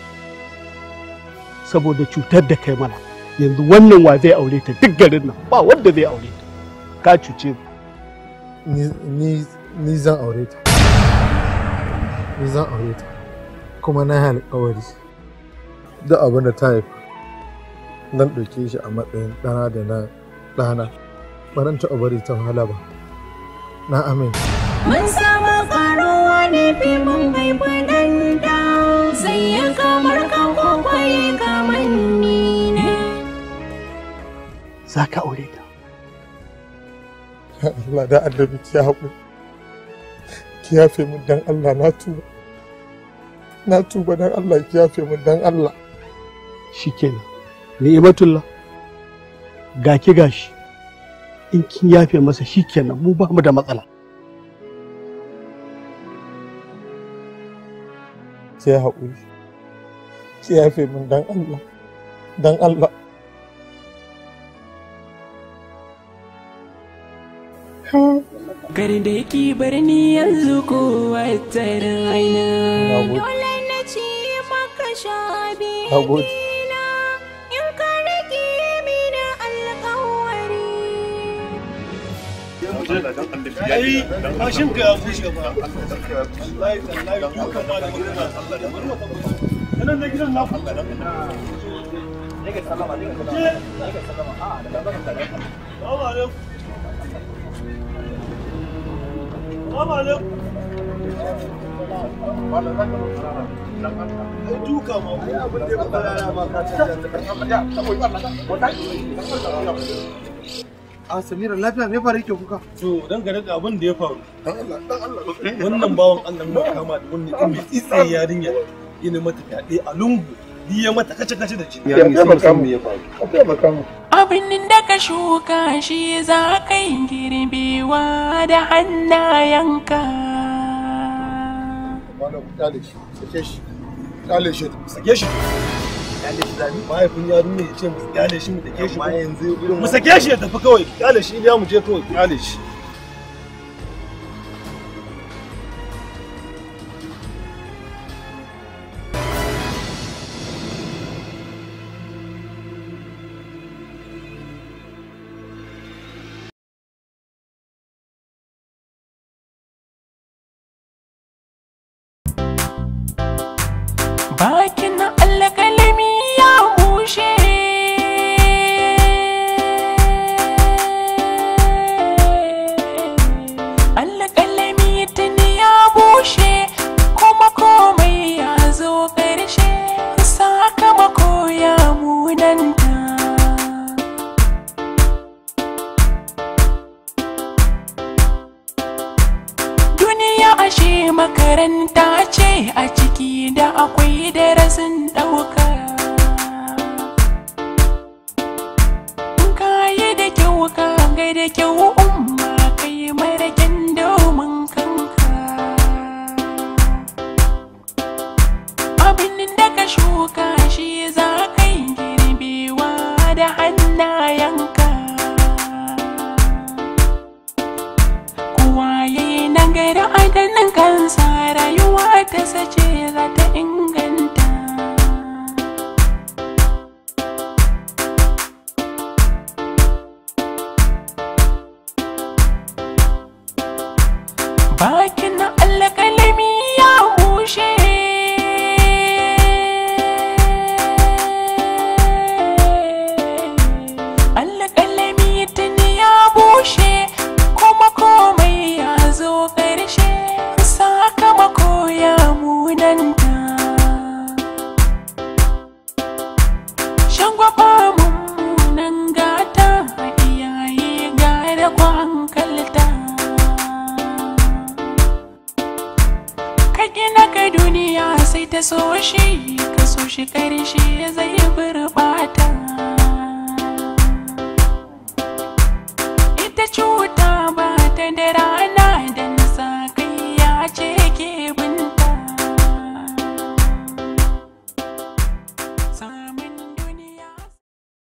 saboda cutar da kai mana yanzu wannan wa zai aure ta duk garin nan ba wanda zai aure ta ka cuce ni ni zan aure ta ni zan aure ta kuma na alkawari duk abin da ta haifa nan ɗauke shi a matsayin ɗana da na ɗana baranta taɓa bari ta wahala ba na amin mun samu karuwa ne fi mun bai faɗanta sai ya kamar kan kwakwai kamar ni ne za ka aure ta Allah da addabi ki haƙu. ki yafe min dan Allah na tuba na tuba dan Allah ki yafe min dan Allah shikenan ni'imatullah gaki gashi in kin yafe masa shikenan mu ba mu da matsala sai haƙuri ki yafe min dan Allah dan Allah Garin da yake birni yanzu kowa tarin aina. Dole na ci maka sha biyu. Allah dan annabi ya ka fara a samira lafiya me fara yake kuka to dan ga daga abin da ya faru wannan bawon Allah mun kama da wannan din mai tsitsi yarinya ina mata fyaɗe a lungu ni ya mata kace kace da jini ya sai kan me ya faru abin nan da ka shuka shi za ka yi girbewa da hannayenka malam kale shi sake shi kale shi sake shi kyale shi zabi mahaifin yarinya ya ce mu kyale shi mu dake shi mu sake shi ya tafi kawai kyale shi ya mu je kawai kyale shi